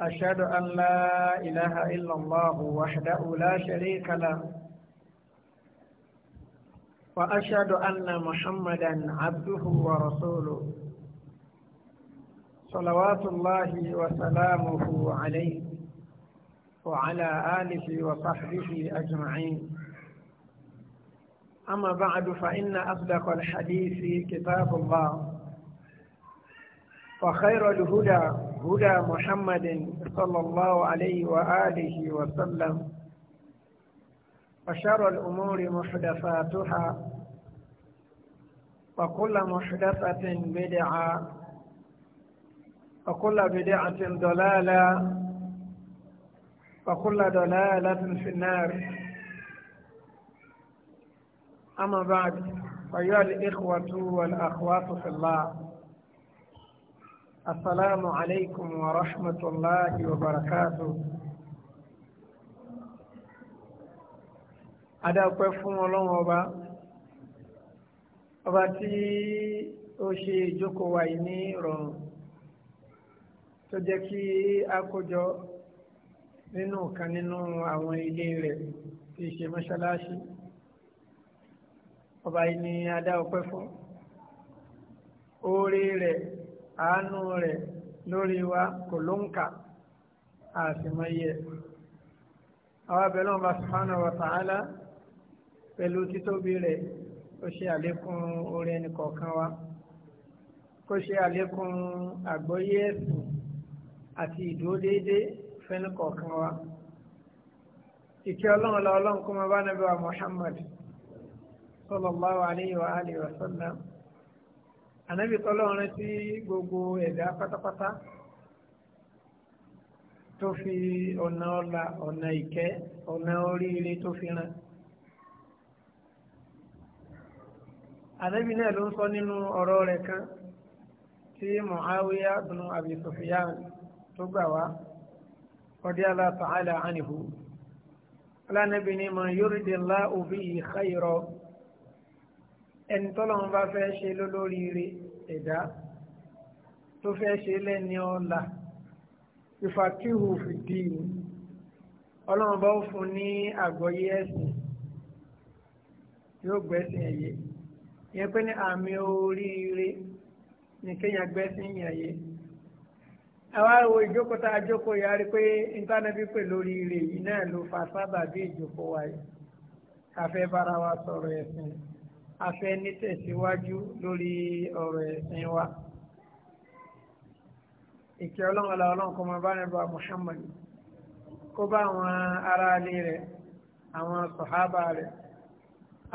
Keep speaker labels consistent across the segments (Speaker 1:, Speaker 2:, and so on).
Speaker 1: أشهد أن لا إله إلا الله وحده لا شريك له وأشهد أن محمدا عبده ورسوله صلوات الله وسلامه عليه وعلى آله وصحبه أجمعين أما بعد فإن أصدق الحديث كتاب الله وخير الهدى هدى محمد صلى الله عليه وآله وسلم وشر الأمور محدثاتها وكل محدثة بدعة وكل بدعة ضلالة وكل ضلالة في النار أما بعد فيا الإخوة والأخوات في الله السلام عليكم ورحمة الله وبركاته adáàpẹ́ fún ọlọ́run ọba ọba tí ó ṣe ìjókòó wa yìí ní ìrọ̀rùn tó jẹ́ kí a kójọ nínú kan nínú àwọn ilé rẹ̀ tí ṣe mọ́ṣáláṣí ọba yìí ni adáàpẹ́ fún oore rẹ̀ àánú rẹ̀ lórí wa kò ló ń kà á sì mọ iye àwọn abẹ́lẹ́ wọn bá subhanahu wa ta'ala pẹ̀lú títóbi rẹ̀ ó ṣe àlékún orí ẹnì kọ̀ọ̀kan wa kó ṣe àlékún àgbọ́yé ẹ̀sìn àti ìdúró déédéé fẹ́ni kọ̀ọ̀kan wa ìkẹ́ ọlọ́run la ọlọ́run kó máa bá nàbẹ́ Muhammad sallallahu alayhi wa alihi wa sallam ànábì tọ́lọ́run sí gbogbo ẹ̀dá pátápátá tó fi ọ̀nà ọlà ọ̀nà ìkẹ́ ọ̀nà oríire tó fi ràn. ànábì náà ló ń sọ nínú ọ̀rọ̀ rẹ̀ kan tí Muawiya bin Abi Sufyan tó gbà wá radiyallahu ta'ala anhu. ọlọ́nàbì ni man yuridillahu bihi khayran ẹni tọ́lọ́run bá fẹ́ ṣe lólóríire ẹ̀dá tó fẹ́ ṣe lẹ́ni ọ̀la ìfàkíhù fìdí ọlọ́run bá ó fún ní àgbọ́yé ẹ̀sìn yóò gbẹ́sìn ẹ̀yẹ yẹn pé ní àmì oríire ní kéèyàn gbẹ́sìn ẹ̀yẹ àwa wo ìjókòó tá a jókòó yà á rí pé ìtànẹ́bí pè lórí ire yìí náà ló fa sábà bí ìjókòó wa yìí ká fẹ́ bára wa sọ̀rọ̀ ẹ̀sìn yìí afẹ́ nítẹ̀síwájú lórí ọ̀rọ̀ ẹ̀sìn wa ìkẹ́ ọlọ́run ọ̀la ọlọ́run kọ́ máa bá rẹ̀ bá Muhammad kó bá àwọn ará ilé rẹ̀ àwọn sọ̀hábà rẹ̀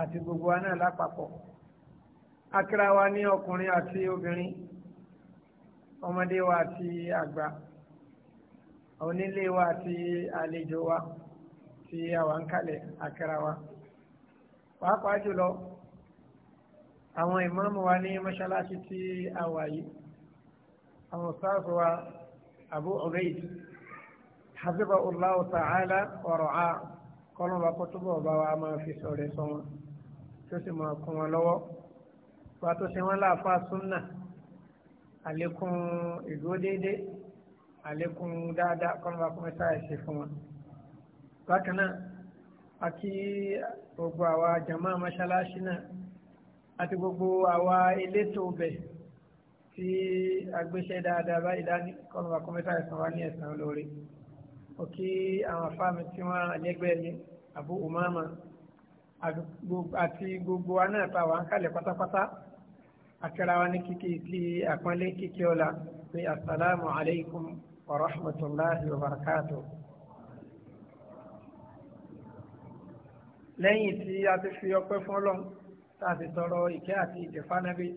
Speaker 1: àti gbogbo wa náà lápapọ̀ akíra wa ní ọkùnrin àti obìnrin ọmọdé wa àti àgbà onílé wa àti àlejò wa tí àwa ń kalẹ̀ akíra pàápàá jùlọ àwọn ìmáàmù wa ní mọ́ṣáláṣí tí a wà yìí àwọn sáàfù wa Abu Ubaid hafiza Allahu ta'ala ọ̀rọ̀ a kọ́lọ́n wa kó túbọ̀ bá wa máa fi sọ̀rọ̀ sọ wọn tó sì máa kún wọn lọ́wọ́ wa tó ṣe wọn láàfà súnà àlékún ìdúró déédéé àlékún dáadáa kọ́lọ́n wa kó mẹ́ta ṣe fún wọn. bákan náà a kí gbogbo àwa jàmáà mọ́ṣáláṣí náà àti gbogbo àwa elétò bẹ̀ tí agbéṣẹ́ dáadáa báyìí dání kọ́nù bá kọ́mẹ́tà ẹ̀sán wa ní ẹ̀sán olóore òkè àwọn afáàmì tí wọ́n àlẹ́gbẹ́ ni Abu Umama àti gbogbo wa náà ta wà ń kalẹ̀ pátápátá akẹ́ra wa ní kíkì sí àpọ́nlé kíkì ọ̀la pé asalaamu alaykum wa rahmatulahi wa barakatuh. lẹ́yìn tí a ti fi ọpẹ́ fún ọlọ́run tá a ti tọrọ ìkẹ́ àti ìjẹ̀fánábí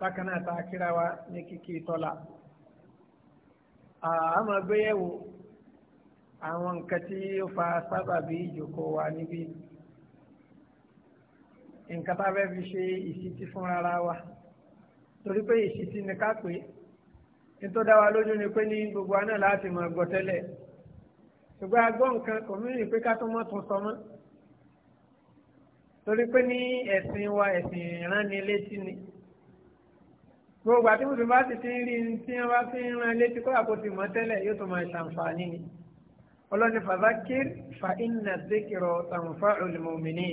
Speaker 1: bákan náà tá a kíra wa ní kíkí tọ́lá. àmọ́ gbéyẹ̀wò àwọn nǹkan tí ó fa sábàbí ìjókòó wa níbí nǹkan tá a fẹ́ fi ṣe ìṣítí fún rárá wa torí pé ìṣítí ni ká pè é nítorí dá wa lójú ni pé ní gbogbo aná láti mọ̀ gbọ́ ṣùgbọ́n a gbọ́ kò mí rìn pé ká tó sọ mọ́ torí pé ní ẹ̀sìn wa ẹ̀sìn ìránnilétí ni gbogbo àti mùsùlùmí bá ti ti ń rí tí wọ́n bá fi ń ran létí kó àkótì mọ́ tẹ́lẹ̀ yóò tó máa ṣàǹfààní ni ọlọ́ni fàzákìr fa iná zikirọ̀ tàǹfà olùmọ̀mìnì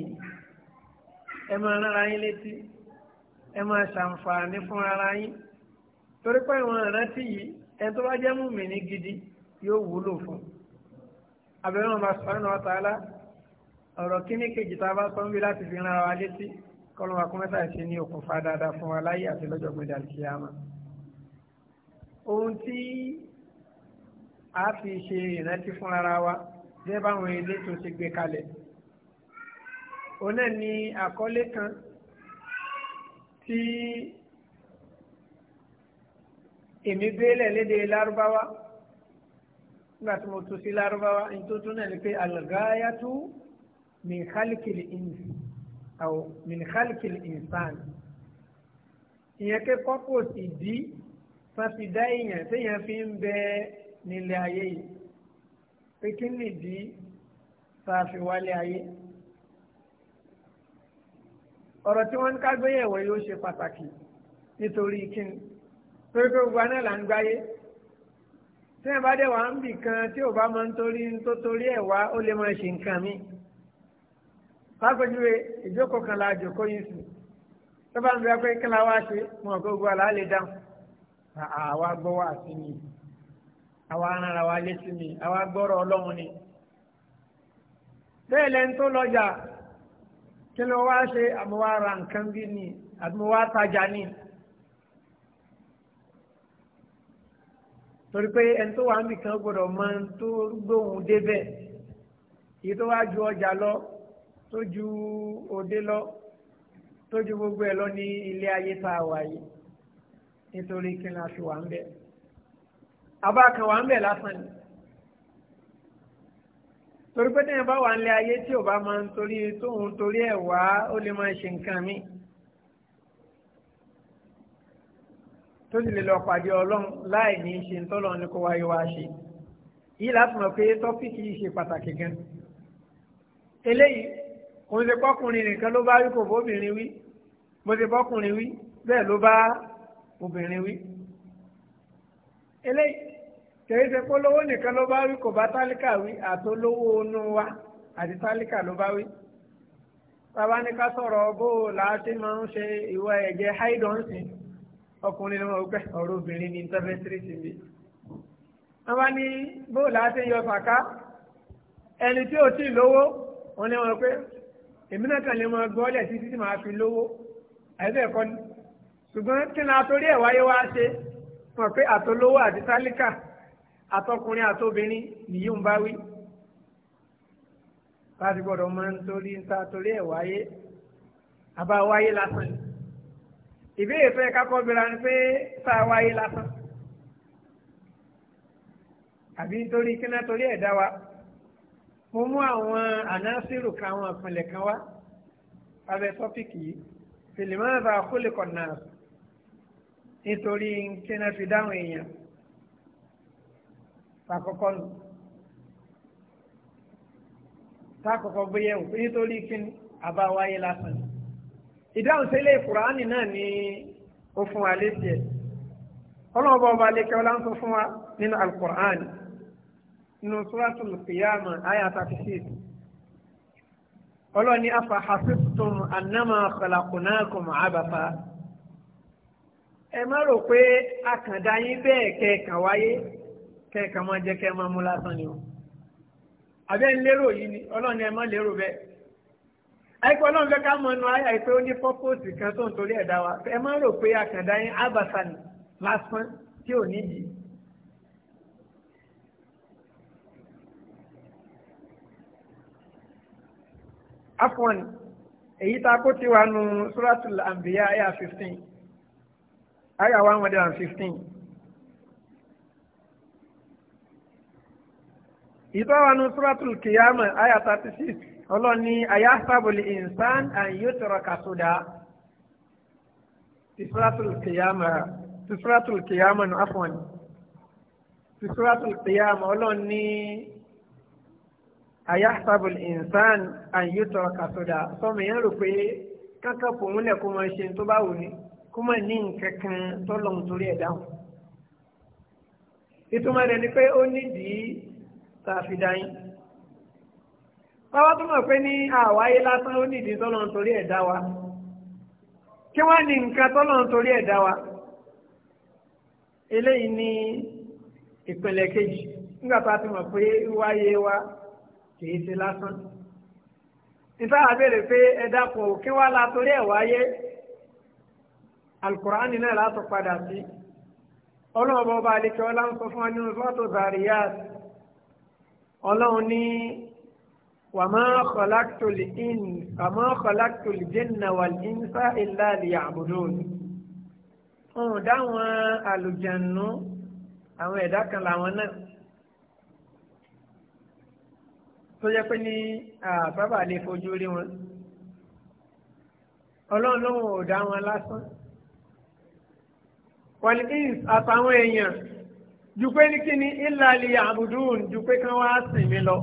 Speaker 1: ẹ máa rán ara yín létí ẹ máa ṣàǹfààní fún ara yín torí pé ìwọ̀n ìrántí yìí ẹni tó bá jẹ́ mùmìnì gidi yóò wúlò fún abẹ́rẹ́ wọn bá sọ̀rọ̀ náà tààlà ọ̀rọ̀ kíní kejì tá a bá sọ ń bí láti fi ran wa létí kọ́lọ́ wa kún mẹ́ta ṣe ní okùnfà dáadáa fún wa láyé àti lọ́jọ́ gbẹ̀dẹ̀ àlùkìyàmá. ohun tí a fi ṣe ìrántí fún ara wa jẹ́ báwọn ilé tó ṣe gbé kalẹ̀. òun náà ni àkọlé kan tí èmi gbélẹ̀ léde lárúbáwá nígbà tí mo tún sí lárúbáwá ní tó tún náà ni pé àlùgáyà tún. من خلق insi aw min khalqil insan ìyẹn ké pọ́pọ́ sì dí fásidá èèyàn téèyàn fi ń bẹ nílé ayé yìí pé kí nìdí tá a fi wálé ayé ọ̀rọ̀ tí wọ́n yóò ṣe pàtàkì nítorí kíni torí pé gbogbo aná là ń gbáyé tí wọ́n bá dẹ̀ wá ń bì kan tí ò bá máa ń torí ń tó torí ẹ̀ wá ó lè máa ṣe nǹkan míì pápẹ́júwe ìjókòó kan la jòkó yìí sùn tó bá ń bẹ pé kí la wá ṣe wọn kó gbọ́ àlá lè dáhùn àwa gbọ́ wá sí mi àwa arára wa lé sí mi àwa gbọ́rọ̀ ọlọ́run ni bẹ́ẹ̀ lẹ́ni tó lọ́jà kí ló wá ṣe àmọ́ wá ra nǹkan bí ni àmọ́ wá tajà ni. torí pé ẹni tó wà níbi kan gbọdọ̀ máa ń tó gbóhùn débẹ̀ èyí tó wá ju ọjà lọ tó ju òde lọ tó ju gbogbo ẹ̀ lọ ní ilé ayé tá a wà yìí nítorí kí n lè fi wà ń bẹ̀ àbá kan wà ń bẹ̀ lásán ni torí pé téèyàn bá wà ń lé ayé tí ò bá máa ń torí tóun torí ẹ̀ wá ó lè máa ṣe nǹkan mi tó sì lè lọ pàdé ọlọ́run láì ní ṣe ń tọ́lọ́ ní kó wáyé wá ṣe yìí láti mọ̀ pé tọ́pìkì yìí ṣe pàtàkì gan eléyìí kò ń ṣe pọ́kùnrin nìkan ló bá rí kò bóbìnrin wí bó ṣe pọ́kùnrin wí bẹ́ẹ̀ ló bá obìnrin wí. eléyìí kìí ṣe pé olówó nìkan ló bá wí kò bá tálíkà wí àtolówó inú wa àti tálíkà ló bá wí. bàbá ní ká sọ̀rọ̀ bó o là á ti máa ń ṣe ìwà ẹ̀jẹ̀ háìdọ̀nsì ọkùnrin ni wọn gbẹ ọ̀rọ̀ obìnrin ní ìtọ́fẹ́sírì sí mi. wọ́n bá ní bó o là á yọ sàká ẹni tí ò tí ì lówó wọn ni wọn pé èmi náà kàn lè mọ gbọ́lẹ̀ títí tí màá fi lówó àìsàn ẹ̀kọ́ ni ṣùgbọ́n kí ni àtòrí ẹ̀ wáyé wá ṣe mọ̀ pé àtolówó àti tálíkà àtọkùnrin àtobìnrin nìyí ń bá wí láti gbọ́dọ̀ máa ń torí ń ta torí ẹ̀ wáyé àbá wáyé lásán ni ìbéèrè fẹ́ kákọ́ bira ni pé tá a wáyé lásán àbí nítorí kí náà torí ẹ̀ dá wa mo mú àwọn ànásírù ka àwọn àpilẹ̀ kan wá abẹ́ tọ́píkì yìí fìlìmọ́nàbà kólíkọ̀ náà nítorí kí náà fi dáhùn èèyàn tàkọ́kọ́ nù tàkọ́kọ́ gbéyẹ̀wò nítorí kí àbá wáyé lásán ìdáhùn sílẹ̀ kùránì náà ni ó fún wa létí ẹ̀ ọlọ́mọba ọba lẹ́kẹ́ ọlá fún wa nínú alukur'ani. nínú suratul qiyama àyà thirty six ọlọ́ni afa hasibtum annama ẹ má rò pé akàndá yín bẹ́ẹ̀ kẹ̀ẹ̀kan wáyé kẹ̀ẹ̀kan máa jẹ́ kẹ́ẹ̀ máa mú lásán ni o àbẹ́ ń lérò yìí ni ọlọ́ni ẹ má lérò bẹ́ẹ̀ àìpọ̀ ọlọ́run fẹ́ ká ẹnu ayé àìpé ó wa ẹ má rò pé yín afwan èyí tá a kó ti wà nù suratul anbiya aya fifteen aya one hundred and fifteen. ìtọ́wọ́nù suratul kìyàmù aya thirty six ọlọ́ni ayásàbòlì ìnsán àyùtọ̀rọ̀ kàtúdà ti suratul kìyàmù ti suratul kìyàmù afwan ti suratul kìyàmù ọlọ́ni. ayahsabu al-insan an yutraka suda sọmọ yẹn rò pé kankan fòun lẹ kó máa ṣe tó bá wù ní kó máa ní nǹkan kan ni pé ó nídìí tààfidà yín. báwa tó mọ̀ pé ní àwáyé lásán ó nídìí tó lọ nítorí ẹ̀ dá wa. kí wọ́n ní nǹkan tó lọ nítorí ẹ̀ dá wa. ni ìpìlẹ̀ kejì wa. kìí ṣe lásán. ìfẹ́ àbèrè pé ẹ dákun ò kí wá la torí ẹ̀ wáyé alukur'ani náà látò padà sí ọlọ́run bọ́ bá adékẹ́ ọlá ń sọ fún wa nínú sọ́tò zariyat ọlọ́run ní wàmọ́ kọ̀láktòlì jẹ́nà wàlíńsá ìlà liya'budun òun dáwọn àlùjànnú àwọn ẹ̀dá kan làwọn náà tó yẹ pé ní bàbá lè fojú rí wọn ọlọ́run lóhùn ò dá wọn lásán wàlíkìs àtàwọn èèyàn ju pé ní kíni ìlàlì àbùdùn ju pé kán wá sìn mí lọ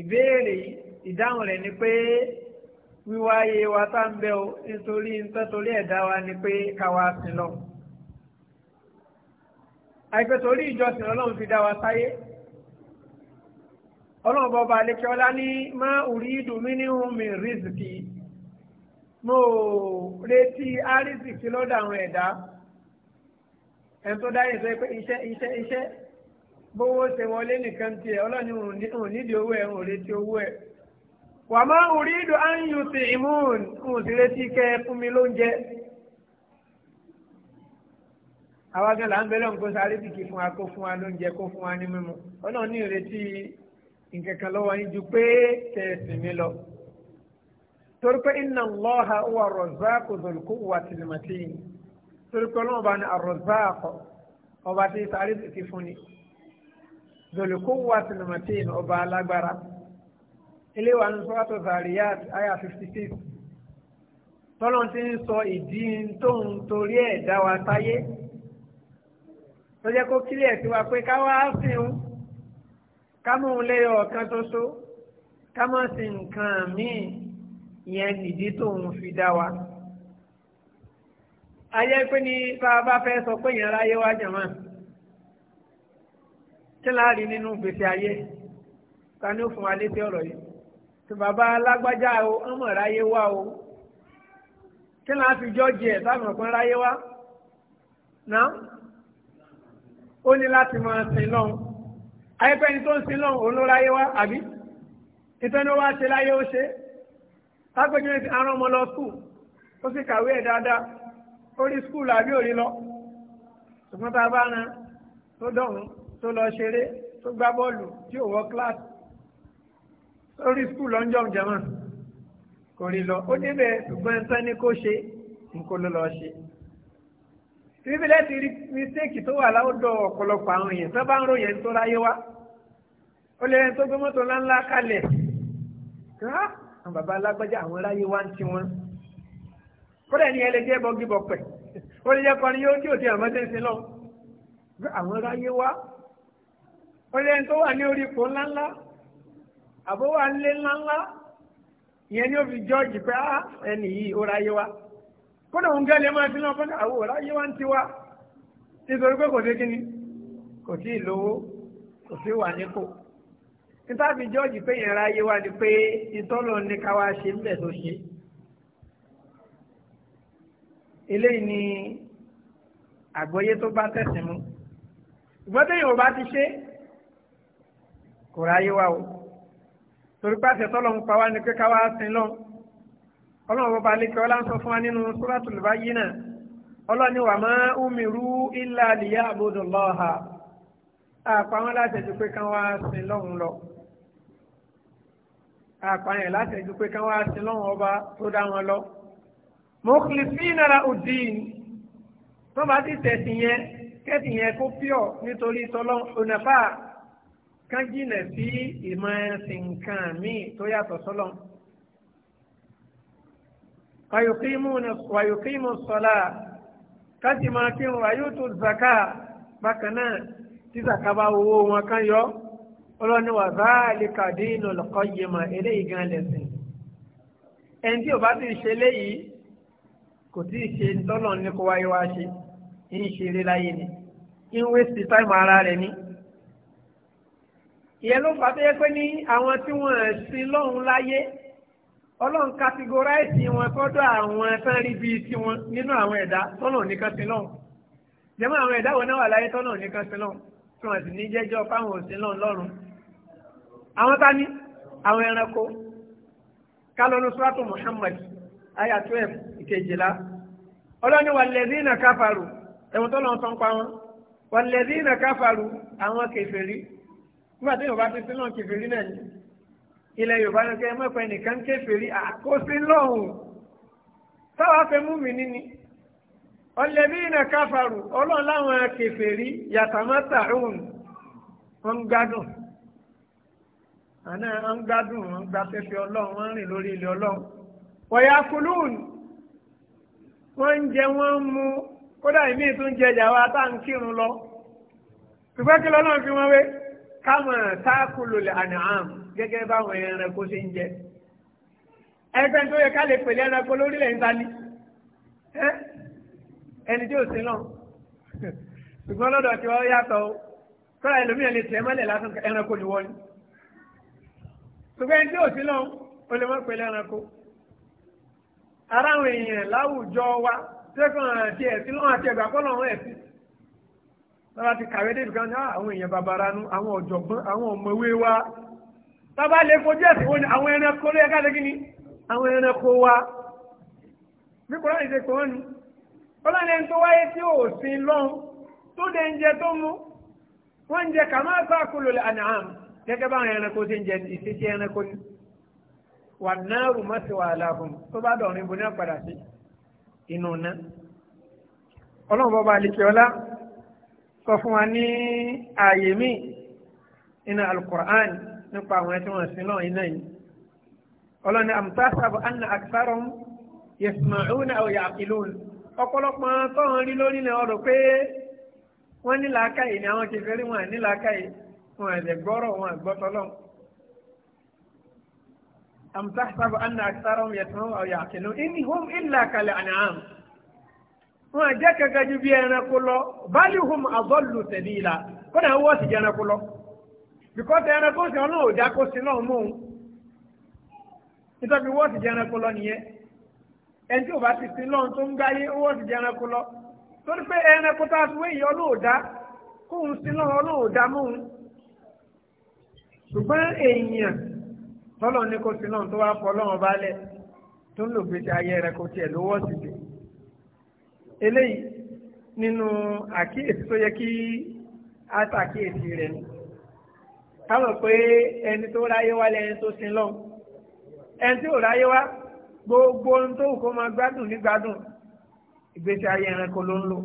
Speaker 1: ìbéèrè ìdáhùn rẹ̀ ni pé wíwáyé wa tá ń bẹ o nítorí nítorí ẹ̀dá wa ni pé ká wá sìn lọ àìpẹ́ torí ìjọsìn ọlọ́run fi dá wa sáyé ọlọ́run bọba alekiola ní má orí ìdùnmí ní omi rìsìkì mo retí àrísìkì lọ́dọ̀ àwọn ẹ̀dá ẹni tó dáyé sọ pé iṣẹ́ iṣẹ́ iṣẹ́ bówó ṣe wọlé nìkan tiẹ̀ ọlọ́run ò nídìí owó ẹ̀ ò retí owó ẹ̀ wà má orí ìdùn áyù ti ìmúhùn ń sì retí kẹ́ ẹ fún mi lóúnjẹ àwa gan là ń bẹ lọ́nkó sáré bìkì fún wa kó fún wa lóúnjẹ kó fún wa ní mímu ọlọ́run ní ìrètí nkankan lọ́wọ́ yín ju pé tẹ̀sí mi lọ. torí pé inna Allaha huwa ar-razzaqu dhul quwwatil matin torí pé ọlọ́wọ́ bá ní ar-razzaq ọba tí sáré ti fún ni dhul quwwatil matin ọba alágbára. ilé wa ní suratu Zariyat aya fifty six tọ́lọ́n ti ń sọ ìdí tóun torí ẹ̀ dá wa táyé. tó jẹ́ kó kílẹ̀ sí wa pé ká wá sí un kámú lẹ́yọ ọ̀kan ṣoṣo kámọ́ sí nǹkan míì yẹn nìdí tóun fi dá wa. ayé pé ní bá a bá fẹ́ sọ pé yẹn ráyé wá jàmọ́ kí láàrin nínú gbèsè ayé ta ni ó fún wa létí ọ̀rọ̀ yìí tó bàbá alágbájá o ọmọ ráyé wá o kí láà fi jọ́ọ̀jì ẹ̀ táwọn ọ̀kan ráyé wá náà ó ní láti máa sin lọ́hùn ayẹ́pẹ́ ni tó ń sin lọ́hùn òun ló láyé wá àbí ìtọ́ni ó wá ṣe láyé ó ṣe lápẹjọ ní arán ọmọ lọ skul ó sì kàwé ẹ̀ dáadáa ó rí skul àbí òrí lọ ṣùgbọ́n tá a bá ran tó dọ̀hún tó lọ ṣeré tó gbá bọ́ọ̀lù tí ò wọ kíláàsì ó rí skul lọ́njọ́ jẹ́mọ̀ kò rí lọ ó débẹ̀ ṣùgbọ́n ẹ̀ńtán ní kó ṣe nǹkó ló lọ ṣe bíbélẹ̀ rí mistake tó wà láwùjọ ọ̀pọ̀lọpọ̀ àwọn èèyàn tó bá ń ròyìn tó láyé wá ó lè tó gbé mọ́tò ńláńlá kalẹ̀ ká àwọn bàbá alágbájá àwọn aráyé wá ń ti wọn kódà ní ẹlẹ́jẹ́ bọ́gí bọ̀pẹ̀ ó lè jẹ́ kọrin yóò tí ò ti àmọ́ tẹ́sí lọ àwọn aráyé wá ó lè tó wà ní orí ipò ńláńlá àbó wà ń lé ńláńlá ìyẹn ni ó fi jọ́ọ̀jì pé á yìí ó ráyé wá kódà òun gẹ́lẹ́ máa fi lọ́n fọ́nà kò sí ìlówó kò sí wà nípò nítàbí jọ́ọ̀jì pé yẹn ráyé wá ni pé ìtọ́lọ̀ ní ká wá ṣe níbẹ̀ tó ṣe. eléyìí ni àgbọ́yé tó bá tẹ̀sìn mú ìgbọ́n tẹ̀yìn ò bá ti ṣe kò ráyé wá o torí pàṣẹ tọ́lọ̀ ń pa wá ni pé ká wá sin lọ ọlọ́run bọ́ba alẹ́kẹ́ ọlá ń sọ fún wa nínú Suratul Bayyinah ọlọ́ni wà má umiru illa liya'budu Allaha àpamọ́ láti ẹ̀dùn pé ká wá sin lọ́hùn lọ àpààyàn láti ẹjú pé káwọn àti lọ́wọ́n ọba tó dá wọn lọ. mukhlisina lahu-d-din tó bá ti tẹ̀sí yẹn kẹ́sì yẹn kó pure nítorí tọ́lọ́ onafa kan jìnà sí ìmọ̀ ẹ̀sìn nǹkan míì tó yàtọ̀ sọ́lọ́. wàyùkímù sọ́lá kásìmọ̀ kí wàyùtù zaka bákan náà tí zaka bá owó wọn kan yọ ọlọ́niwà báàlì kàdínù lọ́kọ́ yìí mọ̀ eléyìí gan lẹ́sìn ẹni tí ò bá ti ṣe léyìí kò tí ì ṣe tọ́lọ̀ ní kó wáyé wá ṣe ń ṣeré láyé ni ń wéṣì táìmù ara rẹ̀ ni. ìyẹn ló fà bẹ́ẹ̀ pé ní àwọn tí wọ́n sí lọ́hùn láyé ọlọ́run kàtígóráìsì wọn kọ́dọ̀ àwọn tán rí bíi tiwọn nínú àwọn ẹ̀dá tọ́lọ̀ nìkan sí lọ́hùn. jẹ́mọ́ àwọn ẹ̀dá wọn náà wà láyé tọ́lọ̀ nìkan sí lọ́hùn tí wọ́n sì ní jẹ́jọ́ fáwọn òsín lọ́hùn lọ́rùn àwọn ta ni àwọn ẹranko kálọ́nù sọ́tò Muhammad aya twelve ìkejìlá ọlọ́ni wàlẹ́dínà káfàrú ẹ̀wọ̀n tó lọ́n tán pa wọn wàlẹ́dínà káfàrú àwọn kèfèrí nígbà tí yorùbá ti sílọ̀ kèfèrí náà ni ilẹ̀ yorùbá ní kẹ́ mọ́pẹ́ nìkan kèfèrí àkóso lọ́hùn táwa fẹ́ mú mi níní wàlẹ́dínà káfàrú ọlọ́run láwọn yàtàmátà òun wọn gbádùn. àná wọn ń gbádùn wọn ń ọlọ́run wọn ń rìn lórí ọlọ́run wọ̀yà kùlùún wọ́n ń jẹ wọ́n ń mu kódà ìmí tún jẹ jàwá tá à ń kírun lọ ṣùgbọ́n kí lọ́nà fi wọ́n wé káwọn táàkùlù ànàám gẹ́gẹ́ báwọn ẹranko ṣe ń jẹ ẹgbẹ́ tó yẹ ká lè pèlè ẹranko lórílẹ̀ ń tali ẹni tí ò sí náà ṣùgbọ́n lọ́dọ̀ tí wọ́n yàtọ̀ ẹlòmíràn lè tẹ̀ ṣùgbọ́n ẹni tí ò sí lọ́hùn ó lè má pè lẹ́ranko ara àwọn èèyàn láwùjọ wa sẹ́kàn àti ẹ̀sìn lọ́wọ́ àti ẹ̀gbà kọ́ lọ́wọ́ ẹ̀sìn lọ́wọ́ ti kàwé débi kan ní ah, àwọn èèyàn bàbára nu àwọn ọ̀jọ̀gbọ́n àwọn ọ̀mọ̀wé wa tábà lè fojú ẹ̀sìn wọn ni àwọn ẹranko ló yẹ ká ni àwọn ẹranko wa bí kò láti ṣe kò wọ́n nu ọlọ́run tó wáyé tí ò sin lọ́hùn tó dẹ̀ ń tó mú wọ́n ń gẹ́gẹ́ báwọn ẹranko ṣe ń jẹ ìṣesí ẹranko ni wà náà rù mọ́ sí wàhálà fún un tó bá dọ̀rin bo ní ọ̀padà sí inú ná. ọlọ́run bọ́ba àlìkè ọlá sọ fún wa ní ààyè míì nínú alukur'an nípa àwọn ẹtí wọn sí iná yìí. ọlọ́run ní amtasabu anna aksarom yasma'una aw ya'qilun ọ̀pọ̀lọpọ̀ tọ́hún rí lórí ni ọ̀rọ̀ pé wọ́n ní làákàyè ni àwọn kẹfẹ́ rí wọn ní làákàyè wọn ẹ̀dẹ̀ gbọ́rọ̀ wọn àgbọ́tọ́lọ́ am tahsabu anna aktharahum yasma'u aw ya'qilun in hum illa kal'an'am wọn ẹ̀jẹ̀ kankan ju bí ẹranko lọ bal hum adallu sabila kódà wọ́n sì jẹ́ ẹranko lọ bíkọ́sì ẹranko sì ọ̀nà òjá kó sí náà mú nítorí wọ́n sì jẹ́ ẹranko lọ nìyẹn ẹni tí ò bá ti sin lọ́run tó ń gbáyé wọ́n sì jẹ́ ẹranko lọ torí pé ẹranko tá a fi wéyìn ọlọ́ọ̀dá kóun sin lọ́run ọlọ́ọ̀dá mú ṣùgbọ́n èèyàn tọ́lọ̀ ní kò sí náà tó wá fọ́ lọ́wọ́ balẹ̀ tó ń lò gbèsè ayé rẹ̀ kò tiẹ̀ lówó síbi eléyìí nínú àkíyèsí tó yẹ kí á ṣàkíyèsí rẹ̀ ni káwọn pé ẹni tó ráyé wá lẹ́yìn tó sin lọ́wọ́ ẹni tí ò ráyé wá gbogbo ohun tó kó máa gbádùn ní gbádùn ìgbésí ayé ẹranko ló ń lò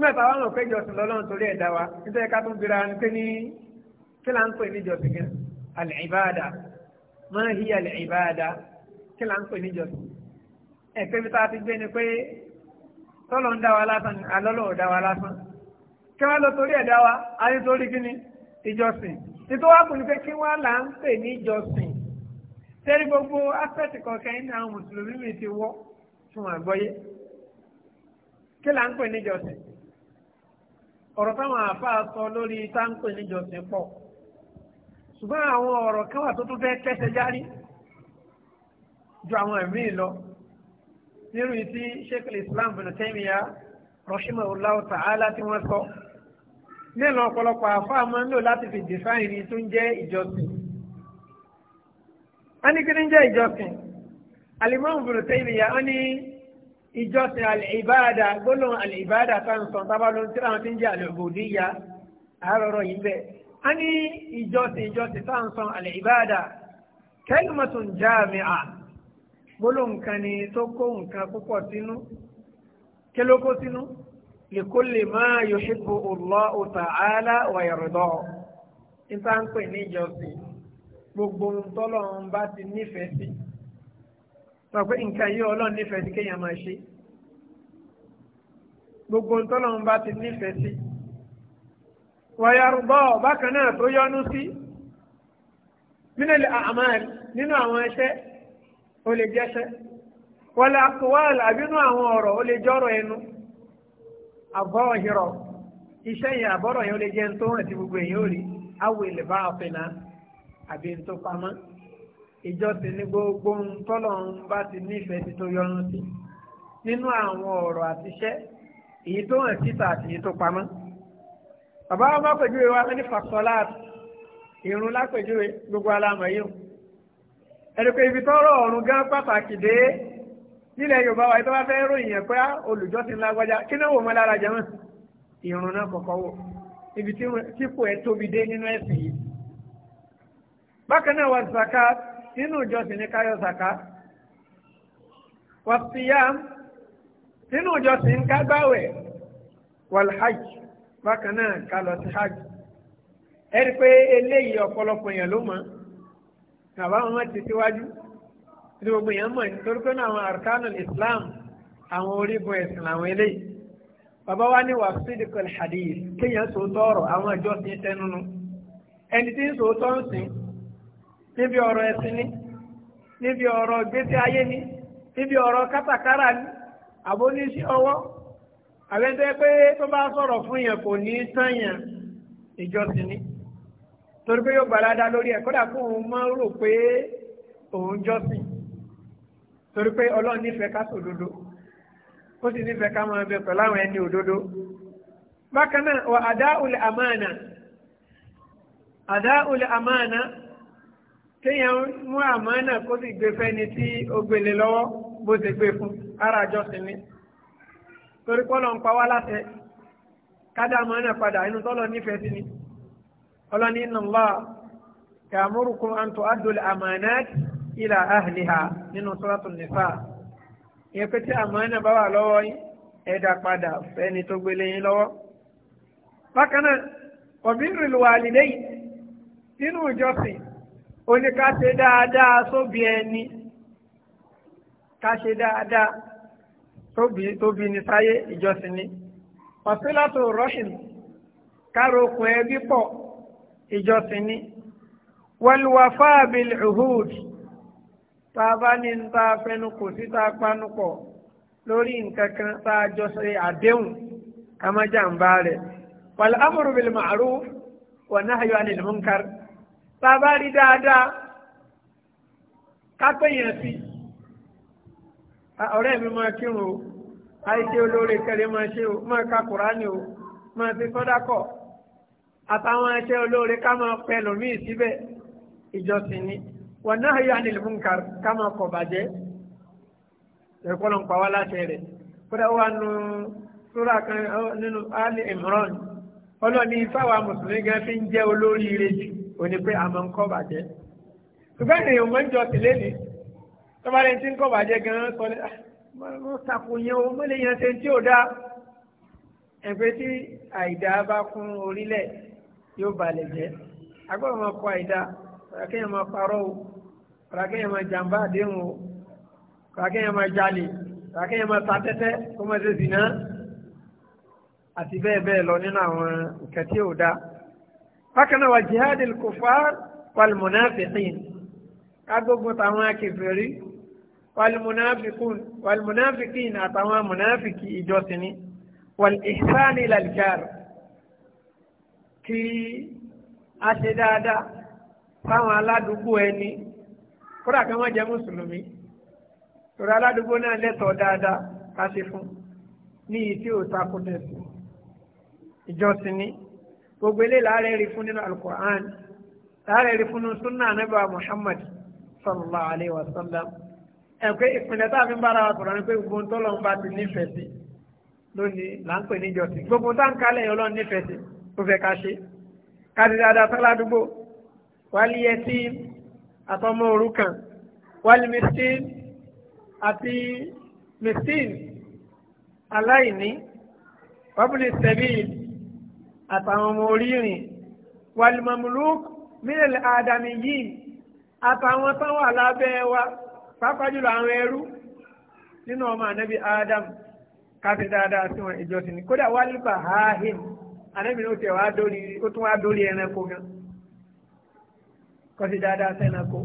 Speaker 1: mẹ́ta wà lọ pé ìjọsìn lọ́lọ́run torí ẹ̀dá wa nítorí ká tún gbéra ní pé ní kí là ń pè ní ìjọsìn gan al-ibada ma hiya al-ibada kí là ń pè ní ìjọsìn ẹ̀pẹ́ mi tá a ti gbé ni pé tọ́lọ̀ ń dá wa lásán alọ́lọ́ ò dá wa lásán kí wọ́n lọ torí ẹ̀dá wa ayé torí kí ni ìjọsìn nítorí wàá kùn ní pé kí wọ́n là ń pè ní ìjọsìn tẹ́rí gbogbo aspect kọ̀ọ̀kan ní àwọn mùsùlùmí mi ti wọ́ fún àgbọ́yé kí là ń pè ní ìjọsìn ọ̀rọ̀ táwọn àfáà sọ lórí táǹpẹ̀ níjọsìn pọ̀ ṣùgbọ́n àwọn ọ̀rọ̀ kan wà tó tún fẹ́ kẹsẹ̀ járí ju àwọn ẹ̀mí lọ nírú tí sheikh islam bin Taymiyya rahimahullahu ta'ala tí wọ́n sọ nílò ọ̀pọ̀lọpọ̀ àfáà máa ń lò láti fi dìfáìnì tó ń jẹ́ ìjọsìn a ní kí ni jẹ́ ìjọsìn alimọ́n bin Taymiyya ó ní ìjọsìn àlìbáàdà gbólóhùn àlìbáàdà káńsán tábàlóhùn tí àwọn ti ń jẹ àlòbòdìyà àárọ̀rọ̀ yìí bẹ́ẹ̀. a ní ìjọsìn ìjọsìn káńsán àlìbáàdà kalimatun jami'a gbólóhùn kan ni tó kó nǹkan púpọ̀ sínú kélókó sínú li kulli ma yuhibbu Allahu ta'ala wa yarda nípa ń pè ní ìjọsìn gbogbo ń tọ́lọ́run bá ti nífẹ̀ẹ́ sí sọ pé nǹkan yìí ọlọ́run nífẹ̀ẹ́ sí kéèyàn máa ṣe gbogbo ntọ́lọ́run bá ti nífẹ̀ẹ́ sí wàyàrúbọ̀ bákan náà tó yọnu sí nínú àmàl nínú àwọn ẹṣẹ́ ó lè jẹ́ṣẹ́ wọlé àkùwàl àbínú àwọn ọ̀rọ̀ ó lè jọ́rọ̀ ẹnu àbọ̀ ọ̀hìrọ̀ iṣẹ́ yẹn àbọ̀rọ̀ yẹn ó lè jẹ́ ntọ́ àti gbogbo èèyàn ó rí awèlè bá àfẹnà àbí ntọ́ pamọ́ ìjọsìn ní gbogbo ń tọ́lọ́run bá ti nífẹ̀ẹ́ ti tó yọrun sí nínú àwọn ọ̀rọ̀ àti iṣẹ́ èyí tó hàn síta àti èyí tó pamọ́. bàbá wa bá pèjúwe wa ní fàkọlá ìrún lápèjúwe gbogbo alámọ̀ yìí ẹni pé ibi tọ́rọ̀ ọ̀run gan pàtàkì dé nílẹ̀ yorùbá wa ìtọ́wá fẹ́ ròyìn ẹ̀ pé ah, olùjọ́sìn lágbájá kí náà wò mọ́ lára jẹ́ mọ́ ìrún náà kọ̀kọ́ wò ibi tí kò ẹ̀ tóbi dé nínú ẹ̀sìn yìí. bákan náà wà zakat inú ìjọsìn ní káyọ̀ sàká wàsíyá inú ìjọsìn ká gbáwẹ̀ wàlhajj bákan náà ká lọ sí hajj ẹ̀rí pé eléyìí ọ̀pọ̀lọpọ̀ èèyàn ló mọ̀ bàbá wọn ti síwájú ní gbogbo èèyàn mọ̀ nítorí pé àwọn arkanu islam àwọn orígun ẹ̀sìn làwọn eléyìí bàbá wa ní wàsídìkọ̀lì hadith kéèyàn sòótọ́ ọ̀rọ̀ àwọn ìjọsìn tẹnunu ẹni tí ń sòótọ́ ń sìn níbi ọ̀rọ̀ ẹ̀sìn ni níbi ọ̀rọ̀ gbèsè ayé ni níbi ọ̀rọ̀ kátàkárà ni àbó ní sí ọwọ́ àbẹ́tẹ́ pé tó bá sọ̀rọ̀ fún yẹn kò ní tán yẹn ìjọsìn ni torí pé yóò gbalada lórí ẹ̀ kódà kó òun máa ń rò pé òun jọ́sìn torí pé ọlọ́run nífẹ̀ẹ́ ká sọ òdodo ó sì nífẹ̀ẹ́ ká máa bẹ pẹ̀lú àwọn ẹni òdodo bákan náà wà àdá ulẹ̀ àmàna àdá ulẹ̀ àmàna kéèyàn mú àmánà kó sì gbé fẹ́ni tí ó gbélé lọ́wọ́ bó ṣe gbé fún ara àjọsìn ni torí pọ́lọ̀ ń pa wá láṣẹ kádà àmánà padà inú tọ́lọ̀ nífẹ̀ẹ́ sí ni ọlọ́ni inna Allah ya'murukum an tu'addu al-amanat ila ahliha nínú Suratul Nisa ìyẹn pé tí àmánà bá wà lọ́wọ́ yín ẹ̀dá padà fẹ́ni tó gbélé yín lọ́wọ́ bákan náà wa birrul walidayn nínú ìjọsìn ó ní ká ṣe dáadáa sóbi ẹni ká ṣe dáadáa tóbi tóbi ní sáyé ìjọsìn ni ọ̀sílátò rọ́ṣìn károkùn ẹbí pọ̀ ìjọsìn ni wàlúwàfà bíi uhud tá a bá ní tá a fẹnu kò sí tá a panu pọ̀ lórí nǹkan kan tá a jọ ṣe àdéhùn ká má jàǹbá rẹ̀ wàlúwàfà màrú wà náà yọ ànilmúnkárì. bàbá rí dáadáa kápẹ́yìn sí ọ̀rẹ́ mi máa kírun o àìṣe olóore kẹrẹ máa ṣe o máa ka kùránì o máa fi sọ́dákọ̀ àtàwọn ẹṣẹ́ olóore ká máa pẹ lòmíì síbẹ̀ ìjọsìn ni wọn náà yọ ànil munkar ká máa kọ̀ bàjẹ́ ẹ̀kọ́ ló ń pa wá láṣẹ rẹ̀ kódà wà nù sóra kan nínú Ali Imran ọlọ́ni fáwọn mùsùlùmí gan fi ń jẹ́ olóríire jù òní pé a máa ń kọ́ bàjẹ́ ṣùgbọ́n ènìyàn máa ń jọ sílẹ̀ ní tọ́balẹ̀ tí ń kọ́ bàjẹ́ gan-an sọ ní ah, mo ṣàkóyán o mo lè yan ṣe tí ò dáa ẹ̀fẹ́ tí àìdá bá kún orílẹ̀ yóò balẹ̀ jẹ́ agbọ́dọ̀ máa kọ àìdá kàkẹ́yìn máa parọ́ o kàkẹ́yìn máa jàǹbá àdéhùn o kàkẹ́yìn máa jalè kàkẹ́yìn máa ta tẹ́tẹ́ kó máa ṣe zìnà àti bẹ́ẹ̀ bẹ́ẹ̀ lọ nínú àwọn nǹkan ò dáa bákanáà wà jihadil kufar walmunafiqin kágbógun táwọn akẹfẹrí walmunafiqun walmunafiqin àtàwọn munafiki ìjọsìn ni walihsan ilal jar kí a ṣe dáadáa fáwọn aládùúgbò ẹni kódà kí wọ́n jẹ́ mùsùlùmí torí aládùúgbò náà lẹ́tọ̀ọ́ dáadáa ká ṣe fún ní ìtí òtakùn tẹ̀sí gbogbo ilé láàrẹ̀ rí fún nínú alukur'an láàrẹ̀ rí fún sunna anabi muhammad sallallahu alayhi wa sallam ẹ̀kọ́ ìpínlẹ̀ tá a fi ń bára wa sọ̀rọ̀ ni pé gbogbo ń tọ́lọ́ ń bá ti nífẹ̀ẹ́ sí lónìí là ń pè níjọsìn gbogbo tá ń kalẹ̀ yẹn lọ́n nífẹ̀ẹ́ sí tó fẹ́ ká ṣe káti dáadáa sọ́lá àdúgbò wálé ẹtí àtọmọ òrukàn wálé miskin àti miskin aláìní wábùlì sẹ́bíyìí àtàwọn ọmọ orírìn wàlìmọ̀mùlùk mílẹ̀ àdàmì yìí àtàwọn tán wà lábẹ́ wa pàápàá jùlọ àwọn ẹrú nínú ọmọ ànábì Adam káfí dáadáa sí wọn ìjọsìn ní kódà wàlìbà hàáhìn ànábì ní ó tẹ̀ wá dórí ó tún wá dórí ẹranko gan kọ́sí dáadáa sẹ́nako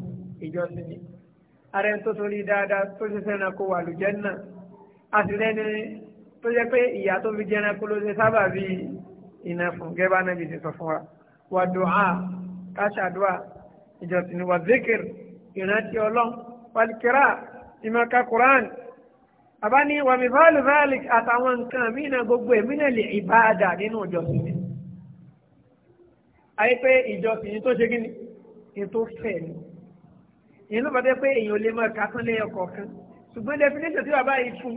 Speaker 1: ìjọsìn ní ààrẹ tó torí dáadáa tó ṣe sẹ́nako wà lùjẹ́ náà àtìlẹ́ni tó jẹ́ pé ìyá tó fi jẹ́nako ló ṣe sábà bíi iná fún gẹ́gẹ́ bá nàbì ti sọ fún wa wà dùhà káṣàdùà ìjọsìn ni wà zikir ìrántí ọlọ́n wàlìkìrà ìmọ̀ọ́ká quran àbáni wàmí fáàlì fáàlì àtàwọn nǹkan mí náà gbogbo ẹ̀mí náà lè ìbáàdà nínú ìjọsìn mi àyè pé ìjọsìn tó ṣe kí ni ètò fẹ̀ ni ìyẹn ló bá dé pé èèyàn lè máa kà tán lẹ́yọ kọ̀ọ̀kan ṣùgbọ́n definition tí bàbá yìí fún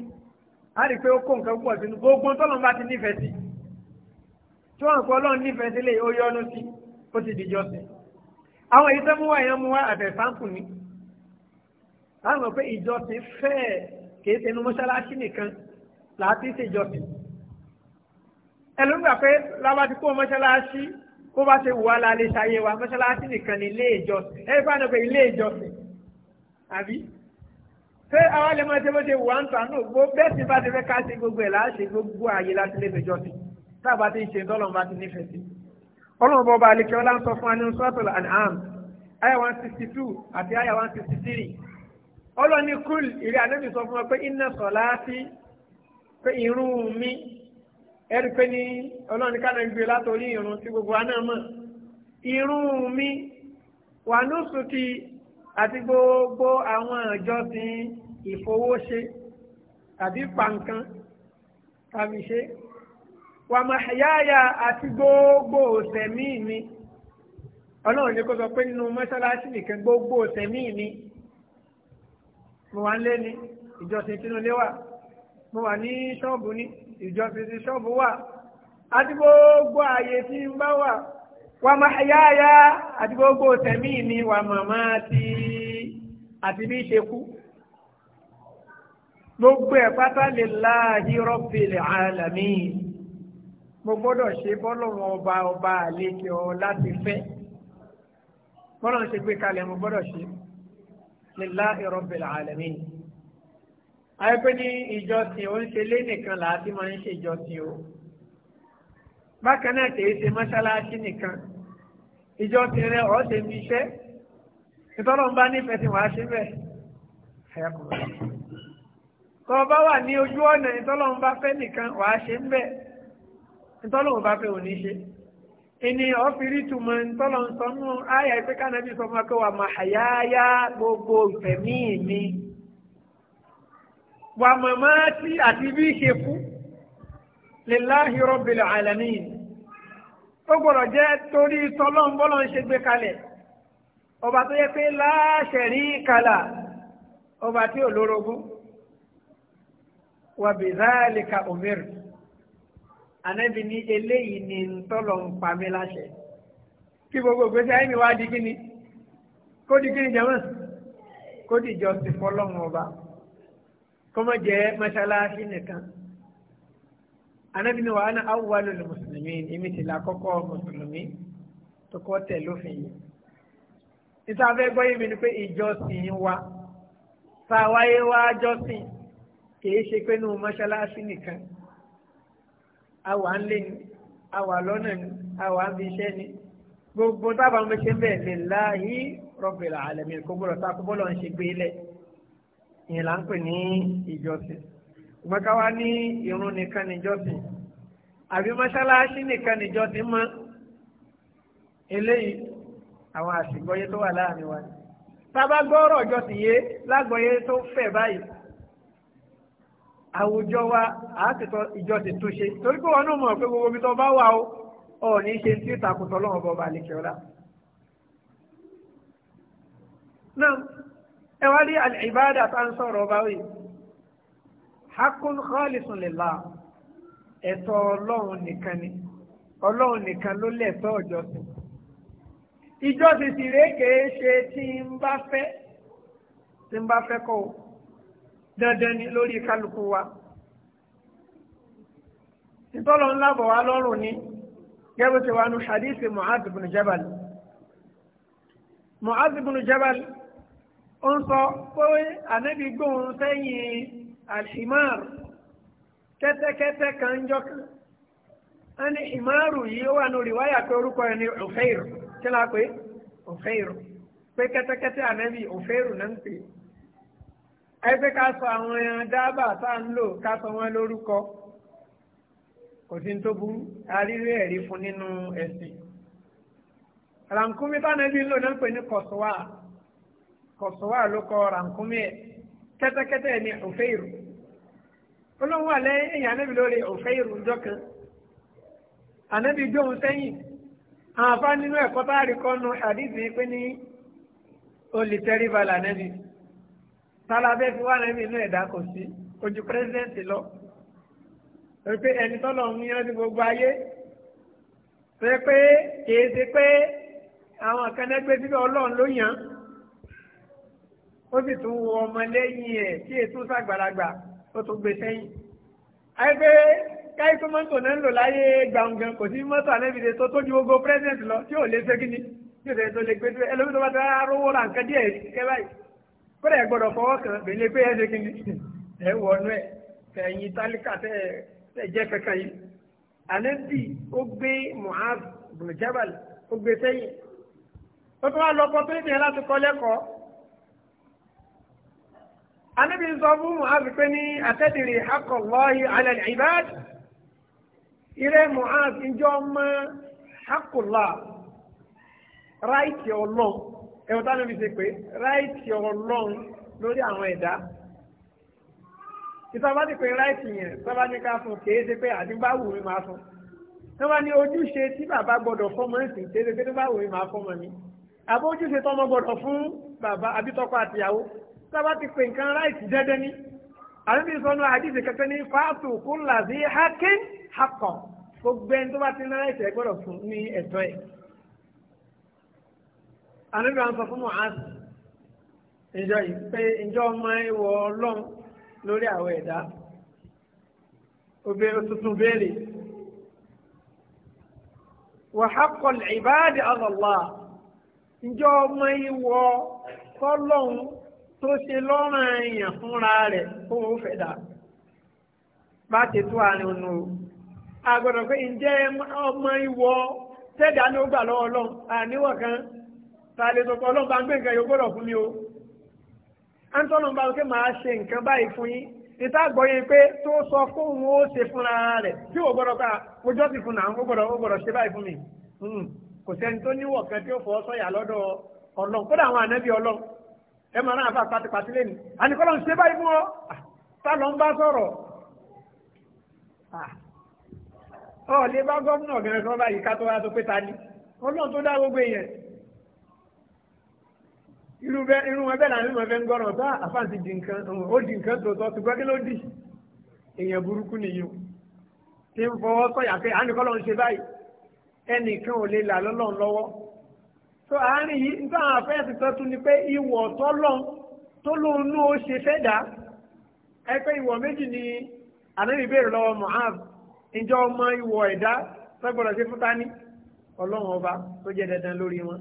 Speaker 1: a rí i pé ó kó nǹkan púpọ̀ sínú gbogbo tọ́lọ́mù bá ti nífẹ̀ẹ́ sí i tó hàn pé ọlọ́run nífẹ̀ẹ́ sílé ó yọ́nú sí ó ti di jọ́sìn àwọn èyí tó mú wá yẹn wá àbẹ̀fáǹpù ni láwọn pé ìjọsìn fẹ́ẹ̀ kìí ṣe inú mọ́ṣáláṣí nìkan láti ṣe ìjọsìn ẹlòmígbà pé lábá ti kó mọ́ṣáláṣí kó bá ṣe wù wá lálé ṣayé wa mọ́ṣáláṣí nìkan ní ilé ìjọsìn ẹ bá nà pé ilé ìjọsìn àbí pé àwọn lè máa ṣe bó ṣe wù wá ń tàn náà bó bẹ́ẹ̀ sì bá ti fẹ́ ká ṣe gbogbo ẹ̀ láṣẹ gbogbo àyè láti lè ṣèjọsìn táàbà ti ń ṣe tọ́lọ́mù bá ti nífẹ̀ẹ́ sí. ọlọ́run bọ́ba alẹ́kẹ́ ọlá ń sọ fún anú suratul an'am aya one sixty two àti aya one sixty three ọlọ́ni kúl ìrẹ́ ànábì sọ fún wa pé inna salati pé irun mi ẹ̀rí pé ní ọlọ́ni kánà gbé látòrí irun tí gbogbo aná mọ̀ irun mi wà nusuki àti gbogbo àwọn ìjọsìn ìfowóṣe tàbí pàǹkan tàbí ṣe wàmàhàyáyà àti gbogbo òsẹ̀mí mi ọlọ́run ní kó sọ pé nínú mọ́ṣáláṣí nìkan gbogbo òsẹ̀mí mi mo wà nílé ni ìjọsìn tinúlé wà mo wà ní ṣọ́ọ̀bù ní ìjọsìn ti ṣọ́ọ̀bù wà àti gbogbo ààyè tí ń bá wà wàmàhàyáyà àti gbogbo òsẹ̀mí mi wàmàmá ti àti bí ṣe kú gbogbo ẹ̀ pátá lillahi rabbil alamin mo gbọ́dọ̀ ṣe bọ́lọ́wọ́ ọba ọba àlejò láti fẹ́ bọ́lọ́wọ́ ṣe gbé kalẹ̀ mo gbọ́dọ̀ ṣe lillahi rabbil alamin. àyẹ̀pẹ́ ní ìjọsìn ó ń ṣe lé nìkan láti máa ń ṣe ìjọsìn o. bákan náà kì í ṣe mọ́ṣáláṣí nìkan ìjọsìn rẹ ọ̀ ṣe fi iṣẹ́ ìtọ́lọ́ bá nífẹ̀ẹ́ tí wàá ṣe bẹ́ẹ̀ ẹ̀yàkùnrin. tọ́ ọ bá wà ní ojú ọ̀nà ìtọ́lọ́ bá fẹ́ nìkan wàá ṣe ń bẹ́ẹ̀ ntọ́lọ́wọ́ bá fẹ́ òní ṣe ẹni ọ̀fìrí túmọ̀ ntọ́lọ́ nsọ́nù ayà ẹ̀fẹ́ kánàbí sọmọ pé wà má àyáyá gbogbo ìfẹ̀mí mi wà màmá tí àti bí ṣe fún lillahi rabbil alamin ó gbọ́dọ̀ jẹ́ torí tọ́lọ́ bọ́lọ́ ń ṣe gbé kalẹ̀ ọba tó yẹ pé láṣẹ̀rí kalà ọba tí ò lórogún wà bìzálìkà òmìnir ànábì ní eléyìí ni ntọ́lọ̀ ń pa mí láṣẹ kí gbogbo ìgbésí ayé mi wá di kíni kó di kíni jẹ́mọ́ kó di jọ sí fọlọ́mù ọba kó má jẹ́ mọ́ṣáláṣí nìkan ànábì ní wàhánà awwalul mùsùlùmí èmi ti là kọ́kọ́ mùsùlùmí tó kọ́ tẹ̀ lófin yìí níta fẹ́ gbọ́ yé mi ni pé ìjọsìn wa tá a wáyé wá jọ́sìn kì í ṣe pé nínú mọ́ṣáláṣí nìkan àwa ń lé ni àwa lọ́nà ni àwa ń bi iṣẹ́ ni gbogbo tábà ń bẹ́sẹ̀ bẹ́ẹ̀ lè láàyè rọ́bìlà àlẹ́mí kó gbọ́dọ̀ tá a kó bọ́lọ̀ ń ṣe gbé lẹ̀ ìyẹn là ń pè ní ìjọsìn ṣùgbọ́n ká wá ní irun nìkan níjọsìn àbí mọ́ṣáláṣí nìkan níjọsìn mọ́ eléyìí àwọn àṣìgbọ́yé tó wà láàrin wa tábà ọ̀rọ̀ ìjọsìn yé lágbọ́yé tó fẹ̀ báyìí àwùjọ wa àátìtọ́ ìjọ ti tún ṣe torí pé wọn náà mọ̀ pé gbogbo ibi tó bá wà ó ọ̀ ní ṣe tí ìtàkùtọ̀ lọ́wọ́ bọ̀ bá lè kí ọlá. náà ẹ wá rí àlìbáàdà tá à ń sọ̀rọ̀ ọba wì hakun khalisun lillah ẹ̀tọ́ ọlọ́run nìkan ni ọlọ́run nìkan ló lẹ́tọ́ ìjọsìn ìjọsìn sì rèé kèé ṣe tí ń bá fẹ́ tí ń bá fẹ́ kọ́ o dandan ni lórí kálukú wa ìtọ́lọ̀ ńlá bọ̀ wá lọ́rùn ni gẹ́gẹ́ tí wàá nu hadithi mu'adh bin jabal mu'adh bin jabal ó ń sọ pé ànábi gbóhùn sẹ́yìn alhimar kẹ́tẹ́kẹ́tẹ́ kan jọ kan a ní himaru yìí ó wà ní rìwáyà pé orúkọ ẹ̀ ní kí ló pé òfèèrè pé kẹ́tẹ́kẹ́tẹ́ ànábi òfèèrè náà ń pè é ẹgbẹ́ ká sọ àwọn ẹran dábà tá à ń lò ká sọ wọ́n lórúkọ kò sí tó burú arírí ẹ̀rí fún nínú ẹ̀sìn rànkúmí tánàbí ń lò náà pè ní kọ̀sùwà kọ̀sùwà ló kọ rànkúmí ẹ̀ kẹ́tẹ́kẹ́tẹ́ ní òfèèrú olóhùn wà lẹ́yìn ànábì lórí òfèèrú ọjọ́ kan ànábì jóun sẹ́yìn àǹfààní nínú ẹ̀kọ́ tá a rí kọ́ nu àdìsí pé ní olùtẹ́rí ànábì tálábẹ́ fi wá nàbí inú ẹ̀dá kò sí ojú pírẹsidẹ́ǹtì lọ torí pé ẹni tọ́lọ̀ ń yan ní gbogbo ayé torí pé kìí ṣe pé àwọn kan ẹgbẹ́ síbẹ̀ ọlọ́run ló yàn ó sì tún wọ ọmọlẹ́yìn ẹ̀ tí ètò sàgbàlagbà ó tún gbé sẹ́yìn àìpé káyí tó mọ́tò náà ń lò láyé gbàǹgàn kò sí mọ́tò àlẹ́bìdẹ tó tójú gbogbo pírẹsidẹ́ǹtì lọ tí ò lè ṣe kíni tí ò lè tó lè gbé ẹlòmíràn bá ti rárá rówó ra nǹkan díẹ̀ kẹ́ báyìí kódà ẹ gbọ́dọ̀ fọwọ́ kan bèlè pé ẹ ṣe kí ni ẹ wọnú ẹ ẹ̀yin tálíkà tẹ ẹ jẹ́ kankan yìí ànábì ó gbé Mu'az ibn Jabal ó gbé sẹ́yìn ó tún wá lọ pọ̀ tó ní ìyẹn láti kọ́ lẹ́kọ̀ọ́ ànábì sọ fún Mu'az pé ní atadri haqqa Allahi ala al-ibad ìrẹ́ Mu'az ìjọ ọmọ haqqullah ráìtì ọlọ́ọ̀ ẹ̀wọ̀n táwọn fi ṣe pé ráìtì ọlọ́run lórí àwọn ẹ̀dá ìtọ́ba ti pé ráìtì yẹn tọ́ba ní ká fún kèé ṣe pé àdínbá wù mí máa fún tó bá ní ojúṣe tí bàbá gbọdọ̀ fọmọ ẹ̀sìn ṣe ṣe pé tó bá wù mí máa fọmọ mi àbó ojúṣe tọmọ gbọdọ̀ fún bàbá abítọ́kọ àtìyàwó tọ́ba ti pé nǹkan ráìtì dẹ́dẹ́ ní àwọn ibi sọnù àdìsí kankan ní fáàtù kúńlà sí hákín hákọ̀ gbogbo ẹni tó bá ti ní ráìtì ẹ gbọdọ̀ fún ní ẹ̀tọ́ ẹ̀ àníbi àwọn sọ fún Mu'az ìjọ yìí pé ìjọ ọmọ ìwọ ọlọ́run lórí obe tuntun wa haqqul ibadi ala Allah ìjọ ọmọ ìwọ tó ṣe lọ́rùn èèyàn fúnra rẹ̀ kó o fẹ́ dà bá ti tó àárín ònà o àgbọ̀dọ̀ pé ǹjẹ́ ọmọ ìwọ ni kan. ta lè sọ pé ọlọ́run gbé nǹkan yóò gbọ́dọ̀ fún mi o à ń tọ́lọ́run bá wípé màá ṣe nǹkan báyìí fún yín níta gbọ́yé pé tó sọ fóun ó ṣe fúnra rẹ̀ tí ò gbọ́dọ̀ ká ojọ́ ti fún náà ó gbọ́dọ̀ ó gbọ́dọ̀ ṣe báyìí fún mi hmm, kò sẹ́ni tó níwọ̀ kan tí ó fọ́ sọ́yà lọ́dọ̀ ọlọ́run kódà àwọn ànábì ọlọ́run ẹ máa náà fà pátipátí lẹ́nu àníkọ́lọ́ ń ṣe báyìí fún ọ ah, tá lọ ń bá sọ̀rọ̀ ah, ọ lè bá gómìnà ọ̀gẹ̀rẹ̀ sọ ká tó wá sọ pé ta ni ọlọ́run tó dá gbogbo èèyàn irú bẹ́ẹ̀ irú wọn bẹ́ẹ̀ làwọn mímọ̀ fẹ́ ń gbọ́ràn bá ah, àfáàntì di nǹkan ó di nǹkan tòótọ́ ṣùgbọ́n kí ló dì èèyàn burúkú nìyí tí ń fọwọ́ sọ̀yà pé àánìkọ́ lọ́n ṣe báyìí ẹnìkan ò lè là lọ́lọ́run lọ́wọ́ tó àárín yìí nígbà àwọn afẹ́yàtì tó tún ni pé ìwọ̀ tọ́lọ́n tó lóun ní ó ṣe fẹ́ dá ẹ pé ìwọ̀ méjì ni ànábì béèrè lọ́wọ́ Mu'adh ìjọ ọmọ ìwọ̀ ẹ̀dá fúta ní ọlọ́run ọba tó jẹ́ dandan lórí wọn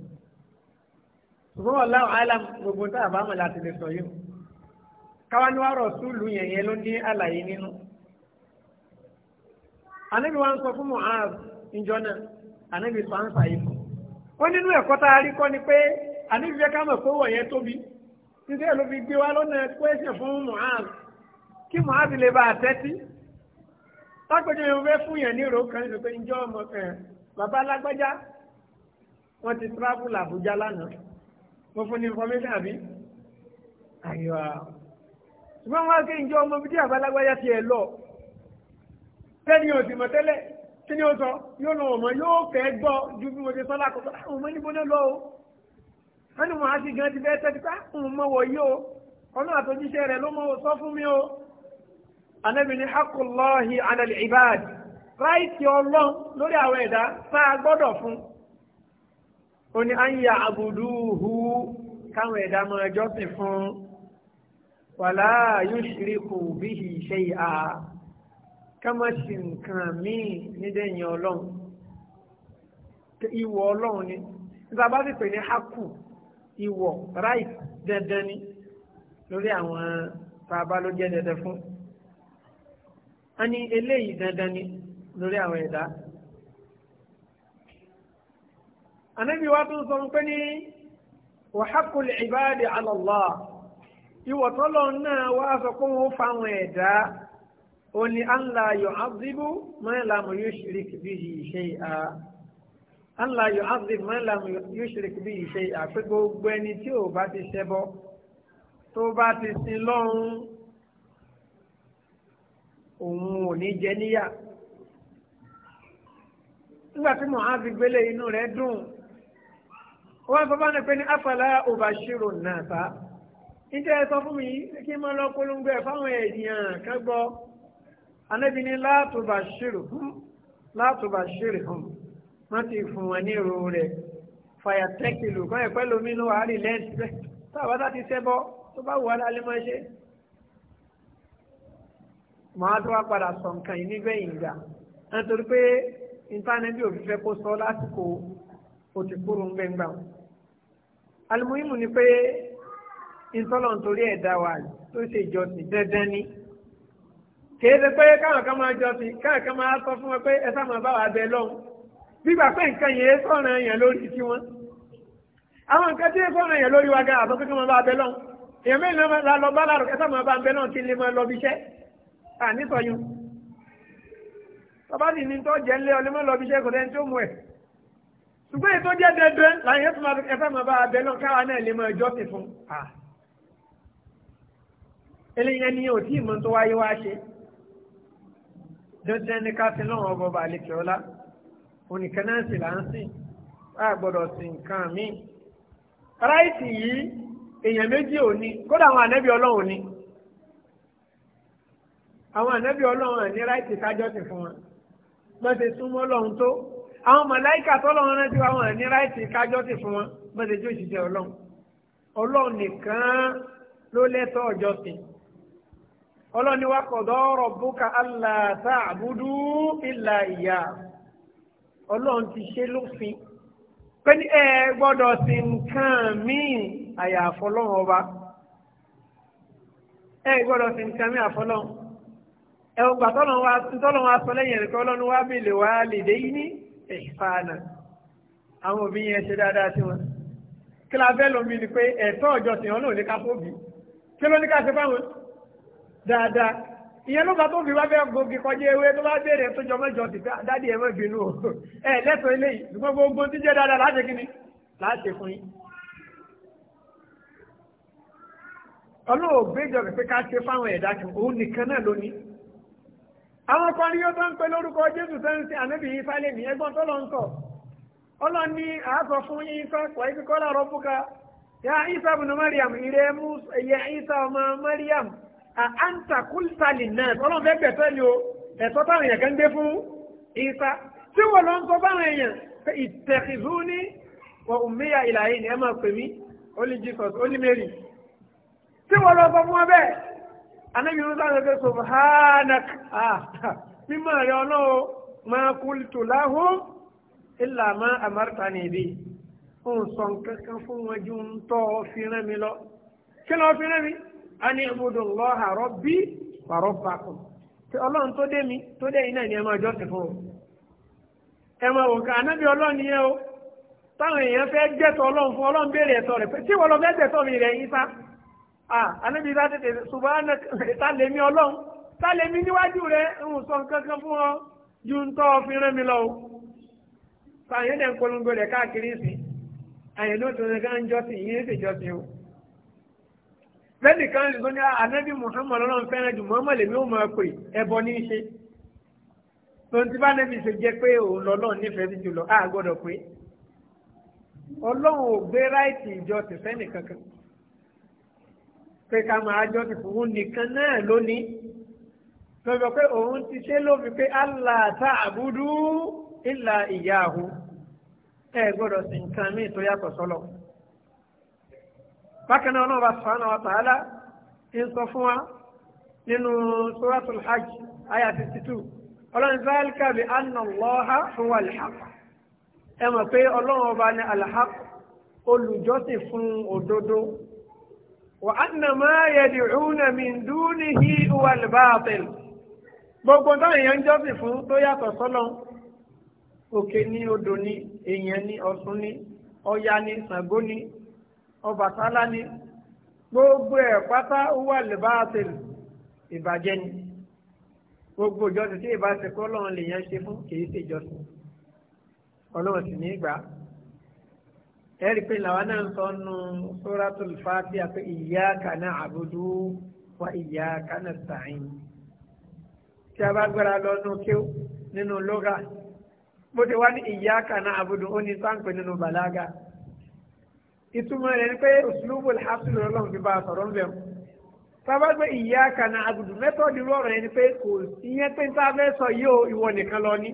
Speaker 1: ṣùgbọ́n ọ̀la alam gbogbo tá a bá mọ̀ láti lè sọ yìí káwa ni wàá rọ̀ súlù yẹn yẹn ló ní àlàyé nínú. ànábi wa ń sọ fún Mu'az ìjọ náà ànábi sọ àǹfà yìí fún. ó nínú ẹ̀kọ́ tá a rí kọ́ ni pé ànábi fẹ́ ká mọ̀ pé wọ̀ yẹn tóbi títí ẹ̀ ló fi gbé wa lọ́nà kwẹ́sìn fún Mu'az kí Mu'az lè bá a tẹ́tí. lágbèjọ yẹn fẹ́ fún yẹn ní ìró kan ìró pé ìjọ ọmọ bàbá alágbájá wọ́n ti travel Àbújá lánàá mo fún ní information àbí àyíwá ṣùgbọ́n wọn kí n jọ ọmọ lọ tẹ́ni ò sì mọ̀ tẹ́lẹ̀ kí ni ó sọ yóò lọ ọmọ yóò gbọ́ ju bí mo ṣe àwọn ah, ọmọ níbo lọ o wọn ni á sì gan ti fẹ́ tẹ́tí ká ń mọ wọ o ọlọ́run àtọ́jíṣẹ́ rẹ̀ ló mọ sọ fún mi o anabi ni ibad ráìtì ọlọ́run lórí àwọn ẹ̀dá tá a gbọ́dọ̀ fún káwọn ẹ̀dá máa jọ́sìn fún wàlá yushriku bihi shay'a ká má sì nǹkan míì nídẹ̀yìn ọlọ́run ìwọ ọlọ́run ni nígbà bá sì pè ní haku ìwọ right dandan ni lórí àwọn bàbá ló jẹ́ dandan fún a ní eléyìí dandan ni lórí àwọn ẹ̀dá. ànábì wa tún sọ pé ní wa haqqul ibadi ala Allah ìwọ̀ tọ́lọ̀ náà wá sọ pé wọ́n fáwọn ẹ̀dá ó ní anla yu'adhibu man lam yushrik bihi shay'a anla yu'adhibu man lam yushrik bihi shay'a pé gbogbo ẹni tí ò bá ti ṣẹbọ tó bá ti sin lọ́run òun ò ní jẹ níyà nígbà tí Mu'adh gbélé inú rẹ̀ dùn wọ́n bá bá ní pé ní afala òbáṣírò náà bá níta ẹ sọ fún mi kí n máa lọ polongo ẹ fáwọn èèyàn kan gbọ́ anábì ní látòbáṣírò látòbáṣírò hàn wọ́n ti fún wọn ní ìrò rẹ̀ fàyà tẹ́kìlù kọ́ ẹ̀pẹ́ lomi ló wàá rí lẹ́ǹtì rẹ̀ táwa tá ti sẹ́bọ́ tó bá wù lálẹ́ máa ṣe. màá tó wá padà sọ nǹkan yìí nígbẹ̀yìn ìgbà nítorí pé ìntánẹ́ẹ̀tì òfìfẹ́ kó sọ lásìkò òtìkúrú ń bẹ́ngbà alimuhimu ni pé ntọ́lọ̀ nítorí ẹ̀dá wa tó ṣe ìjọsìn dandan ni kìí ṣe pé káwọn kan máa jọsìn káwọn kan máa sọ fún wọn pé ẹ sá máa bá wa bẹ lọ́hùn gbígbà pé nǹkan yẹn sọ̀ràn yẹn lórí tiwọn àwọn nǹkan tí yẹn sọ̀ràn yẹn lórí wa gan àbọ̀ pé kí bá bẹ lọ́hùn èèyàn mélòó la lọ bá lárò kẹsàn-án máa bá ń bẹ lọ́hùn kí n lè máa lọ bí iṣẹ́ ànítọ́yún tọ́ba nì ní tó jẹ́ ńlẹ́ ọlẹ́mọ́ ṣùgbọ́n ètò jẹ́ dandan láyé tó máa ẹ̀fẹ́ máa bá abẹ náà káwa náà lè mọ ẹjọ́ sì fún a. eléyìí ẹni ò tí ì mọ tó wáyé wá ṣe dandan ní ká sin náà ọgbọ̀n bá àlekè ọlá onìkan náà sì là ń sìn á gbọ́dọ̀ sin nǹkan míì. ráìtì yìí èèyàn méjì ò ní kódà àwọn ànẹ́bí ọlọ́run ni àwọn ànẹ́bí ọlọ́run ní ráìtì kájọ́sìn fún wọn bọ́n súnmọ́ ọlọ́run tó àwọn màláìkà tọ́lọ̀ wọn rántí wọn ní ráìtì kájọ́ ti fún wọn bó ṣe jó ìṣiṣẹ́ ọlọ́run ọlọ́run nìkan ló lẹ́tọ́ ọjọ́ sí ọlọ́run ni wá kọ̀dọ̀ rabbuka alla ta'budu illa iya ọlọ́run ti ṣe lófin pé ní ẹ gbọ́dọ̀ sí nǹkan míì àyàfọ́ ọba ẹ gbọ́dọ̀ sí nǹkan míì àfọ́ ẹ̀wọ̀n gbà wa sọ lẹ́yìn ẹ̀rẹ̀kọ́ ọlọ́run wa bil walidayni ìfàànà àwọn òbí yẹn ṣe dáadáa sí wọn kí la fẹ́ eto ni pé ẹ̀tọ́ ọ̀jọ̀sìn ọlọ́run ní ká kí ló ní ká ṣe fáwọn dáadáa ìyẹn ló bá tó fi wá fẹ́ gbogi kọjá ewé tó bá béèrè tó jọmọ́ jọ ti dádì ẹ̀ ìbínú o ẹ̀ lẹ́tọ̀ọ́ eléyìí ṣùgbọ́n gbogbo tí jẹ́ dáadáa láti kíni láti fún yín. ọlọ́run gbé pé ká ṣe fáwọn ẹ̀dá kan òun nìkan náà àwọn kan ní yóò tó ń pe lórúkọ jésù tó ń sin ànábì yìí fálẹ̀ ní ẹgbọ́n tó lọ ń sọ ọlọ́run ní àásọ fún yín sọ pọ̀ ikú kọ́lá rọ́bùkà yá isa bùnú mariam ìrẹ́ mú ẹ̀yẹ isa ọmọ mariam àǹtà kúlítàlì náà ọlọ́run fẹ́ gbẹ̀tọ́ ni o ẹ̀tọ́ táwọn èèyàn kan gbé fún isa tí wọ́n lọ ń sọ fáwọn èèyàn ìtẹ̀kìzú ní wọ òmíyà ìlàyé ni ẹ máa pè mí ó ní jesus ó ní mary tí wọ́n lọ sọ fún wọn bẹ́ẹ̀ anábì musa sọ pé subhanak mímọ́ rẹ ọlọ́wọ́ máa qultu lahum illa ma amartani bi ó ń sọ nǹkan kan fún wọn ju ń tọ́ fi rán mi lọ kí lọ́ọ́ fi rán mi a ní ubudullaha rabbi wa rabbakum tí ọlọ́run tó dé mi tó dé iná ni ẹ máa jọ́sìn fún o ẹ máa wò ká anábì ọlọ́run ni o táwọn èèyàn fẹ́ gbẹ̀tọ̀ ọlọ́run fún ọlọ́run béèrè ẹ̀tọ́ rẹ̀ tí wọ́n lọ fẹ́ gbẹ̀tọ̀ mi rẹ̀ yín sá ànábi bá tètè ṣùgbọ́n ta lè mí ọlọ́run ta lè mí níwájú rẹ ń sọ kankan fún ọ ju ń tọ́ fi rán mi lọ o fàyẹn dẹ̀ ń polongo rẹ̀ káàkiri sí àyẹ̀ ló tó nǹkan ń jọ́sìn yìí ń ṣèjọ́sìn o bẹ́ẹ̀ni kan lè sọ ní ànábi Muhammad ọlọ́run fẹ́ràn jù Muhammad lèmi ò máa pè ẹbọ ní í ṣe tonti bá nẹbi ṣe jẹ pé òun lọ́lọ́run nífẹ̀ẹ́ sí jùlọ a gbọ́dọ̀ pé Ọlọ́run ò gbé ráìtì ìjọ pé ká máa jọ́ ti fún un nìkan náà lónìí lọ́jọ́ pé òun ti ṣe ló fi pé Allah ta'budu illa iyyahu ẹ gbọ́dọ̀ sí nǹkan míì tó yàtọ̀ sọ́lọ̀ bákan náà ọlọ́ọ̀bá subhanahu wa ta'ala ń sọ fún wa nínú suratul hajj aya 62 ọlọ́run zalika bi anna Allaha huwa al ẹ mọ̀ pé ọlọ́run ọba ní al olùjọ́sìn fún òdodo وأن ما يدعون من دونه هو الباطل gbogbo táwọn èèyàn ń jọ́sìn fún tó yàtọ̀ sọ́lọ́ òkè ní odò ní èèyàn ní ọ̀ṣun ní ọya ní ṣàngó ní ọbàtálá ní gbogbo ẹ̀ pátá wà lẹ́bàáṣẹ́ ìbàjẹ́ ni gbogbo ìjọsìn tí ìbáṣekọ́ lọ́run lèèyàn ṣe fún kì ṣèjọsìn ọlọ́run sì ní í ẹ̀rí pé làwọn náà ń sọ nù suratul Fatiha pé iyyaka na'budu wa iyyaka nasta'in tí a bá gbára lọ nù kíw nínú lóga bó ti wá ní iyyaka na'budu ó ní sáǹpé nínú bàlágà ìtumọ̀ rẹ̀ ni pé uslubul hasl lọ́lọ́run fi bá a sọ̀rọ̀ ń bẹ̀rù tábà gbé iyyaka na'budu mẹ́tọ́ọ̀dì lọ́rọ̀ yẹn pé kò ìyẹn pé ń tá sọ yìí ìwọ nìkan lọ ní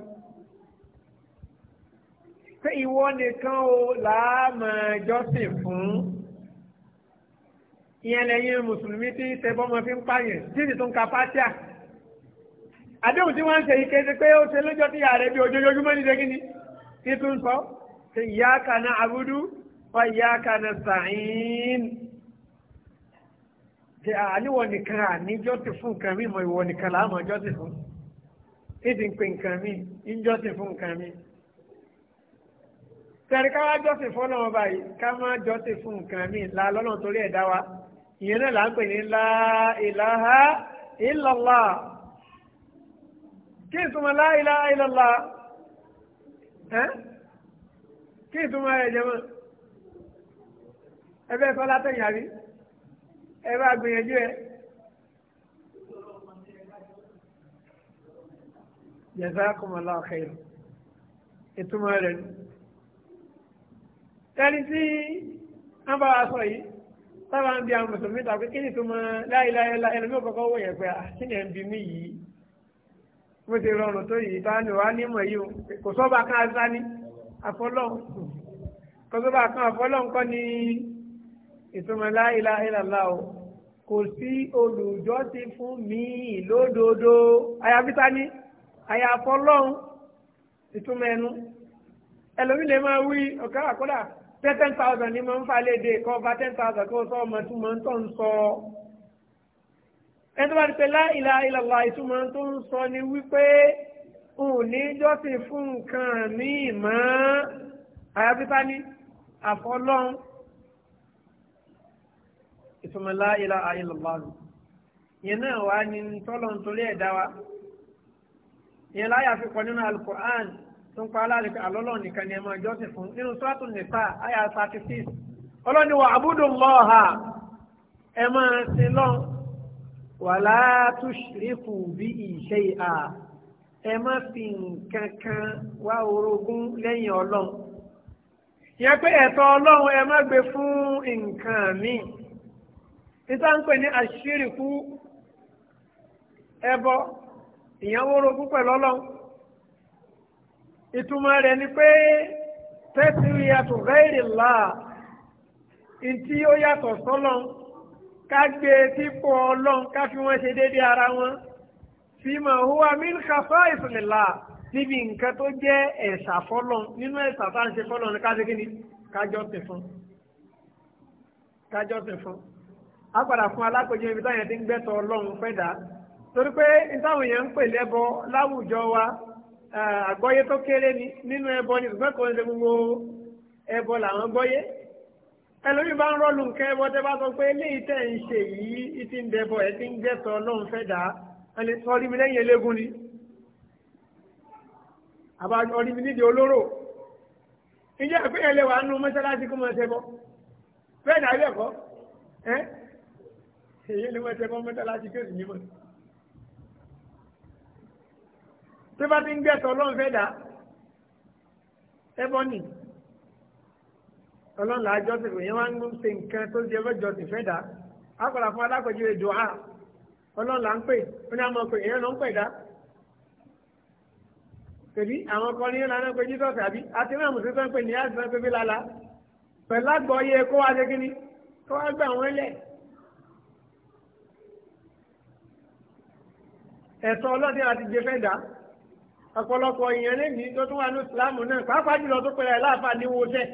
Speaker 1: pé ìwọ nìkan o làámọ̀ jọ́sìn fún ìyẹn lẹ́yìn mùsùlùmí tí tẹbọ́mọ fi ń pààyàn títí tó ń ka pátíà àdéhùn tí wọ́n ń ṣe yìí kéde pé ó ṣe lójọ́ tí ààrẹ bí ojoojúmọ́ ní ṣẹ́gi ni tí tún sọ ṣe iyyaka na'budu wa iyyaka nasta'in ṣe àníwọ̀ nìkan àníjọ́ ti fún nǹkan mi mọ̀ ìwọ nìkan làámọ̀ jọ́sìn fún ìdí ń pè nǹkan mi ìjọ́sìn fún nǹkan mi tẹ̀rí ká wá jọ́sìn fún ọlọ́run báyìí ká má jọ́sìn fún nǹkan mi ńlá lọ́nà torí ẹ̀dá wa ìyẹn náà là ń pè ní la ilaha illallah kí ìtumọ̀ la ilaha illallah kí ìtumọ̀ rẹ̀ jẹ́ mọ́ ẹbẹ́ sọ látẹ̀yìn àbí ẹ bá gbìyànjú ẹ. jazakumullahu khairan ìtumọ̀ rẹ̀ ni ẹni tí wọ́n bá wa sọ yìí sábà ń bi àwọn mùsùlùmí tàbí kí ni tó mọ láìláì la ẹni mọ́ kọ́kọ́ wọ̀ yẹn pé ah, kí ni ẹ̀ ń bi mí yìí mo ti rọrùn tó yìí tá ni wàá nímọ̀ yìí o kò sọ́ba kan aṣá ní àfọlọ́hún kò sọ́ba kan àfọlọ́hún kọ́ ni ìtumọ̀ la ilaha illallah o kò sí olùjọ́sìn fún mi lódodo àyàfi ta ni àyàfọlọ́hún ìtumọ̀ ẹnu ẹlòmí lè máa wí ọ̀kẹ́ àkọ́dà ten thousand ni mo ń falẹ̀dẹ̀ kọ́ ọba ten thousand kó sọ ọmọ tí mo ń tọ́ ń sọ ẹni tó bá ti pé la ilaha illallah ìtumọ̀ tó ń sọ ni wípé òun ní jọ́sìn fún nǹkan míì mọ́ àyàfi ta ni àfọlọ́hún ìtumọ̀ la ilaha illallah yẹn náà wà ní tọ́lọ̀ nítorí ẹ̀dá wa yẹn láyà fi kọ́ nínú alukur'an. tó ń pa aláàlẹ́ pé àlọ́lọ́ nìkan ni ẹ máa jọ́sìn fún nínú sọ́ọ̀tù nìta àyà thirty six ọlọ́ni wa àbúdò lọ́ọ̀hà ẹ máa ṣe lọ́n wàlá tuṣríkù bí ìṣe à ẹ má fi nǹkan kan wá orogún lẹ́yìn ọlọ́run yẹn pé ẹ̀tọ́ ọlọ́run ẹ má gbé fún nǹkan míì níta ń pè ní àṣírìkú ìyẹn orogún pẹ̀lú ọlọ́run. ìtumọ̀ rẹ̀ ni pé tẹ́sírí yàtọ̀ rẹ́ẹ̀rì là ntí ó yàtọ̀ sọ́lọ́n ká gbé e sípò ọlọ́n ká fi wọ́n ṣe déédéé ara wọn fíìmọ̀ huwa min khafa ìfìlélà níbi nǹkan tó jẹ́ ẹ̀sà fọ́lọ́n nínú ẹ̀sà tá à ń ṣe fọ́lọ́n ní káṣe kíni kájọ́ tẹ̀ fún kájọ́ tẹ̀ fún agbada fún alákòjú ibi táyà ti ń gbẹ́tọ̀ ọlọ́run fẹ́ dá torí pé nítawọn èèyàn ń pè lẹ́bọ láwùjọ wa àgbọ́yé tó kéré ni nínú ẹbọ ni ṣùgbọ́n kò ń ṣe gbogbo ẹbọ làwọn gbọ́yé ẹlòmí bá ń rọ́ọ̀lù nǹkan ẹbọ tẹ́ bá sọ pé eléyìí tẹ̀ ń ṣe yìí ìtì ń dẹbọ ẹ̀ ti ń jẹ́tọ̀ ọlọ́run fẹ́ dà á ẹni sọrí mi lẹ́yìn eléégún ni àbá ọrí mi nídìí olóró ìjẹ́ àpéyẹ lè wà nínú mọ́ṣáláṣí kó mọ́ ṣẹbọ fẹ́ dà á bẹ̀ kọ́ ẹ́ èyí ni mọ́ ṣẹbọ mọ́ṣáláṣí kí tó bá ti ń gbẹ̀tọ̀ ọlọ́run fẹ́ dà ẹbọ nì ọlọ́run là á jọ́sìn fún yẹn wá ń ṣe nǹkan tó ṣe ẹbọ jọ́sìn fẹ́ dà á kọ̀ra fún alákọ̀jú èdò a ọlọ́run là ń pè ó ní àmọ́ pé èèyàn ló ń pè dá tèmi àwọn kan ní ìlànà pé Jesus àbí àti náà mùsùlùmí sọ pé nìyá sọ pé bí lala pẹ̀lú àgbọ̀yé kó wá ṣe kíni kó wá gbà wọ́n lẹ̀. ẹ̀tọ́ ọlọ́dẹ àti jẹfẹ́ dá ọ̀pọ̀lọpọ̀ èèyàn lẹ́yìn tó tún wà ní ìsìláàmù náà pàápàá jùlọ tó pẹ̀lẹ́ láàfà ní wo sẹ́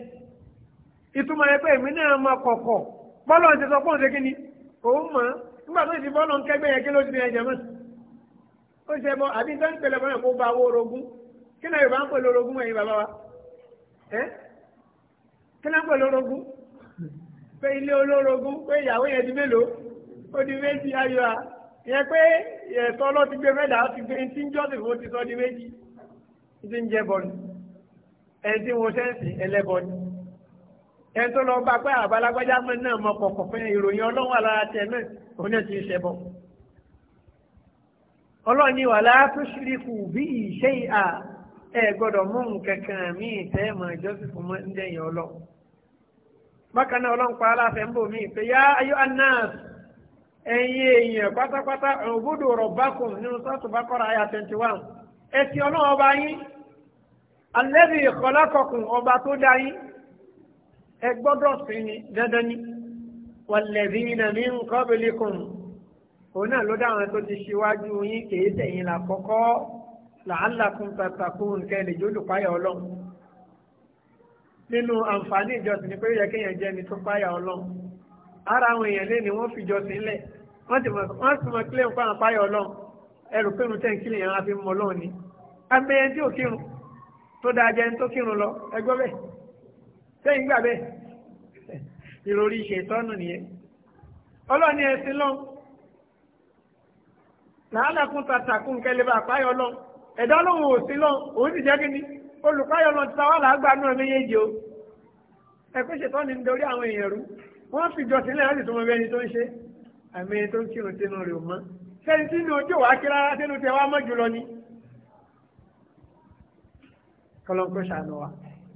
Speaker 1: ìtumọ̀ yẹ pé èmi náà mọ kọ̀kọ̀ bọ́lọ̀ ti sọ fóun ṣe kí ni òun mọ̀ nígbà tó ti bọ́lọ̀ ń kẹgbẹ́ yẹn kí ló ti ẹ̀jẹ̀ mọ́ ó ṣe bọ́ àbí tó ń pẹlẹ bọ́lọ̀ kó ba owó orogún kí náà yorùbá ń pè lórogún ẹ̀yin bàbá wa ẹ́ kí náà ń pè lórogún pé ilé olórogún pé ìyàwó yẹn di mélòó ó di méjì ayọ̀ ìyẹn pé ẹ̀sọ́ lọ ti gbé mẹ́ta ó ti gbé ní tí ń jọ́sìn ó ti sọ di méjì ti ń jẹ bọ́ọ̀lù ẹni tí wọ́n sẹ́ǹsì ẹlẹ́bọ̀ọ̀lù ẹni tó lọ bá pé àbálágbájá mọ́ náà mọ kọ̀ọ̀kan fún ìròyìn ọlọ́run alára tẹ náà òun náà ti ń ṣẹbọ. ọlọ́run ni wàhálà tó ṣíríkù bí ìṣe ìhà ẹ gbọ́dọ̀ mú nǹkankan míì tẹ́ mọ̀ ìjọsìn fún mọ́ ń dẹ̀yìn ọlọ́run. bákan náà ọlọ́run pa aláfẹ́ ń bò míì pé yá ayọ́ anáàsì ẹ̀yin èèyàn pátápátá òbúdò rọ̀bákùn nínú sọ́ọ̀tù bákọ́rọ̀ àyà twenty one ẹ̀sìn ọ̀nà ọba yín alẹ́bí ìkọlákọ̀kùn ọba tó dá yín ẹ gbọ́dọ̀ sí ni dandan ni wàlẹ́bí nàmí nkọ́bìlìkùn òun náà ló dáhùn tó ti ṣíwájú yín kèé tẹ̀yìn lákọ́kọ́ làálàkùn pàtàkùn kẹ́lẹ̀ jólù páyà ọlọ́run nínú àǹfààní ìjọsìn ni pé yẹ kéèyàn jẹ́ ẹni tó páyà ọlọ́run ara àwọn èèyàn lé ni wọ́n fìjọ sílẹ̀ wọ́n ti mọ̀ kílẹ̀ fún àwọn ọlọ́run ẹrù pẹ̀lú tẹ́ǹkìlì yẹn wọ́n fi mọ̀ ọlọ́run ni amẹ́yẹn tí ò kírun tó dáa jẹ́ tó kírun lọ ẹgbọ́ bẹ́ẹ̀ sẹ́yìn gbà bẹ́ẹ̀ ìròrí nìyẹn ọlọ́run ni ẹ̀sìn lọ́n làálà kún kẹlẹ́ bá ọlọ́run ẹ̀dá lọ́n òun sì jẹ́ olùkọ́yọ̀ ti ta wà láàgbà o ẹ̀kọ́ ń dorí àwọn èèyàn rú wọ́n fi jọ̀sìn lẹ́yìn láti tó mọ bí ẹni tó ń ṣe àmì ẹni tó ń kírun sínú rẹ̀ ò mọ́ sẹ́ni tí inú ojú wàá kí rárá sínú tẹ wàá mọ́ jùlọ ni. kọlọ́nkó ṣàánú wa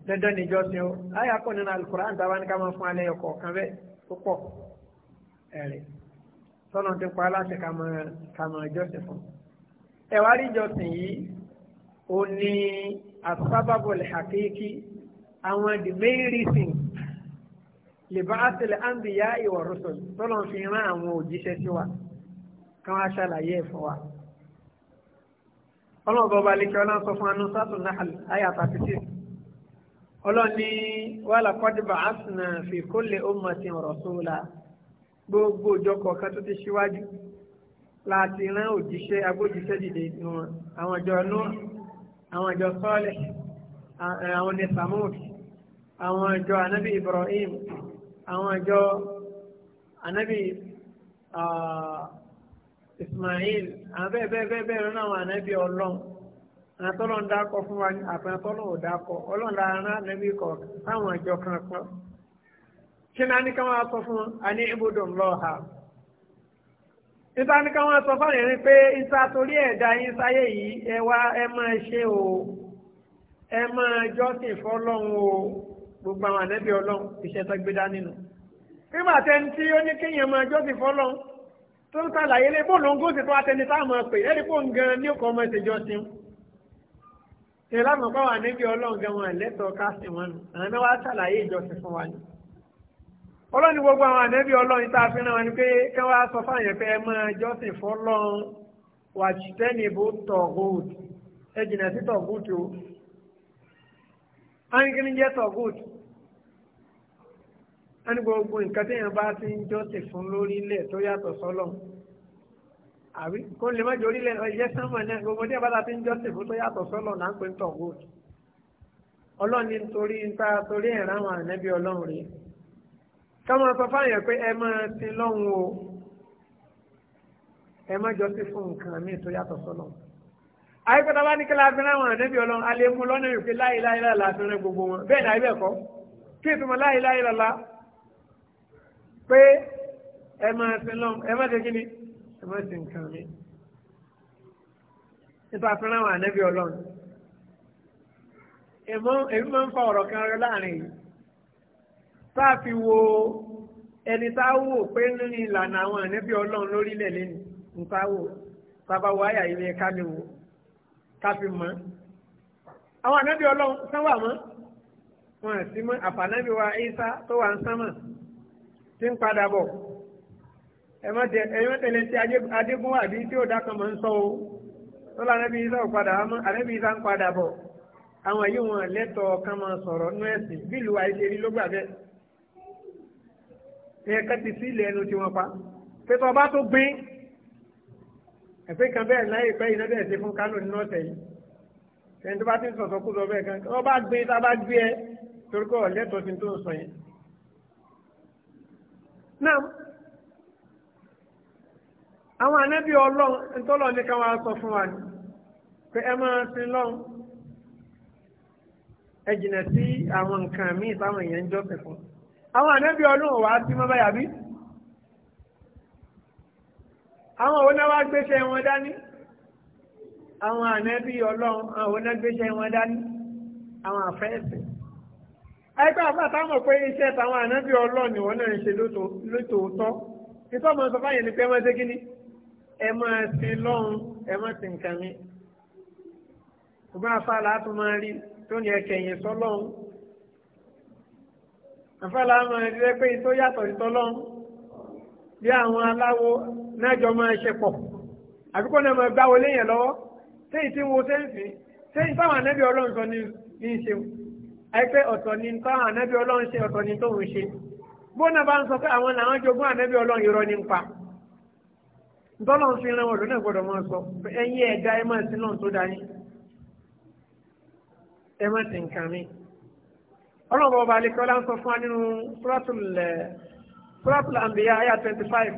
Speaker 1: dandan ni jọ̀sìn o láyà kọ́ nínú Al-Qur'an àǹtà wa ní ká máa fún alẹ́ ọkọ̀ kan bẹ́ẹ̀ tó pọ̀ ẹ̀rẹ̀ tọ́nà ti pa aláṣẹ ká máa jọ̀sìn fún. ẹ̀wá rí jọ̀sìn yìí ó ní asábàbọ̀lẹ̀ àkéèkì àwọn the main reason libaatil anbiya wa rusul tọ́lọ̀ fi rán àwọn òjíṣẹ́ sí wa kí wọ́n á ṣàlàyé ẹ̀ fún wa. ọlọ́run bọ́ba alẹ́kẹ́ ọlọ́run sọ fún anúsátù nahal ayat thirty six ọlọ́run ní wa laqad ba'athna fi kulli ummatin rasula gbogbo ìjọ kọ̀ọ̀kan tó ti ṣíwájú láti rán òjíṣẹ́ agbójíṣẹ́ dìde wọn àwọn ìjọ nù àwọn ìjọ sọ́ọ̀lẹ̀ àwọn ní samud àwọn ìjọ anabi ibrahim àwọn àjọ anabi Ismail àwọn bẹ́ẹ̀ bẹ́ẹ̀ bẹ́ẹ̀ bẹ́ẹ̀ lọ́nà anabi ọlọ́run àtọ́lọ́ dákọ̀ fún wa àtọ́lọ́ ò dákọ̀ ọlọ́run lára anabi kọ̀ táwọn àjọ kan pọ̀ kí ni a ní ká máa sọ fún a ní ibùdó ńlọ́ọ̀ha níta ká máa sọ fáwọn ẹni pé ìta torí ẹ̀dá yín sáyé yìí ẹ wá ẹ máa ṣe o ẹ máa jọ́sìn o. gbogbo àwọn ànẹ́bí ọlọ́run iṣẹ́ tó gbé dání nu. nígbà tẹni tí ó ní kéèyàn máa jọ́sìn fọlọ́run tó ń sàlàyé lé bóòlù ń gòsì tó wá tẹni táwọn máa pè ẹ́rì fóun gan ní òkò ọmọ ìṣèjọ́ sí wọn. ṣe lámọ̀ pé àwọn ànẹ́bí ọlọ́run gan wọn lẹ́tọ̀ọ́ ká wọn nù àwọn náà wá sàlàyé ìjọsìn fún wa ni. ọlọ́ni gbogbo àwọn ànẹ́bí ọlọ́run tá a fi ràn wọn ni pé kí wọ́n á sọ fáwọn yẹn pé ẹ máa jọ́sìn fọlọ́run wàjútẹ́nìbó tọ̀gùt ẹ jìnà sí tọ̀gùt o. àwọn kìíní wọ́n ní gbogbo nǹkan téèyàn bá ti ń jọ́sìn fún lórílẹ̀ tó yàtọ̀ sọ́lọ̀ àbí kó lè má jẹ orílẹ̀ ẹ̀yẹ sánmà náà gbogbo téèyàn bá ti ń jọ́sìn fún tó yàtọ̀ sọ́lọ̀ là ń pè ń tọ̀ wọ́ọ̀tù ọlọ́run ní torí nípa torí ẹ̀rọ àwọn ànábì ọlọ́run rèé káwọn sọ fáyọ̀ pé ẹ máa sin lọ́hùn o ẹ má jọ sí fún nǹkan míì tó yàtọ̀ sọ́nà àyíkọ́tà bá ní kí láàfin àwọn ànábì ọlọ́run alẹ́ mú lọ́nà yìí láyé láyé láyé láàfin rẹ gbogbo wọn bẹ́ẹ̀ ni àyíbẹ̀ kọ́ kí ìtumọ̀ láyé láyé lọ́la pé ẹ máa sin lọ́m ẹ máa ṣe ni ẹ máa sin nǹkan mi nípa fúnra wọn ànẹ́bí ọlọ́run èmọ èmi máa ń fa ọ̀rọ̀ kan rẹ láàrin yìí tá a fi wo ẹni tá a wò pé nínú ìlànà àwọn ànẹ́bí ọlọ́run lórílẹ̀ lẹ́nu nǹkan wò bàbá wo àyà yìí ká lè wò ká fi mọ́ àwọn ànẹ́bí ọlọ́run sánwà mọ́ wọn àti mọ́ àfànẹ́bí wa Ìsá tó wà ń sánmọ̀ tí ń padà bọ̀ ẹ má tẹ̀lé tí adégún àbí tí ó dákan mọ̀ ń sọ o lọ́la anábì isa ò padà àmọ́ anábì isa ń padà bọ̀ àwọn yìí wọn lẹ́tọ̀ọ́ kan máa sọ̀rọ̀ nú ẹ̀sìn bílù àìṣerí ló gbà bẹ́ẹ̀ ẹ̀yẹ kan ti sí ilẹ̀ ẹnu tí wọ́n pa pẹ̀tọ́ ọba tó gbin ẹ̀fẹ́ kan bẹ́ẹ̀ láyé pẹ́ iná bẹ́ẹ̀ ṣe fún Kánò nínú ọ̀sẹ̀ yìí ẹni tó bá ti sọ̀tọ̀ kú sọ bẹ́ẹ̀ kan ọba gbin tá a bá gbé ẹ torí kọ́ lẹ́tọ̀ọ́ sí tó sọ yẹn náà àwọn ànábì ọlọ́run ntọ́lọ́ ní káwọn aṣọ fún wa ni pé ẹ máa sin lọ́run ẹ jìnà sí àwọn nǹkan míì táwọn èèyàn ń jọ́sìn fún àwọn ànábì ọlọ́run wàá sí mọ́ báyà bí àwọn òun náà wá gbéṣẹ́ wọn dání àwọn ànábì ọlọ́run àwọn òun náà gbéṣẹ́ wọn dání àwọn àfẹ́ẹ̀sìn ẹgbẹ́ àbáta mọ̀ pé iṣẹ́ táwọn ànábì ọlọ́ọ̀ni wọn náà ń ṣe lótòótọ́ nítorí ọmọ sọ fáyẹn ni pé ẹ máa ṣe kí ni ẹ máa ṣe lọ́hùn ẹ máa ṣe nǹkan mi ṣùgbọ́n afáàlà á tún máa rí tó ní ẹkẹyìn sọlọ́hùn afáàlà á máa rí pé tó yàtọ̀ sí tọ́lọ́hùn bí àwọn aláwo náà máa ṣe pọ̀ àbíkọ́ náà máa gbáwọlé yẹn lọ́wọ́ sẹ́yìn tí wọ́n sẹ́yìn sẹ́yìn táwọn ànábì ọlọ́run àìpé ọ̀tọ̀ ni nǹkan ànábì ọlọ́run ṣe ọ̀tọ̀ ni tóun ṣe bóńdà bá ń sọ pé àwọn làwọn jogún ànábì ọlọ́run irọ́ ní pa ntọ́lọ́run fi ran wọn lónà gbọ́dọ̀ máa sọ ẹ̀yin ẹ̀dá ẹ máa sin náà tó dání ẹ má sì nǹkan mi ọlọ́run bọ̀ balẹ̀ kí ọlá ń sọ fún wa nínú suratul eh, anbiya aya twenty five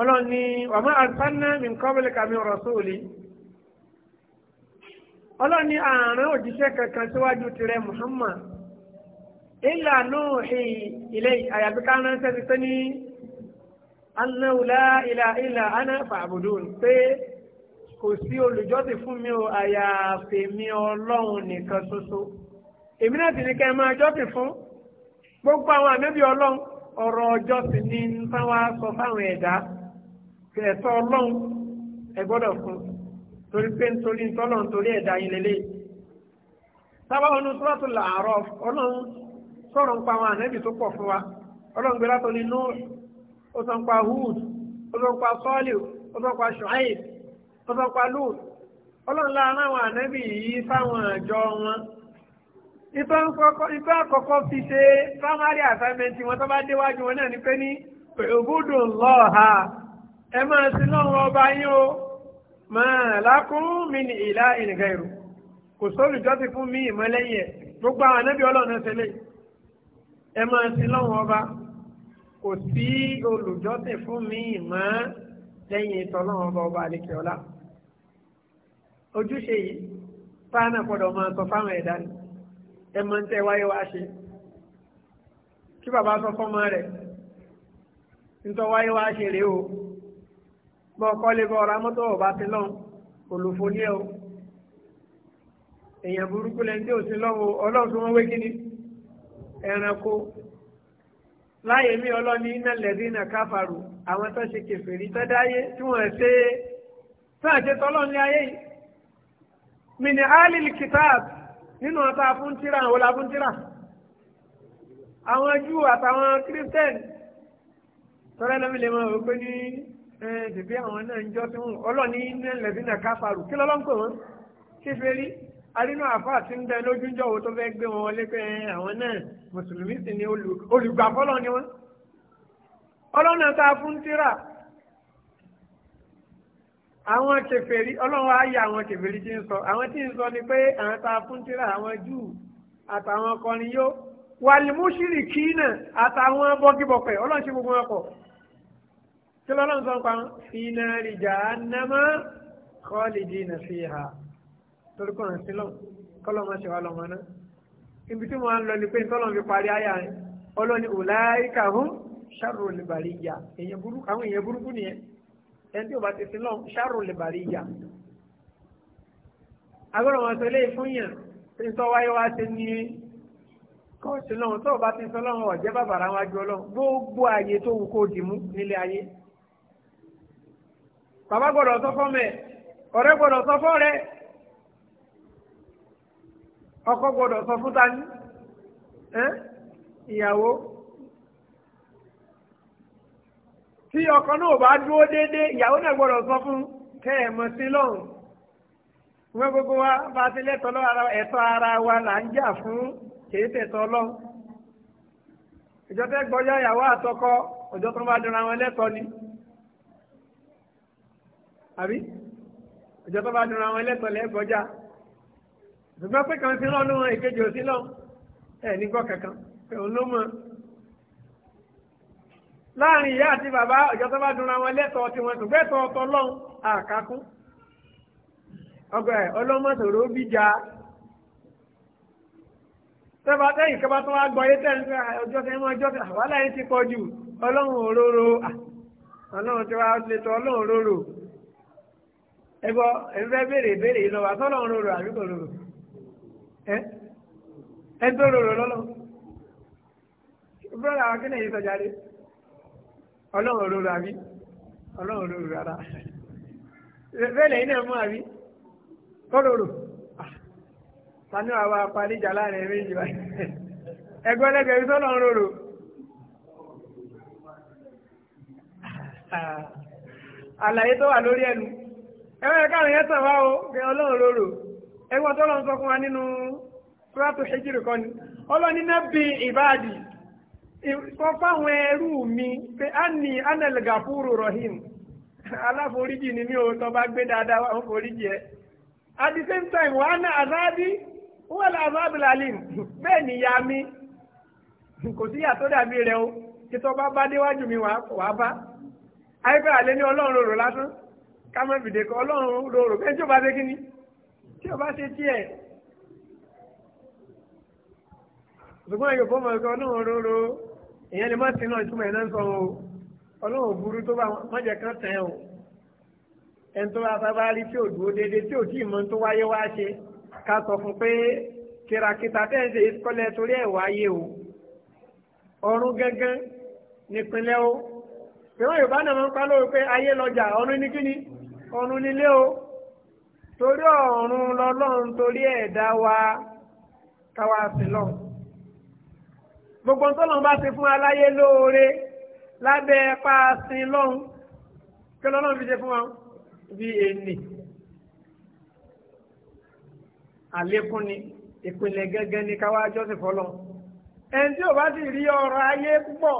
Speaker 1: ọlọ́run ni wàmú àlùfáà náà mi ń ọlọ́run ní ààrùn òjíṣẹ́ kankan síwájú tirẹ̀ Muhammad ilà nùhì ilé àyàfi ká ránṣẹ́ ti pé ní anáwùlá ilà ilà aná fàbùdù pé kò sí olùjọ́sìn fún mi o àyàfi mi ọlọ́run nìkan ṣoṣo èmi náà sì ní kẹ́ ẹ máa jọ́sìn fún gbogbo àwọn àmẹ́bí ọlọ́run ọ̀rọ̀ ọjọ́sìn ní táwa sọ fáwọn ẹ̀dá ẹ̀tọ́ ọlọ́run ẹ fún un. torí pé nítorí ntọ́lọ̀ ntori ẹ̀dá yín lélẹ̀ sábà ọ̀nà sọ́ràtù làárọ̀ ọlọ́run sọ̀rọ̀ nípa àwọn ànábì tó pọ̀ fún wa ọlọ́run gbé látọ̀ nínú ó sọ nípa Hud ó sọ nípa Sọ́ọ̀lù ó sọ nípa Ṣuaib ó sọ ọlọ́run àwọn yìí wọn fi ṣe primary assignment wọn tó bá déwájú wọn náà pé ní òbúdùn lọ́ọ̀ha ẹ máa sin ọba yín o. máa lákún mi ní ìlà ìnìkan èrò kò sóòlù jọ́ ti fún mi ìmọ̀lẹ́yìn ẹ̀ gbogbo àwọn anábì ọlọ́run ẹsẹ̀ lè ẹ máa sin lọ́wọ́n ọba kò sí olùjọ́sìn fún mi ìmọ̀ lẹ́yìn ìtọ́lọ́wọ́n ọba ọba àlekè ọlá ojúṣe yìí fáánà gbọ́dọ̀ máa sọ fáwọn ẹ̀dá ni ẹ máa ń tẹ wáyé wá ṣe kí bàbá sọ fọ́mọ rẹ̀ ń tọ́ wáyé wá ṣe rèé o bọ́ ọkọ́ lè bọ́ ọ̀rá mọ́tò ọ̀bá ti lọ́n olùfò ní ẹ o èèyàn burúkú lẹ́ni tí ò sí lọ́wọ́ ọlọ́run tí wọ́n wé kíní ẹranko láyé mi ọlọ́ni iná lẹ́bí iná káfàrú àwọn tó ṣe kẹfìrí tó dáyé tí wọ́n ṣe tó àṣẹ tọ́lọ́run ní ayé yìí mini alil kitab nínú ọ̀tá fúntìrà àwọn làfúntìrà àwọn júù àtàwọn kírísítẹ́nì tọ́lẹ́nàmílẹ̀ mọ́ òpin ní ṣèbí àwọn náà ń jọ tí wọn ọlọ́ọ̀ni iná lẹ́bínà káfàrù kí lọ́lọ́ ń pè wọ́n kéferí arínú àfáà tí ń bẹ lójújọ́ wo tó fẹ́ gbé wọn wọlé pé àwọn náà mùsùlùmí sì ni olùgbàfọ́lọ́ ni wọ́n ọlọ́nà tá a fún tíra àwọn kèfèrí ọlọ́run á yà àwọn kèfèrí tí ń sọ àwọn tí ń sọ ni pé àwọn tá a fún tíra àwọn júù àtàwọn ọkọrin yó wàlímúṣírì kí náà àtàwọn bọ́gìbọ̀pẹ̀ ọlọ́run ṣe gbogbo wọn pọ̀ kí lọ́lọ́ sọ pa fi nari jahannama khalidina fiha torí kò rán sí lọ kọ́lọ́ máa ṣe wá lọ́mọ náà ibi tí mo máa ń lọ ni pé tọ́lọ́ fi parí ayà rẹ̀ ọlọ́ni ulaika hum sharrul bariyya èèyàn burúkú àwọn èèyàn burúkú nìyẹn ẹni tí o bá ti sin lọ́n sharrul bariyya. agbọ́dọ̀ wọn sọ eléyìí fún yàn tí sọ wáyé wá ti ní kọ́ọ̀sì lọ́hùn tó o bá ti sọ lọ́hùn ọ̀jẹ́ bàbàrà wájú gbogbo ààyè tó wù kó dì mú nílé ayé. bàbá gbọdọ sọ fọ́ mẹ́ gbọdọ gbọ́dọ̀ sọ fọ́ rẹ ọkọ gbọ́dọ̀ sọ fún tani ìyàwó tí ọkọ náà bá dúró déédéé ìyàwó náà gbọdọ sọ fún kẹ́ ẹ̀ mọ̀ sí gbogbo wa bá ti ara wa là ń jà fún ìyàwó àtọkọ tó ń bá àbí ìjọ tó bá dunra wọn lẹ́tọ̀ọ́ lẹ́gbọ́já ṣùgbọ́n pé kan sí lọ́nù wọn ìkejì ò sí lọ m. ní gbọ́ kankan òun ló mọ̀ láàrin ìyá àti bàbá ìjọ bá dunra wọn lẹ́tọ̀ọ́ tí ọ̀tọ̀ àkákún ọgbẹ́ bíjà tó wá gbọ́ ẹgbọ́ ẹgbẹ́ béèrè béèrè yìí lọ́wọ́ àtọ́lọ́ ń rorò àbí kò rorò ẹ ẹ tó rorò lọ́lọ́ bọ́lá wa kí ni èyí sọjà lé ọlọ́run rorò àbí ọlọ́run rorò rárá béèrè yìí náà mú àbí kò rorò sani ah, wa wa parí ìjà láàrin ẹ̀mí yìí wa ẹgbẹ́ lẹ́gbẹ̀ẹ́ yìí sọ́lọ́ ń rorò. Ah, ah, àlàyé tó wà lórí ẹnu. ẹ̀wọ̀n ẹ̀ka àwọn yẹn tàn o pé ọlọ́run lóró ẹ̀wọ̀n tó lọ́n sọ fún wa nínú ṣẹ́jìrì kan ni ọlọ́ni náà bí ìbáàdì sọ fáwọn mi pé a ní anel gafuru rahim aláforíjì ni mí o tó bá gbé dáadáa wà fún foríjì ẹ at the same time wàá ná bẹ́ẹ̀ ni ya mi kò sí yàtọ̀ dàbí rẹ o kí bá bá ká má fìdè kọ ọlọ́run rorò pé tí o bá ṣe kíni tí o bá ṣe tiẹ̀ ṣùgbọ́n yòókù mọ̀ ẹ̀kọ́ ọlọ́run rorò èèyàn lè má sí náà ìtumọ̀ ẹ̀ náà sọ o ọlọ́run burú tó bá mọ̀jẹ̀ kan tẹ̀ o ẹni tó bá sábà rí tí ò dúró déédéé tí ò tí ì mọ tó wáyé wá ṣe ká sọ fún pé kìràkìtà tẹ̀ ń ṣe ìkọlẹ̀ torí ẹ̀ wáyé o ọ̀run gángan nípínlẹ̀ o ìwọ̀n yorùbá náà máa ń pa lóore pé ayé lọ́jà ọ̀run ní kíni ọ̀run nílé o torí ọ̀run lọ́lọ́run torí ẹ̀dá wa káwa sí lọ. gbogbo tọ́lọ́run bá ti fún aláyé lóore lábẹ́ paasi lọ́hùn kí lọ́lọ́run fi ṣe fún wa bí ẹni àlékún ni ìpìlẹ̀ gẹ́gẹ́ ni káwa jọ́sìn fọlọ́ ẹni tí ò bá sì rí ọrọ̀ ayé púpọ̀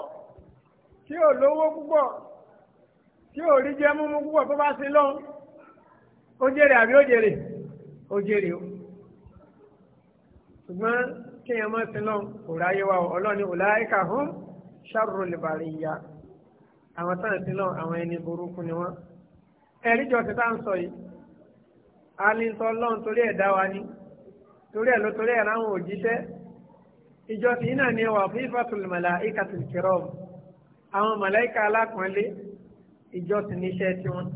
Speaker 1: tí ò lówó púpọ̀ tí ò rí jẹ́ múmú púpọ̀ tó bá sí lọ́hùn ó jèrè àbí ó jèrè ó jèrè o ṣùgbọ́n kéèyàn máa sin lọ́hùn kò ráyé wa o ọlọ́ni ulaika hum sharrul bariyya àwọn táwọn sin lọ́hùn àwọn ẹni burúkú ni wọ́n ẹ̀rí jọ ti tá à ń sọ yìí alintọ lọ́n torí ẹ̀ dá wa ni torí ẹ̀ ló torí ẹ̀ ráhùn òjíṣẹ́ ìjọ tìyí náà ni wà fún ìfàtúlùmọ̀lá àwọn màláíkà alákùnrin ìjọsìn níṣẹ́ tí wọ́n.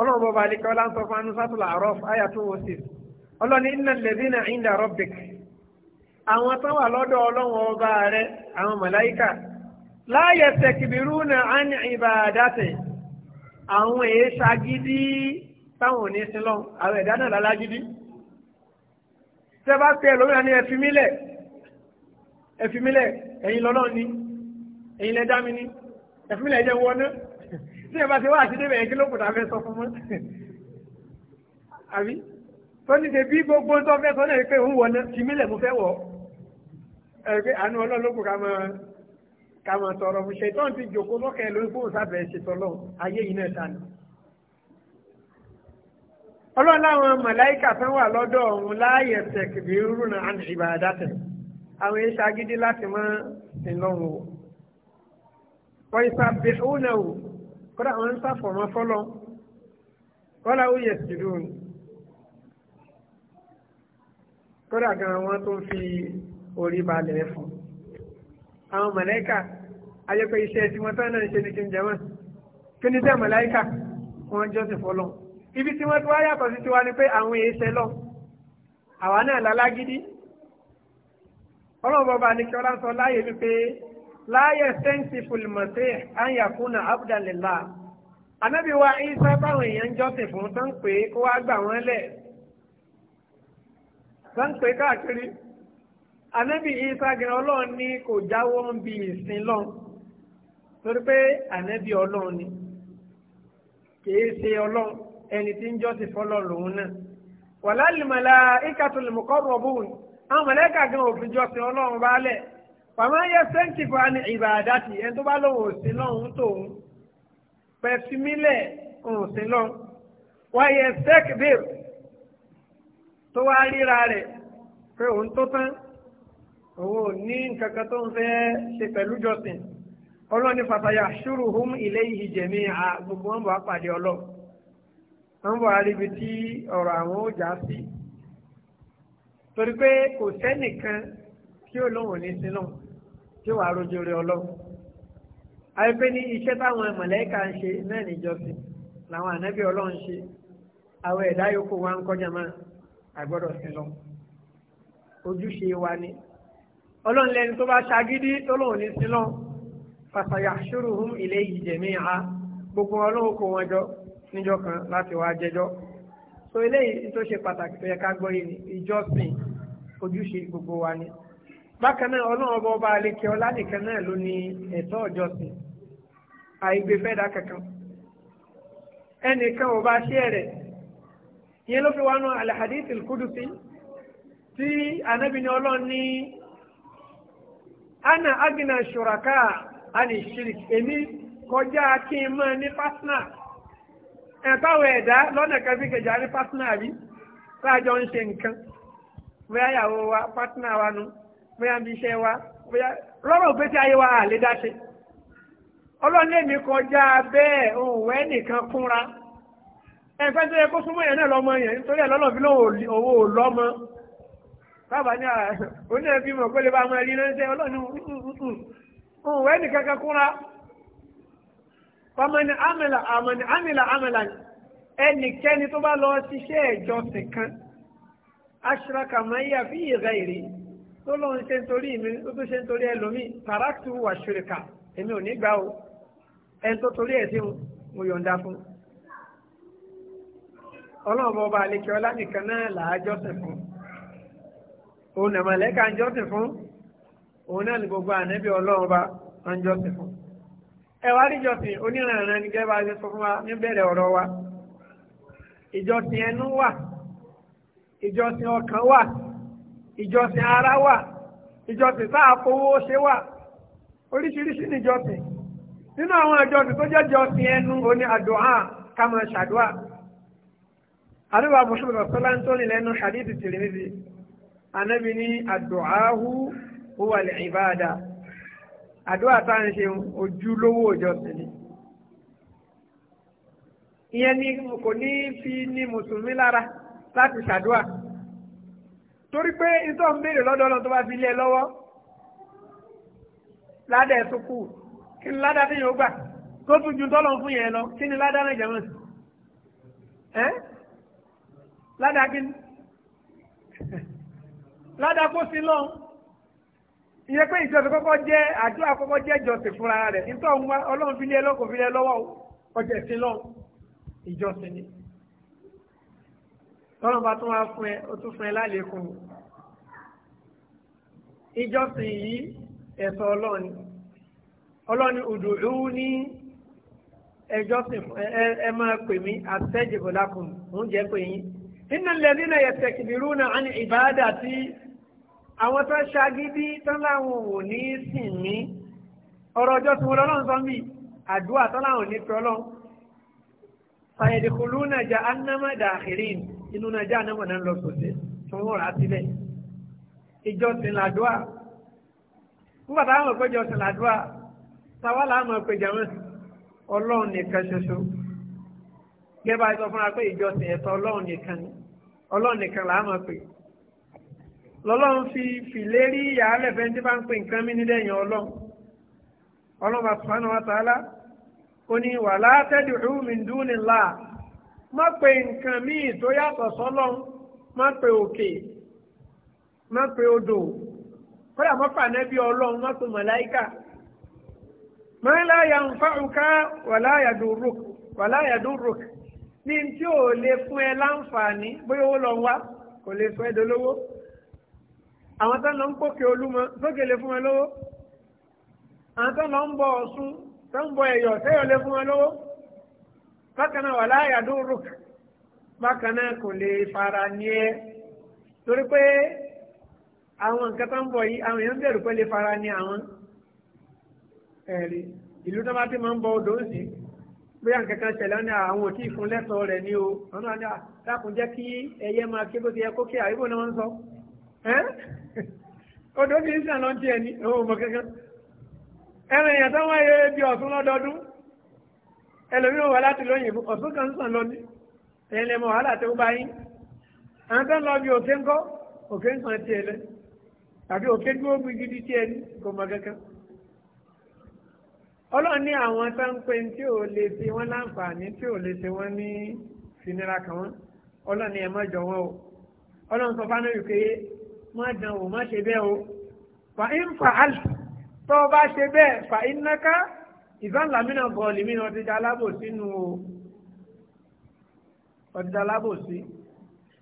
Speaker 1: ọlọ́run bọba alẹ́ kọ́lá ń sọ fún anúsátùlà àrọ́f àyà tó wọ́n sì. ọlọ́ni iná lẹ́bí náà ń dà rọ́bìk. àwọn tó wà lọ́dọ̀ ọlọ́run ọba rẹ àwọn màláìkà. láàyè tẹkìbìrú náà á ní ìbàdàtẹ̀. àwọn èé ṣagídí táwọn ò ní sin lọ àwọn ẹ̀dá náà lálágídí. sẹ́bà pé ẹlòmíràn ní ẹ̀fímílẹ̀ ẹ̀fímílẹ̀ ẹ̀yin lọ́lọ́ lẹ́dá mi ni ẹ̀fímílẹ̀ jẹ́ wọ́n tí ẹ bá ti wá àti débẹ̀ yẹn kí ló kù tá a fẹ́ sọ fún mọ́ àbí tó ní ṣe bí gbogbo tó fẹ́ sọ náà pé òun wọ̀ náà tìmílẹ̀ mo fẹ́ wọ̀ ẹ pé àánú ọlọ́run ló kù ká máa ká máa tọrọ fún ṣe tó ń ti jòkó lọ́kẹ́ lórí fóun sábẹ̀ ṣe tọ́lọ́ ayé yìí náà ta ọlọ́run láwọn màláìkà tán wà lọ́dọ̀ òun láàyè tẹ̀kìbì rúnà àti ìbàdàtẹ̀ àwọn iṣẹ́ agídí láti mọ́ ìlọ́run o. wọ́n ìsàbẹ̀ òun kódà àwọn ń sàfọ̀mọ́ fọ́lọ́ kọ́lá ó yẹ sí lóhùn kódà gan àwọn tó ń fi orí balẹ̀ fún àwọn mọ̀lẹ́kà ayẹ́pẹ́ iṣẹ́ tí wọ́n tán náà ń ṣe ní kí n jẹ́wọ́n kí ni tẹ́ mọ̀lẹ́kà wọ́n jọ́sìn fọ́lọ́ ibi tí wọ́n ti wá yàtọ̀ sí tiwa ni pé àwọn èèṣẹ́ lọ àwa náà lálágídí ọlọ́run bọ́ba ni kí ọlá sọ láàyè mi láàyè sẹ́ǹtì fùlùmọ̀tì àyàkúnà abdalilá anábì wa isa báwọn èèyàn ń jọ́sìn fún tó ń pè é kó wá gbà wọ́n lẹ̀ tó ń pè é káàkiri anábì isa gẹ̀rẹ́ ọlọ́run ní kò jáwọ́ ń bi ìsìn lọ́n torí pé anabi ọlọ́run ni kìí ṣe ọlọ́run ẹni tí ń jọ́sìn fọlọ́run lòun náà wàlálìmọ̀lá ìkàtúlùmọ̀kọ́ àwọn mọ̀lẹ́kà gan òfin jọ́sìn ọlọ́run bá lẹ̀ pàmò ayé sẹ́ńtì kò ní ìgbà àdáàtì ẹni tó bá lòun òsì lọ́hùn tòun pẹ̀fìmílẹ̀ òsì lọ́hùn wáyé sẹ́kbìr tó wá ríra rẹ̀ pé òun tó tán òun ò ní nǹkan kan tó ń fẹ́ ṣe pẹ̀lú jọ́sìn ọlọ́ni fàtàyà ṣúrù hum ilé yìí jẹ̀mí à gbogbo wọn bọ̀ apàdé ọlọ́ wọn bọ̀ aríbi tí ọ̀rọ̀ àwọn ó jà sí torí pé kò sẹ́nìkan tí ó lóun ní sílọ̀ tí ó wà rojo rẹ ọlọ́run àìpé ní iṣẹ́ táwọn mọ̀lẹ́kà ń ṣe náà níjọsìn làwọn ànábì ọlọ́run ṣe àwọn ẹ̀dá yòókù wa ń kọjá máa àgbọ́dọ̀ sílọ̀ ojúṣe wa ni ọlọ́run lẹ́ni tó bá ṣagídí tó lóun ní sílọ̀ fàṣàyà ṣòrohùn ilé ìjẹ̀mí ha gbogbo ọlọ́run kò wọn jọ níjọ́ kan láti wá jẹjọ́ so eléyìí tó ṣe pàtàkì tó yẹ ká gbọ́ yìí ni ìjọsìn ojúṣe gbogbo wa ni bákan náà ọlọ́run ọba ọba àlekè ọlá nìkan náà ló ní ẹ̀tọ́ ọ̀jọ́sìn àìgbè fẹ́dà kankan ẹnìkan ò bá ṣe rẹ̀ ìyẹn ló fi wá nù al-hadith al tí anabi ni ọlọ́run ní ana agina shuraka ani shirik èmi kọjá kí n máa ní pásínà ẹ̀báwọ̀ ẹ̀dá lọ́nà kan fi kẹjà ní pásínà rí tá ń ṣe nǹkan bóyá ìyàwó wa pásínà wa nù. No bóyá bí iṣẹ́ wa bóyá lọ́rọ̀ òpèsè ayé wa àlè dáṣe ọlọ́run èmi kọjá bẹ́ẹ̀ òwẹ́ nìkan kúnra ẹ̀fẹ́ tó yẹ kó súnmọ́ yẹn náà lọ́mọ yẹn nítorí ẹ̀ lọ́lọ́ fi lówó ò lọ́mọ bàbá ní oní ẹbí mọ̀ pé lè bá ọmọ ẹ̀rí ránṣẹ́ ọlọ́run òwẹ́ nìkan kan kúnra ọmọni amìlà amìlà amìlà amìlà ẹnikẹ́ni tó bá lọ ṣiṣẹ́ ìjọsìn kan aṣọ́ra tó lóun ṣe ń torí mi ó tó ṣe ń torí ẹlòmíì tàràtù wà ṣùrìkà èmi ò ní gbà o ẹni tó torí ẹ̀ sí mo yọ̀ǹda fún un ọlọ́run ọba nìkan náà fún òun náà ń fún òun náà ní gbogbo ọlọ́run ọba ń fún. ẹ wá rí ìjọsìn ní gẹ́gẹ́ bá a ṣe sọ fún ìjọsìn ara wà ìjọsìn tá a fowó ṣe wà oríṣiríṣi níjọsìn nínú àwọn ìjọsìn tó jẹ́ jọsìn ẹnu oní àdúà ká máa ṣàdúà àdúrà mùsùlùmí sọlá ń tó nílẹ̀ ẹnu hadithi Tirmidhi anabi ní àdúàhu huwa al-ibada àdúrà tá à ń ṣe ojúlówó ìjọsìn ni ìyẹn ni kò ní fi ní mùsùlùmí lára láti ṣàdúà torí pé ìtọ́ ń béèrè lọ́dọ̀ ọlọ́run tó bá fi lé ẹ lọ́wọ́ ládà ẹ̀ tó kù kí ni ládà tó yẹn ó gbà tó tún ju tọ́lọ̀ fún yẹn lọ kí ni ládà náà jẹ̀mọ́ sí ẹ́ ládà kí ni ládà kó sí lọ́hùn ìyẹn pé ìjọsìn kọ́kọ́ jẹ́ àdúrà kọ́kọ́ jẹ́ ìjọsìn fúnra rẹ̀ ìtọ́ ọlọ́run fi lé fi lé lọ́wọ́ ọjọ́ ìsìn lọ́hùn ìjọsìn ni tọ́lọ́n bá tún wá fún ẹ ó tún fún ẹ lálékún ìjọsìn yìí ẹ̀sọ́ ọlọ́ọ̀ni ọlọ́ọ̀ni ud'uuni ní ẹjọ́sìn ẹ máa pè mí astajib lakum oúnjẹ pè yín innal ladhina yastakbiruna an ibadati àwọn tó ṣagídí tán láwọn ò ní sìn mí ọ̀rọ̀ ọjọ́ tí mo lọ́lọ́run sọ mí àdúrà tán láwọn ò ní fi ọlọ́run sayadkhuluna jahannama dakhirin inú náà já náà wọ̀nà lọ sòdè tí wọ́n rà á sílẹ̀ ìjọsìn làdúà nígbà táwọn ọ̀pẹ́ ìjọsìn làdúà táwa làwọn ọ̀pẹ́ ìjọsìn ọlọ́run nìkan ṣoṣo gẹ́gbà sọ fúnra pé ìjọsìn ẹ̀tọ́ ọlọ́run nìkan ọlọ́run nìkan làwọn ọ̀pẹ́ lọ́lọ́run fi fìlérí ìyàálẹ̀ fẹ́ tí bá ń pè nǹkan mí nílẹ̀ yẹn ọlọ́run ọlọ́run bá sùpánù wa tààlà ó ní má pe nǹkan míì tó yàtọ̀ sọ́lọ́n má pe òkè má pe odò kódà má pa nẹ́bí ọlọ́run má pe màláìkà má láyà ń fa òkà wàláyà dúró ní tí ò lè fún ẹ láǹfààní bóyá owó lọ wá kò lè fún ẹ dolówó àwọn tó ń lọ ń pòkè olúmọ sókè lè fún ẹ lówó àwọn tó ń lọ ń bọ ọ̀ṣun tó ń bọ ẹ̀yọ̀ sẹ́yọ̀ lè fún ẹ lówó bákan náà wà láàyè àdúrò bákan náà kò lè fara ní ẹ torí pé àwọn nǹkan tó ń bọ̀ yìí àwọn èèyàn bẹ̀rù pé lè fara ní àwọn ẹ̀rí ìlú tó bá ti máa ń bọ odò ń sìn bóyá nǹkan kan ṣẹlẹ̀ ní ah, àwọn òtí ìfún lẹ́tọ̀ọ́ rẹ̀ ní o wọn náà ní àkùn jẹ́ kí ẹyẹ máa ké bó ti yẹ kó kí àríwó náà ń sọ odò ń sàn lọ́ntì ẹni òun kankan ẹran èèyàn wáyé bí ọ̀tún lọ́dọọdún ẹlòmí ò wá láti lóyìnbó ọ̀sùn kan sàn lọ ní ẹ̀yìn lẹ́mọ̀ wàhálà tó bá yín àwọn tó ń lọ bí òkè ńkọ́ òkè ń sàn tiẹ̀ lẹ tàbí òkè dúró gbigidi tiẹ̀ ní kò mọ kankan. ọlọ́run ní àwọn tó ń pe tí ò lè ṣe wọ́n láǹfààní tí ò lè ṣe wọ́n ní finira kan wọ́n ọlọ́run ní ẹ̀ má jọ o ọlọ́run sọ fánà yìí pé má dán o má ṣe bẹ́ẹ̀ o fa in fa al tó o bá ṣe bẹ́ẹ̀ fa in náka ìfẹ́ǹlá mìíràn bọ̀ọ̀lì mìíràn ọtí da alábòsí nù o ọtí da alábòsí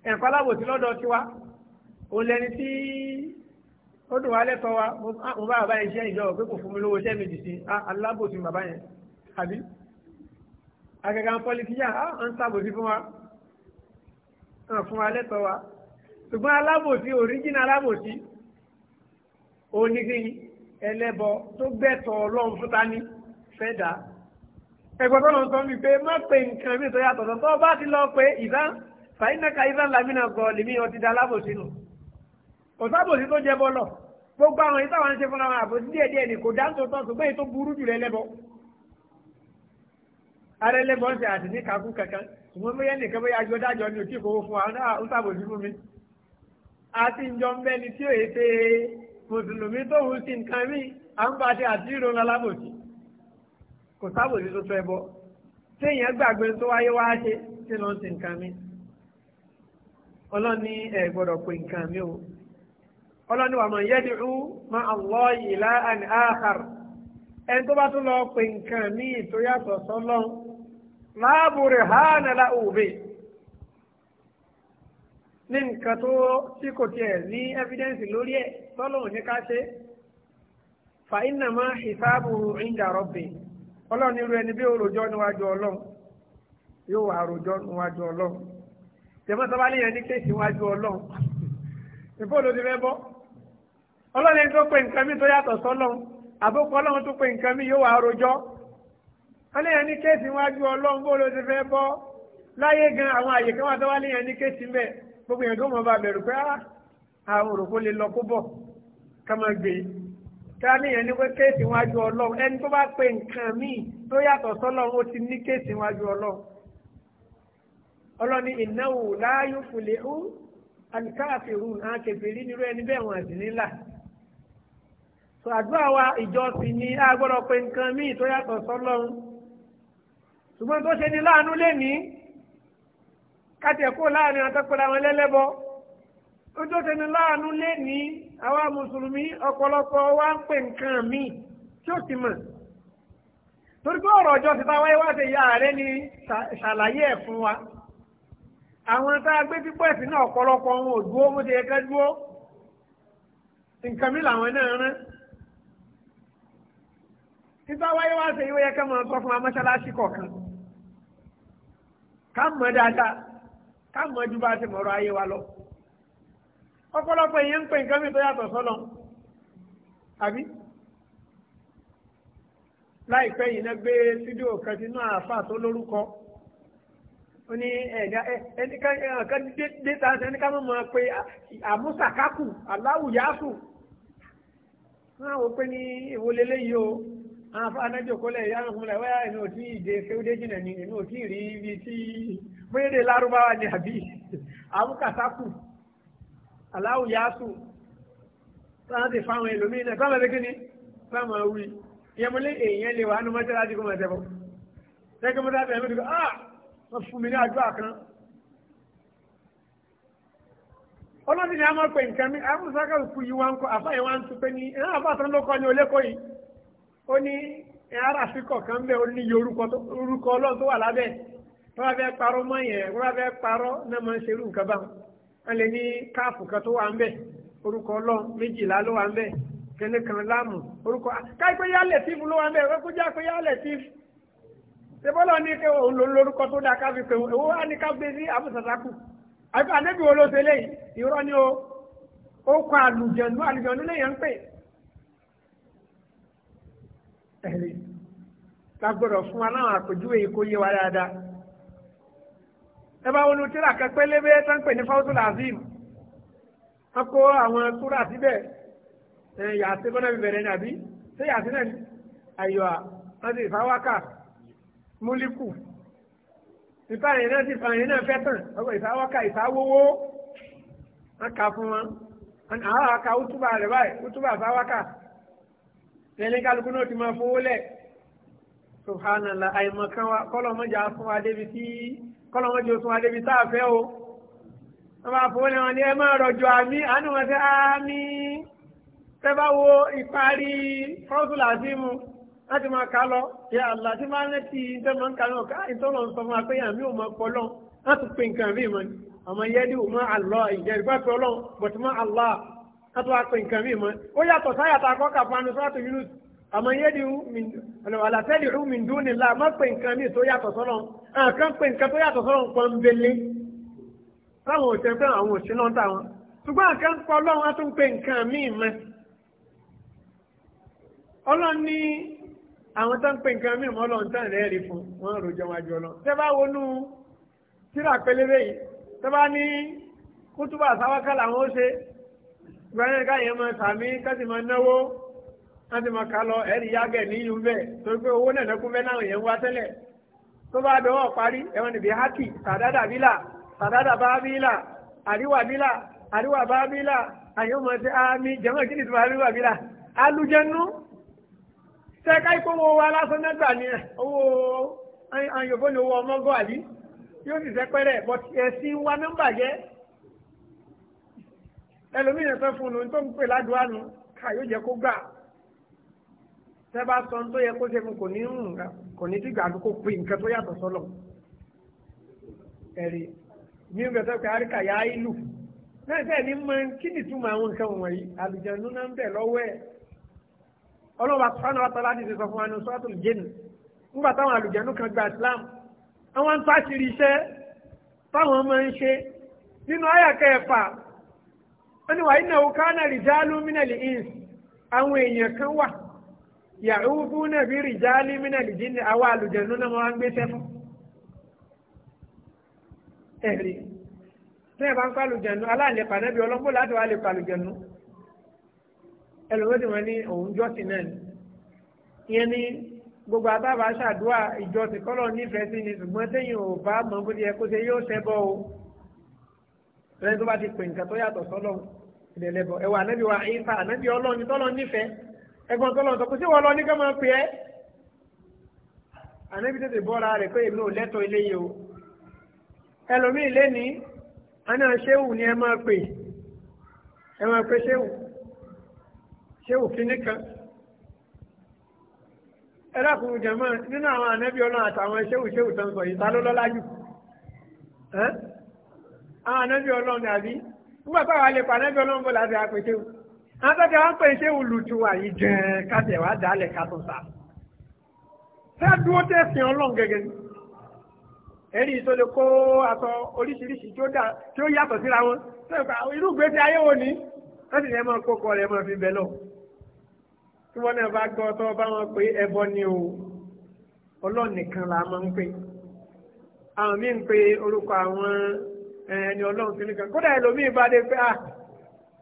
Speaker 1: ẹ̀kọ́ alábòsí lọ́dọ̀ tiwa òun lẹni tí ó dùn wá lẹ́tọ̀ọ́ wa ah, mo bá bàbá yẹn ṣe ìjọba pé kò fún mi lówó iṣẹ́ mi dìsí ah, alábòsí bàbá yẹn àbí agagà pọlitíyà à ń sàbòsí fún wa hàn fún wa lẹ́tọ̀ọ́ wa ṣùgbọ́n alábòsí oríjìnà alábòsí onígbìn ẹlẹ́bọ tó gbẹ̀tọ̀ ọlọ́run fúta ní. fẹ́ dà ẹgbẹ́ tọ́lọ̀ sọ mi pé má pe nǹkan mi tó yàtọ̀ tó bá ti lọ pé ìdá fàyínàkà ìdá làmínà gọ̀ lèmi ọtí da alábòsí nù òsábòsí tó jẹ bọ́lọ̀ gbogbo àwọn ìta wọn ṣe àbòsí díẹ̀ díẹ̀ ni kò dáńtò èyí tó burú jù ń ṣe àti ní kakú kankan bóyá nìkan bóyá ajọ́ dájọ́ ni fún fún mi àti ìjọ ń bẹ́ni tí ò kò sábòsí tó tó ẹbọ téèyàn gbàgbé tó wáyé wá ṣe tí ló ń ti nǹkan mi ọlọ́ni ẹ̀ gbọ́dọ̀ pé nǹkan mi o ọlọ́ni wàmọ̀ ma àlọ́ yi àni àhàr ẹni tó bá tún lọ pé nǹkan mi tó yàtọ̀ sọ́lọ́ láàbùrì hánà la òbí ní nǹkan tó tí kò tiẹ̀ ní ẹ́fídẹ́ǹsì lórí ẹ̀ sọ́lọ́ òní ká ṣe fa iná máa ọlọ́run irú ẹni bí òròjọ́ níwájú ọlọ́run yóò wà àròjọ́ níwájú ọlọ́run tẹ̀mọ́ tó bá níyẹn ní kéèsì níwájú ọlọ́run ìfọ́ ló ti fẹ́ bọ́ ọlọ́run ẹni tó pe nǹkan mi tó yàtọ̀ sọ́lọ́run àbókù ọlọ́run tó pe nǹkan mi yóò wà àròjọ́ ọlọ́run ní kéèsì níwájú ọlọ́run bó ló ti fẹ́ bọ́ láyé gan àwọn àyè kan wà tó bá níyẹn ní kéèsì mbẹ gbogbo yẹn tó mọ̀ bá bẹ̀rù pé ah, àwọn òròkó lè lọ kó bọ̀ ká máa gbé e ká níyẹn ní pé kéèsì wájú ọlọ́run ẹni tó bá pe nǹkan míì tó yàtọ̀ sọ́lọ́run ó ti ní kéèsì wájú ọlọ́run ọlọ́ni ìnáwó láàyò fòlè ó àlùkáàfìrù àwọn kẹfìrí nírú ẹni bẹ́ẹ̀ wọ́n àti nílà tó àdúrà wa ìjọsìn ni a gbọ́dọ̀ pe nǹkan míì tó yàtọ̀ sọ́lọ́run ṣùgbọ́n tó ṣe ni láàánú lẹ́nìí kájẹ̀kó láàrin àtọ́kọ́ra wọn lẹ́lẹ́bọ tó ṣe ni láàánú lẹ́nìí àwa mùsùlùmí ọ̀pọ̀lọpọ̀ wa ń pè nǹkan míì tí ó ti mọ̀ torí pé ọ̀rọ̀ ọjọ́ ti táwa iwájú ìyá rẹ ni ṣàlàyé ẹ̀ fún wa àwọn tá a gbé pípọ̀ ẹ̀sìn náà ọ̀pọ̀lọpọ̀ wọn ò dúó bó ti yẹ ká dúó nǹkan mi làwọn náà rán títí wáyé wá ṣe ìwé yẹ ká máa sọ fún wa mọ́ṣáláṣí kọ̀ọ̀kan ká mọ̀ dáadáa ká mọ̀ ju bá a ti mọ̀rọ̀ ayé ọ̀pọ̀lọpọ̀ èèyàn ń pè nǹkan mi tó yàtọ̀ sọ́lọ́ àbí láìpẹ́ yìí náà gbé fídíò kan sínú àáfà tó lórúkọ ó ní ẹnìkan dé ta ẹni ká mọ̀ pé àmúsàkákù aláwùyásù wọ́n á wò pé ní ìwọlélé yìí o àwọn afọ anájòkólẹ̀ ìyá ọ̀hún rẹ̀ wáyà ẹni òtí ìdè kéwúdé jìnà ni ẹni òtí rí ibi tí péréde lárúbáwá ni àbí àmúkàsákù aláwù yáàtù sáàtì fáwọn ẹlòmíín náà sáàmà lẹ́kí ni sáàmà wí ìyẹmọlé èèyàn lè wà ánú mọ́tẹ́lá ti kó máa tẹ́bọ̀ lẹ́kí mọ́tẹ́lá tẹ̀lé mọ́tẹ́lá ah wọ́n fún mi ní àdúrà kan ọlọ́dún ni a máa pè nǹkan mi amúsáká òkú yìí wá ń kọ́ àfáyé wá ń tún pé ní ẹ̀rọ àbátan ló kọ́ ní olékọ́ yìí ó ní ara fi kọ̀ọ̀kan ń bẹ ó ní orúkọ ọlọ́run tó wà lábẹ́ tó bá fẹ́ parọ́ mọ́ yẹn tó bá fẹ́ parọ́ náà máa ń ṣerú nǹkan báwọn wọ́n lè ní káàfù kan tó wà ń bẹ̀ orúkọ ọlọ́run méjìlá ló wà ń bẹ̀ kẹ́ni kan láàmù orúkọ káìpé yálẹ̀ tíìfù ló wà ń bẹ̀ wọ́n kó jẹ́ pé yálẹ̀ tíìfù sebọ́lọ́ ní kí òun ló lórúkọ tó dáa káfí pé owó wá ní ká gbé sí abúsàsákù àbí àdébí wo ló ṣe léyìí irọ́ ni o ó kọ àlùjọ̀nù àlùjọ̀nù lèyàn ń pè ẹ̀rí lágbọ́dọ̀ fún wa láwọn àpèjúwe yìí yé wa dáadáa ẹ bá wọnú tíra kan pélébé tó ń pè ní fáwọsùn làzim wọn kó àwọn súrà síbẹ̀ ẹ yàtí bọ́nà bìbẹ̀rẹ̀ ní àbí ṣé yàtí náà ní àyọ̀ wọn ti ìfáwákà múlíkù ìfá yẹn náà ti fàn yẹn náà fẹ́ tàn ọgbà ìfáwákà ìfáwówó wọn kà fún wọn àwọn àka útúbà rẹ báyìí útúbà ìfáwákà ẹni kálukú náà ti máa fowó lẹ̀ subhanallah àìmọ̀kan wa kọ́lọ́ mọ́jà fún wa débi tí kọ́lọ̀ wọn jò sún adébi sáàfẹ́ o wọ́n máa fowó lẹ́wọ̀n ní ẹ máa rọ̀jò àmì àánú wọn sí àmì tẹ́ bá wo ìparí fọ́sùlà símu láti máa ká lọ ya Allah tí máa ń rántí tẹ́ máa ń ká lọ ká ìtọ́lọ̀ ń sọ fún wa pé àmì ò máa pọ̀ lọ láti pè nǹkan rí mọ́ ni àmọ́ yẹ́dí ò máa àlọ́ ìjẹ́rìí bá pẹ́ ọlọ́run bọ̀tí máa àlọ́ àtúwà pè nǹkan rí mọ́ ó yàtọ̀ sáyàtà akọ́kà fún anusọ́tò Yunus àmọ́ yẹ́dì àlàtẹ́lì min dunillah má pè nǹkan ní tó yàtọ̀ sọ́lọ́ àkàn pè nǹkan tó yàtọ̀ sọ́lọ́ pọ̀ ń belé táwọn òṣèré pé àwọn òṣèré náà táwọn ṣùgbọ́n àkàn pọ̀ ọlọ́run á tún pè nǹkan míì mọ́ ọlọ́run ní àwọn tó ń pè nǹkan míì mọ́ ọlọ́run tán rẹ̀ rí fún wọn rojọ́ wájú ọlọ́run tẹ́ bá wọnú tíra pélébé yìí tẹ́ bá ní kútùbà sáwákàlà àwọn ó ṣe ìgbà wọ́n ti mọ̀ ká lọ ẹ̀rí yágẹ̀ níyù bẹ́ẹ̀ torí pé owó náà lẹ́kún bẹ́ẹ̀ náà yẹn wá tẹ́lẹ̀ tó bá dọwọ́ parí ẹ̀wọ̀n níbi hákì sàdádà bílà sàdádà bá bílà àríwá bílà àríwá bá bílà àyè ọmọ ti àmì jẹ́mọ̀ kí ni tó bá àríwá bílà alùjẹnu sẹ́ka ìkówó wa lásán mẹ́ta ni owó ayọ̀bọ ni owó ọmọgọ́ àbí yóò sì sẹ́pẹ́rẹ́ bọ́t ẹ̀sìn wa nọ́mbà jẹ́ ẹlòmíràn fẹ́ fún un tó ń pè ládùúgbò àná ká kó gbà tẹ́ bá sọ tó yẹ kó ṣe fún kò ní rùn nǹkan kò ní dìgbà àbí kó pe nǹkan tó yàtọ̀ sọ́lọ̀ ẹ̀rí mi ń bẹ̀tọ́ pé àríkà yá ìlú náà bẹ́ẹ̀ ni mọ kí ni túmọ̀ àwọn nǹkan wọ̀nyí àlùjànnú náà ń bẹ̀ lọ́wọ́ ẹ̀ ọlọ́wà sọ́nà wa tọ́lá ti sọ fún wa ní sọ́ọ̀tù jẹ́nu nígbà táwọn àlùjànnú kan gba Islam àwọn ń pàṣírí iṣẹ́ táwọn máa ń ṣe nínú àyà kẹfà wọ́n ní wàá iná òkà náà rìjálù mínàlì ins àwọn èèyàn kan wà yàhùfù náà bí rìjálì mí náà lìjì ní àwọn àlùjẹ̀nu náà wọ́n á ń gbéṣẹ́ fún. ẹ̀rí tí ẹ̀ bá ń kọ́ àlùjẹ̀nu aláàlẹ́ pàdánù ọlọ́mbó láti wà lè pa àlùjẹ̀nu ẹlòmídìí wọn ní òun jọ́sìn náà ni ìyẹn ní gbogbo àbábà ṣàdúrà ìjọsìn kọ́lọ̀ nífẹ̀ẹ́ sí ni ṣùgbọ́n téèyàn ò bá mọ bó ti yẹ kó ṣe yóò ṣẹbọ o lẹ́yìn tó bá ti pè nǹkan tó yàtọ̀ sọ́lọ́ ẹ̀gbọ́n tó lọ sọ pé sí wọn lọ ní gánmọ pé ẹ ànábi tètè bọ́ra rẹ̀ pé èmi ò lẹ́tọ̀ eléyìí o ẹlòmíì lẹ́ni àná ṣéwù ni ẹ máa pè ẹ máa pè ṣéwù ṣéwù kínní kan ẹ dákun jẹ̀mọ́ nínú àwọn ànábi ọlọ́run àtàwọn ṣéwù ṣéwù tó ń sọ yìí ló lọ́lá jù àwọn ànábi ọlọ́run àbí nígbà táwọn àlepọ̀ ànábi ọlọ́run bọ̀ láti àpèṣéwù. Àtọ́jà wá ń pè ṣé olùtúwà yìí gan-an káṣẹ̀ wá dálẹ̀ ká tó sá. Fẹ́dúró tẹ̀sìn ọlọ́run gẹ́gẹ́ ni. Ẹ̀rí tó lè kó aṣọ oríṣiríṣi tí ó yàtọ̀ síra wọn. Irú gbèsè ayé wo ni? Wọ́n sì ní ẹ máa kókọ rẹ̀ máa fi bẹ lọ. Tí wọ́n náà bá gbọ́ tọ́ bá wọn pé ẹbọ ni o, ọlọ́run nìkan la máa ń pè. Àwọn míì ń pe orúkọ àwọn ẹni ọlọ́run kìnnìkan. Kódà ẹlòmíì bá dé pé ah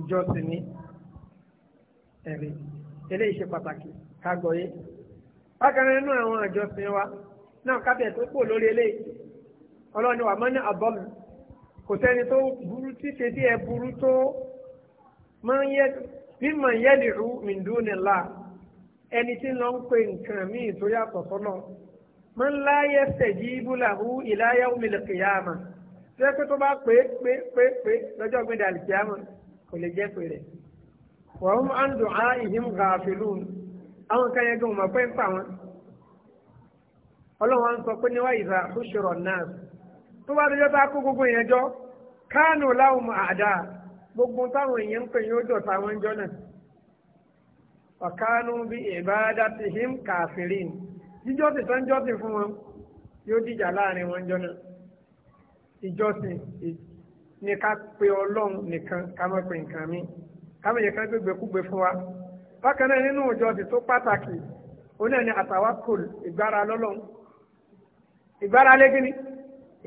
Speaker 1: ìjọsìn ni, ẹ̀rí eléyìí ṣe pàtàkì kágọ̀ yé bákan náà nínú àwọn ìjọsìn wa náà kábẹ̀ tó kù lórí eléyìí ọlọ́ni wà mọ́ni àbọ́mù kò sẹ́ni tó burú tí fetí ẹ burú tó mímọ̀ yẹ́lì rú mìndú nílá ẹni tí ń lọ ń pe nǹkan míì tó yàtọ̀ sọ́nà mọ́ ń láyé sẹ̀jì ibùlàhù ìláyà òmìnira kìyàmà tó yẹ pé tó bá pé pé pé pé lọ́jọ́ gbẹ̀dẹ̀ àlìkìyàmà kò lè jẹ́ pé rẹ̀ wọ́n mú àǹdù á ìhìm gàfìlún àwọn kan yẹn gbọ́n mọ̀ pé ń pa wọn ọlọ́run á ń sọ pé níwá ìzà àkúṣọrọ̀ náà tó bá dọjọ́ tá a gbogbo yẹn jọ káànù láwùm àdá gbogbo táwọn èèyàn ń pè yóò wọn jọ náà ọ̀kánú bí ti him jíjọ́sìn ní ká pe ọlọ́run nìkan ká má pe nǹkan mi ká má yẹ ká gbégbé kúgbe fún wa bákan náà nínú ìjọsìn tó pàtàkì oní ẹni àtàwákùl ìgbára lọ́lọ́run ìgbára lẹ́gìnì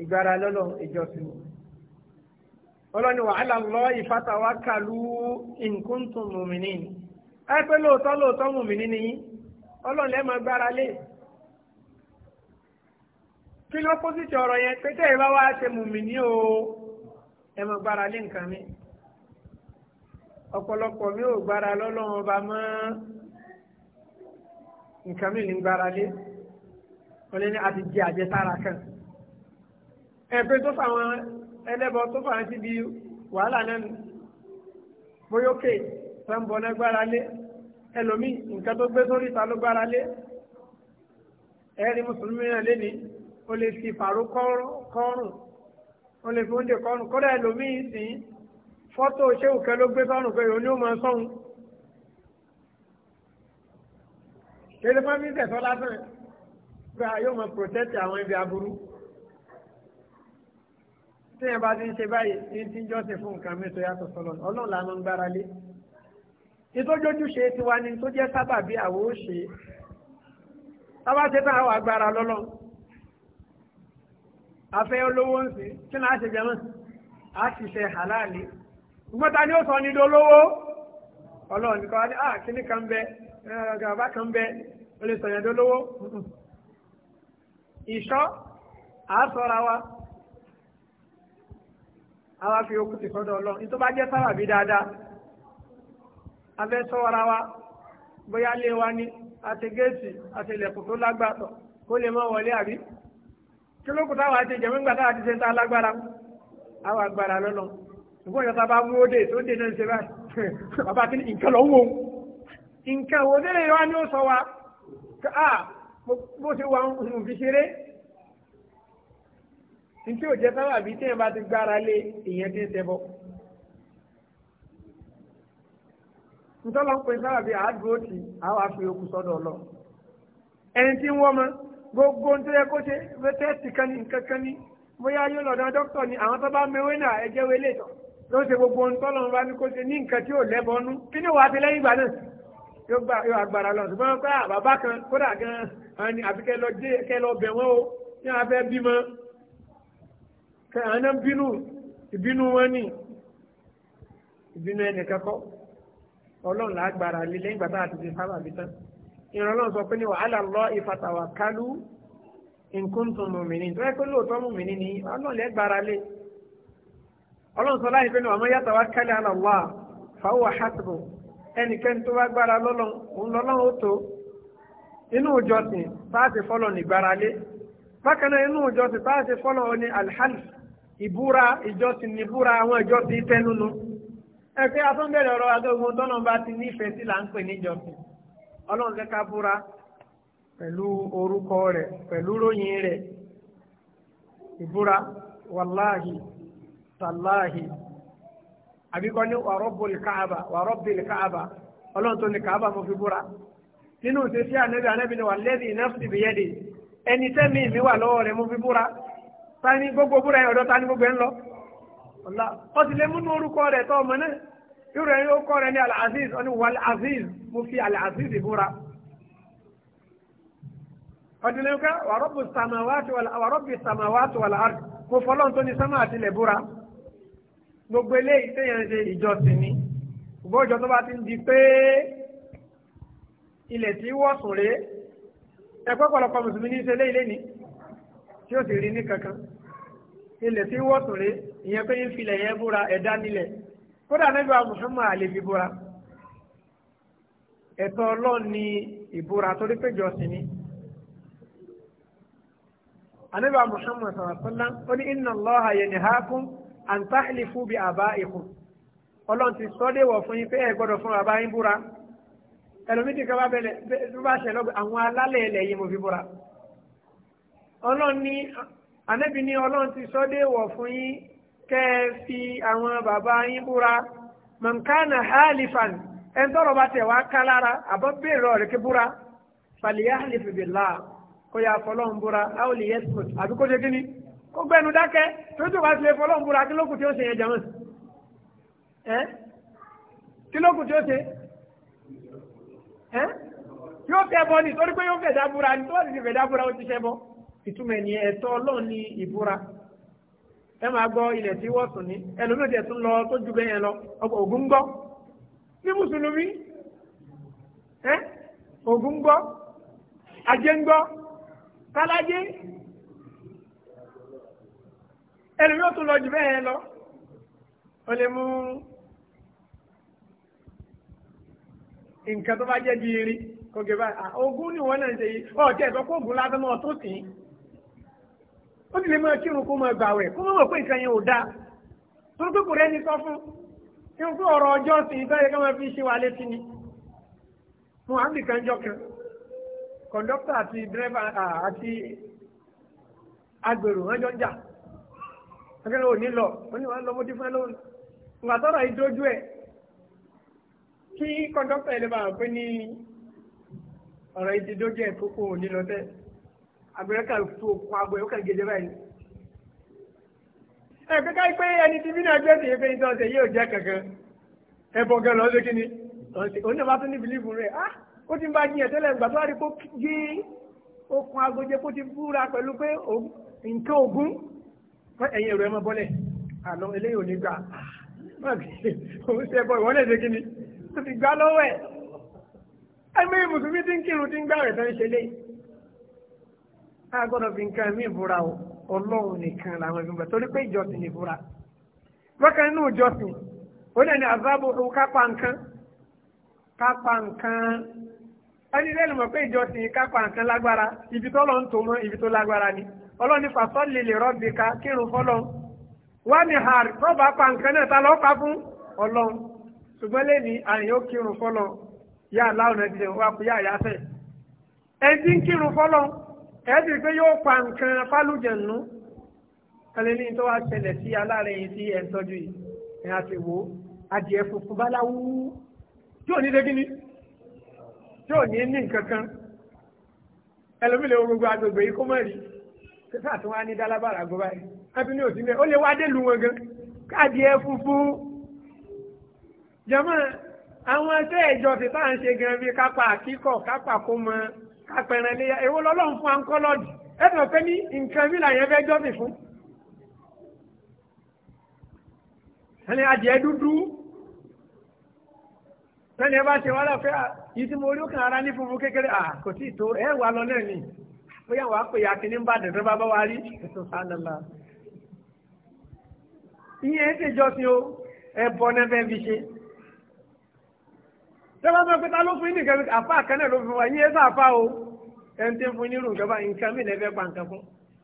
Speaker 1: ìgbára lọ́lọ́run ìjọsìn ọlọ́ni wa ala Allahi fatawakkalu in kuntum mu'minin ẹ pé lóòótọ́ lóòótọ́ mùmìnì nìyí ọlọ́run lẹ́ẹ̀ máa gbára lé kí ló pósìtì ọ̀rọ̀ yẹn pé tẹ́ ṣe mùmìnì ẹ mọ gbára lé nǹkan mi ọ̀pọ̀lọpọ̀ mi ò gbára lọ́lọ́run ọba mọ́ nǹkan mi ní gbára lé wọ́n lé ní àti jẹ àjẹsára kan ẹgbẹ́ tó fàwọn ẹlẹ́bọ tó fàwọn síbi wàhálà náà nù bóyá òkè sọ́nbọ̀n náà gbára lé ẹlòmíì nǹkan tó gbé sórí ìta ló gbára lé ẹ̀rí mùsùlùmí náà lé ní o lè fi fàró kọ́rùn o lè fi oúnjẹ kọ́nù kódà ẹlòmíì sí fọ́tò ṣéwù ló gbé sọ́run pé òun ni ó máa sọ́hun. kéde fún mi tẹ̀sọ́ lásán pé a yóò máa protẹ́tì àwọn ibi aburú. téèyàn bá ti ń ṣe báyìí ní ti ń jọ́sìn fún nǹkan mi tó yàtọ̀ sọ́lọ́ ọlọ́run la máa ń gbára lé. ìtọ́jọ́júṣe tiwa ni tó jẹ́ sábàbí àwòṣe. tábà ṣe tán àwọn agbára lọ́lọ́run afẹ́ olówó ń sè tí náà ṣe jẹmọ́ a ti ṣe halali ṣùgbọ́n ta ni ó sọ ní dolówó ọlọ́run nìkan wájú ah kíní kan bẹ eh, gàbá kan bẹ ó lè sọ̀yàn dolówó ìṣọ́ àásọ̀ra wa àwa fi okùn ti sọ́dọ̀ ọlọ́run ní tó bá jẹ́ sábàbí dáadáa afẹ́ sọ́ra wa bóyá lé wa ní àti géètì àti ilẹ̀kùn tó lágbàtọ̀ kó lè má wọlé àbí. kí ló kù táwọn àti àti ṣe ń ta alágbára àwọn agbára lọ́nà ìjọba bá mú òde tó dé náà ṣe báyìí bàbá kí nǹkan lọ ń wò ó ó sọ wa a bó ṣe wà ń fi ṣeré òjẹ sábà bíi bá ti gbára lé ìyẹn ti ń bọ sábà bíi àwọn okùn sọ́dọ̀ lọ ẹni tí ń gbogbo ohun tó yẹ kó ṣe pé tẹ́sì kan ní nǹkan kan ní bóyá yóò lọ́dọ̀ dókítà ni àwọn tó bá mewé náà ẹ̀jẹ̀ wé lè tán ló ṣe gbogbo ohun tó lọ́nà bá ní kó ṣe ní nǹkan tí ò lẹ́bọnú kí ni wàá ti lẹ́yìn ìgbà náà yóò gba yóò agbára lọ ṣùgbọ́n pé àbàbá kan kódà gan-an ni àbí kẹ́ lọ dé kẹ́ lọ bẹ̀ wọ́n o ní abẹ́ bímọ kẹ́ àná bínú ìbínú wọn ni ìbínú ẹnì kẹ́kọ́ ọlọ́run lágbára lé lẹ́yìn ìgbà tá a ti ṣe sábàbí tán ìrànlọ́n sọ pé ní wàhálà lọ ìfàtàwà kálú nǹkan tó mùmìnì tó yẹ pé lóòótọ́ mùmìnì ni ọlọ́run lẹ́ gbára lé ọlọ́run sọ láyé pé ní wàmọ́ yàtọ̀ wá kálẹ̀ àlọ́wà fàwọ́ àhásìbò ẹnikẹ́ni tó wá gbára lọ́lọ́run òun lọ́lọ́run ó tó inú ìjọsìn fáàsì fọlọ́ ní gbára lé bákan náà inú ìjọsìn fáàsì fọlọ́ ní alhali ìbúra ìjọsìn ní búra àwọn ìjọsìn tẹnunu ẹ pé afọ́nbẹ̀rẹ̀ ọ̀rọ̀ ọlọ́run jẹ́ ká búra pẹ̀lú orúkọ rẹ̀ pẹ̀lú ròyìn rẹ̀ ìbúra wàláhì tàláhì àbíkọ́ ní wàrọ́bùl káàbà wàrọ́bìl káàbà ọlọ́run tó ní káàbà mo fi búra nínú ìṣesí ànábì ànábì ni wàlẹ́dì nafsi bìyẹ́dì ẹni tẹ́mi mi wà lọ́wọ́ rẹ̀ mo fi búra tani gbogbo búra yẹn ọ̀dọ́ tani gbogbo ẹ̀ lọ ọ̀la ọ̀sìn lè múnú orúkọ rẹ̀ tọ́ ọmọ náà irú ẹni ó kọ́ rẹ ní alaziz ó ní wàl aziz mo fi alaziz ìbúra ọdúnlẹ́yìnká wàrọ́bù sàmáwáàtì wàl ard mo fọlọ́n tó ní sámà àti ilẹ̀ búra gbogbo eléyìí téèyàn ṣe ìjọsìn ni gbogbo ìjọ tó bá ti ń di pé ilẹ̀ tí wọ́sùn rèé ẹgbẹ́ pọ̀lọpọ̀ mùsùlùmí ní ìṣẹ̀lẹ̀ ilé ni tí ó sì rí ní kankan ilẹ̀ tí wọ́sùn rèé ìyẹn pé ń filẹ̀ yẹn búra ẹ̀dá nílẹ̀ kódà níbi Muhammad àlè fi ni torí pé ni àníbà Muhammad sàràsọ́lá ó ní inna Allaha yanhaakum an tahlifu bi abaikum ọlọ́run ti sọ déwọ̀ fún yín pé ẹ gbọ́dọ̀ fún bàbá yín búra ẹlòmíì ti kaba bẹ̀lẹ̀ tó bá ṣẹlẹ̀ àwọn alálẹ̀ mo fi búra kẹ́ ẹ fi àwọn bàbá yín búra mọ̀nkánà hálífàn ẹni tọrọ bá tẹ̀ wá ká lára àbọ̀ béèrè ọ̀rẹ́ kí búra fàlìyà hálífì bìlá kó yà fọlọ́n búra áwòlì yẹsùn àbí kó ṣe kíní kó gbẹnu dákẹ́ tó tó bá tilẹ̀ fọlọ́n búra kí lókùn tí ó ṣe yẹn jẹun ẹ kí lókùn tí ó ṣe ẹ yóò fẹ́ bọ́ ni torí pé yóò fẹ́ dábúra ni tó bá ti fẹ́ dábúra ó ti fẹ́ bọ́ ìtumọ̀ ni ẹ̀tọ́ ọlọ́run ni ìbúra ẹ máa gbọ́ ilẹ̀ tí wọ́n sùn ní ẹlòmíràn tiẹ̀ tún lọ tó ju bẹ́ẹ̀ yẹn lọ ọkọ̀ ògún gbọ́ ní mùsùlùmí ẹ ògún gbọ́ ajé ń gbọ́ kálájé ẹlòmíràn tún lọ ju bẹ́ẹ̀ yẹn lọ ó lè mú nǹkan tó bá jẹ́ di irin kò gé báyìí ògún ni wọ́n náà ń ṣe yìí ọ̀ tẹ̀ sọ pé ògún lásán náà tó sìn ín ó sì lè máa kírun kó máa gbàwẹ̀ kó máa mọ̀ pé nǹkan yẹn ò dáa torí pé kò rẹ́ni sọ fún irun pé ọ̀rọ̀ ọjọ́ sì ń sáré ká máa fi ṣe wà létí ni muhammed kanjọ kan kọ̀ǹdọ́kítà àti dírẹ́fà àti agbèrò wọn jọ ń jà akẹ́lẹ́ òní lọ wọ́n ní wọ́n lọ mọ́tí fún ẹ lóhùn ìgbà tọ́rọ̀ yìí dójú ẹ̀ kí kọ̀ǹdọ́kítà yìí lè bá wọn pé ní ọ̀rọ̀ yìí ti dójú ẹ̀ kókó òní lọ tẹ́lẹ̀ àbẹ̀rẹ̀kà tó kọ agbọ̀ ẹ̀kọ́ gẹ̀ẹ́jẹ́ báyìí. ẹ pé káyí pé ẹni tí bínú ẹgbẹ́ ti pé nítorí ṣe yóò jẹ́ kankan ẹbọ gan lọ́ọ́ lókè ni òun náà bá tún ní bìlíìfù rẹ̀ á ah! ó ti ń bá jiyàn tẹ́lẹ̀ ìgbà tó wá rí kó gé okun agojẹ kó ti búra pẹ̀lú pé nǹkan ogun ẹ̀yìn ẹ̀rọ ẹ̀ máa bọ́lẹ̀ àlọ́ eléyìí ò ní gbà ah! òun ṣe ẹbọ ìwọ́n lẹ́sẹ̀ kí ni tó fi gbá lọ́wọ́ ẹ̀ ẹ̀mí mùsùlùmí ti ń kírun ti ń gbà rẹ̀ tó ń ṣe léyìí a gbọ́dọ̀ fi nǹkan mí ìbúra o ọlọ́run nìkan làwọn ìbúra torí pé ìjọsìn ìbúra lọ́kàn inú ìjọsìn ó dẹ̀ ní àzábò kápá nǹkan kápá nǹkan ẹni lẹ́nu mọ̀ pé ìjọsìn kápá nǹkan lágbára ibi tó lọ́n tó mọ́ ibi tó lágbára ni ọlọ́ni fàṣọ lè lè rọ́bì ká kírun fọlọ́ wá ní hàr rọ́bà pa nǹkan náà ta lọ́ọ́ pa fún ọlọ́run ṣùgbọ́n lẹ́ni àyìn kírun yá ẹ̀ ẹ̀ẹ́dì pé yóò pa nǹkan fálùjẹ̀nù ẹlẹ́ni tó wá ṣẹlẹ̀ sí aláàrẹ̀ yìí tí ẹ̀ ń tọ́jú yìí ẹ̀ á ti wò ó adìẹ funfun báláwú tí ò ní dé kíní tí ò ní ní nǹkan kan ẹlòmíì lè wo gbogbo agbègbè yìí kó mọ̀ rí títà tó wá ní dálábàrà gbọ́ báyìí ẹbí ní òsínlẹ̀ ó lè wá dé lu wọn gan adìẹ funfun jọmọ àwọn ẹsẹ ìjọsìn tá à ń ṣe gan bíi kápá àkíkọ kápá kó mọ kápẹ̀rẹ̀ na èwo lọ́lọ́run fún ankọ́lọ́jì pé ní nǹkan làyẹn fẹ́ fún. ẹni adìẹ dúdú sẹ́ni ẹ bá ṣe mo rí òkè ara ní funfun kékeré à kò tí ì tó ẹ wà lọ náà nì bóyá wàá ya kí ní bá dẹ̀dẹ̀ bá bá wa rí ìyẹn o ẹ bọ́ náà tẹ́lá máa pẹ́ta ló fún yín nìkan àfa àkànnà ló fún wa yín ẹ sáà fa o ẹ̀ ń tẹ́ fún yín rùn kẹfà nǹkan mi lẹ́fẹ́ pa nǹkan fún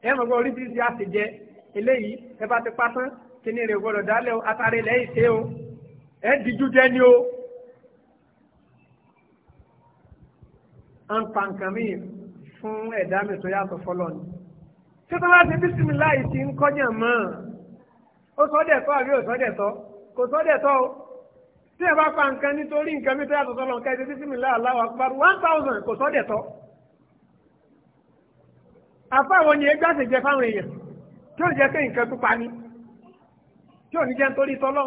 Speaker 1: ẹ mọ̀ pé oríṣiríṣi àtẹ̀jẹ eléyìí ẹ bá ti pa tán kíní rẹ̀ gbọ́dọ̀ dálẹ̀ o atare lẹ́yìn tẹ́ o ẹ díjú jẹ́ ni o. à ń pa nǹkan mi fún ẹ̀dá mi tó yàtọ̀ fọlọ́ ni. ṣé tó bá ti bísímìlá yìí ti ń kọ́jà mọ́ ọ sọ́dẹ̀ tọ́ àbí ò sọ́dẹ̀ tọ́ kò sọ́dẹ̀ tí ẹ bá pa nǹkan nítorí nǹkan mi tó yàtọ̀ sọ́lọ́ nǹkan ẹ̀ṣẹ̀ sísìmì láàlá akpọ́rọ̀ one thousand kò sọ́ dẹ̀tọ́. àfáwọn yẹn gbàsè jẹ fáwọn èèyàn tí ò jẹ́ pé nǹkan pípa ni tí ò ní jẹ́ nítorí sọ́lọ́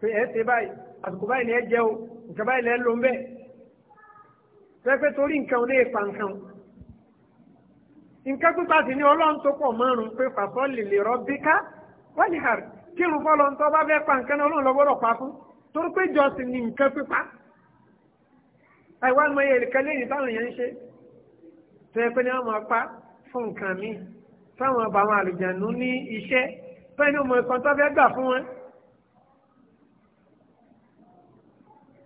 Speaker 1: pé ẹ ṣe báyìí àsìkò báyìí ni ẹ jẹ o nǹkan báyìí ni ẹ lò ń bẹ́ẹ̀ pẹ́pẹ́ torí nǹkan lè pa nǹkan nǹkan pípa sì ni ọlọ́run tó pọ̀ márùn-ún pé fàfọ́ lè lè rọ bíká wọ́n ní kírun fọlọ ń tọ́ bá fẹ́ pa nǹkan náà ọlọ́run lọ gbọ́dọ̀ pa fún torí pé ìjọsìn ni nǹkan pípa àìwá mọ iye nǹkan lẹ́yìn táwọn èèyàn ń ṣe tó yẹ pé ní wọ́n máa pa fún nǹkan míì táwọn ọba àwọn àlùjànnú ní iṣẹ́ bẹ́ẹ̀ ni ọmọ ìkan tó fẹ́ gbà fún wọn.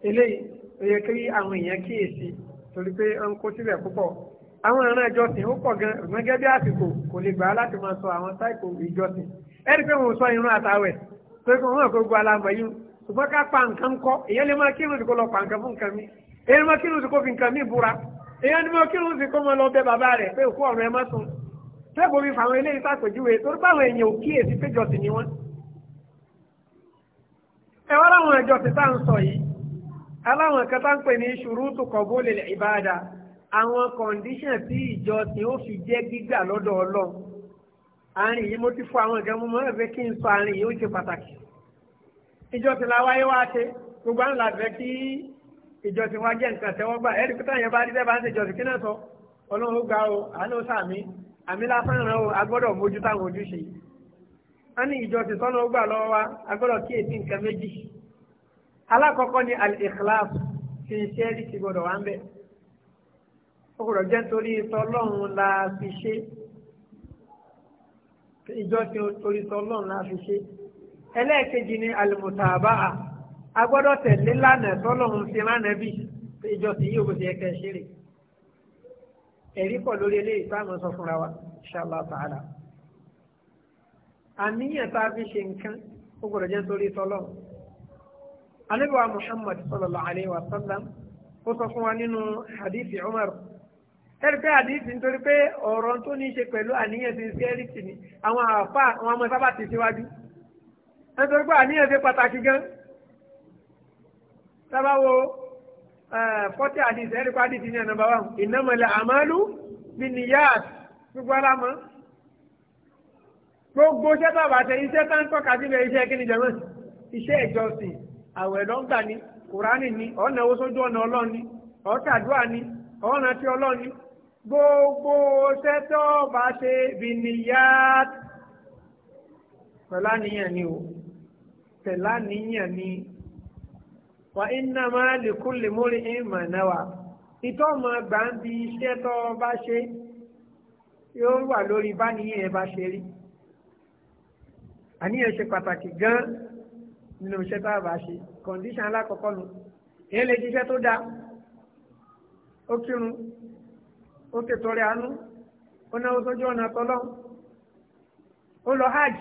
Speaker 1: eléyìí ó yẹ kí àwọn èèyàn kíyèsí torí pé ó ń kó sílẹ̀ púpọ̀ àwọn ìran ìjọsìn ó pọ̀ gan-an bí àsìkò kò lè gbà láti máa sọ àwọn táìpù ìjọsìn ẹ̀rí pé wọ́n sọ irun àtàwẹ̀ pé kí wọ́n gbogbo alamọ̀ yìí ṣùgbọ́n ká pa nǹkan kọ́ èyàn lè máa kírun ìdíkọ́ lọ pa nǹkan fún nǹkan mi èyàn máa kírun ìdíkọ́ fi nǹkan mi búra èyàn ni máa kírun ìdíkọ́ máa lọ bẹ bàbá rẹ̀ pé òkú ọ̀run ẹ má sùn tẹ́gbọ̀ mi fàwọn eléyìí sàpèjúwe torí báwọn èèyàn ò kíyèsí péjọsìn ni wọ́n. ẹ wá láwọn ìjọsìn tá à ń sọ yìí aláwọn kan tá ń pè ní ṣùrùtù kọ̀bólè ìbáadà àwọn kọ̀ǹdíṣàn tí ìjọsìn ó fi jẹ́ gbígbà lọ́dọ̀ ọlọ́run àárín yìí mo ti fọ àwọn ìgbà mo mọ ẹ̀fẹ́ kí n sọ àárín yìí ó ṣe pàtàkì ìjọ tí la wáyé wá ṣe gbogbo àwọn làbẹ́ kí ìjọ tí wọ́n jẹ́ nǹkan tẹ́wọ́ gbà ẹ̀rí pé táyẹ̀ bá rí bẹ́ẹ̀ bá ń ṣe ìjọ tí kí náà sọ ọlọ́run ó gba o àánú sàmí àmì lásán o agbọ́dọ̀ mójú táwọn ojúṣe wọ́n ní ìjọ tí sọ́nà ó gbà lọ́wọ́ wa agbọ́dọ̀ kíyèsí nǹkan méjì alákọ̀ọ́kọ́ ni al-ikhlas fi ṣẹ́ẹ́rì ti gbọ́dọ̀ wá ń bẹ̀ ó gbọ́dọ̀ jẹ́ nítorí sọ́lọ́run la fi ṣe é ìjọsìn orítọ Ọlọ́run la fi ṣe ẹlẹ́ẹ̀kejì ni àlùmùtàbáà a gbọ́dọ̀ tẹ̀lé lánàá tọ́lọ́run fi ránàá bì ìjọsìn yìí òkú ti ẹkẹ ṣeré ẹ̀rí pọ̀ lórí eléyìí táwọn sọ fúnra wa ṣàlá tààlà àníyàn tá a fi ṣe nǹkan ó gbọ́dọ̀ jẹ́ nítorí tọ́lọ́run anábìwá Muhammad sallallahu alayhi wa sallam ó sọ fún wa nínú hadithi Umar tẹ́lẹ̀ pé àdìsí nítorí pé ọ̀rọ̀ tó ní í ṣe pẹ̀lú àníyàn ti sincerity ni àwọn àfà àwọn ọmọ sábà ti síwájú nítorí pé àníyàn ṣe pàtàkì gan sábà wo fọ́tí àdìsí ẹ̀rí pa àdìsí ní ẹ̀nàmbá wa innamal a'malu binniyat gbogbo alámọ́ gbogbo iṣẹ́ bàbà tẹ iṣẹ́ tá ń tọ́ka sílẹ̀ iṣẹ́ kíni jẹ̀mọ́ iṣẹ́ ìjọsìn àwẹ̀ lọ́gbà ni kùránì ni ọ̀nà owó sójú ọ̀nà ọlọ́ọ̀ni ọ̀ọ́tàdúrà ni ọ̀nà tí ọlọ́ọ̀ni gbogbo sẹ́tọ́ bá ṣe bìnníyàt pẹ̀lá níyàn ni o pẹ̀lá níyàn ni wà iná máa lè kú lè mórí ìmọ̀ náà wà ìtọ́ ọmọ gbà ń bi iṣẹ́ tọ́ bá ṣe yóò wà lórí bá níyàn bá ṣe rí àníyàn ṣe pàtàkì gan nínú iṣẹ́ bá ṣe kọ̀ǹdíṣàn alákọ̀ọ́kọ́ nu èyí lè ṣiṣẹ́ tó dáa ó kírun ó ké tọrẹ àánú ó náwó sójú ọ̀nà tọ́lọ́ ó lọ hajj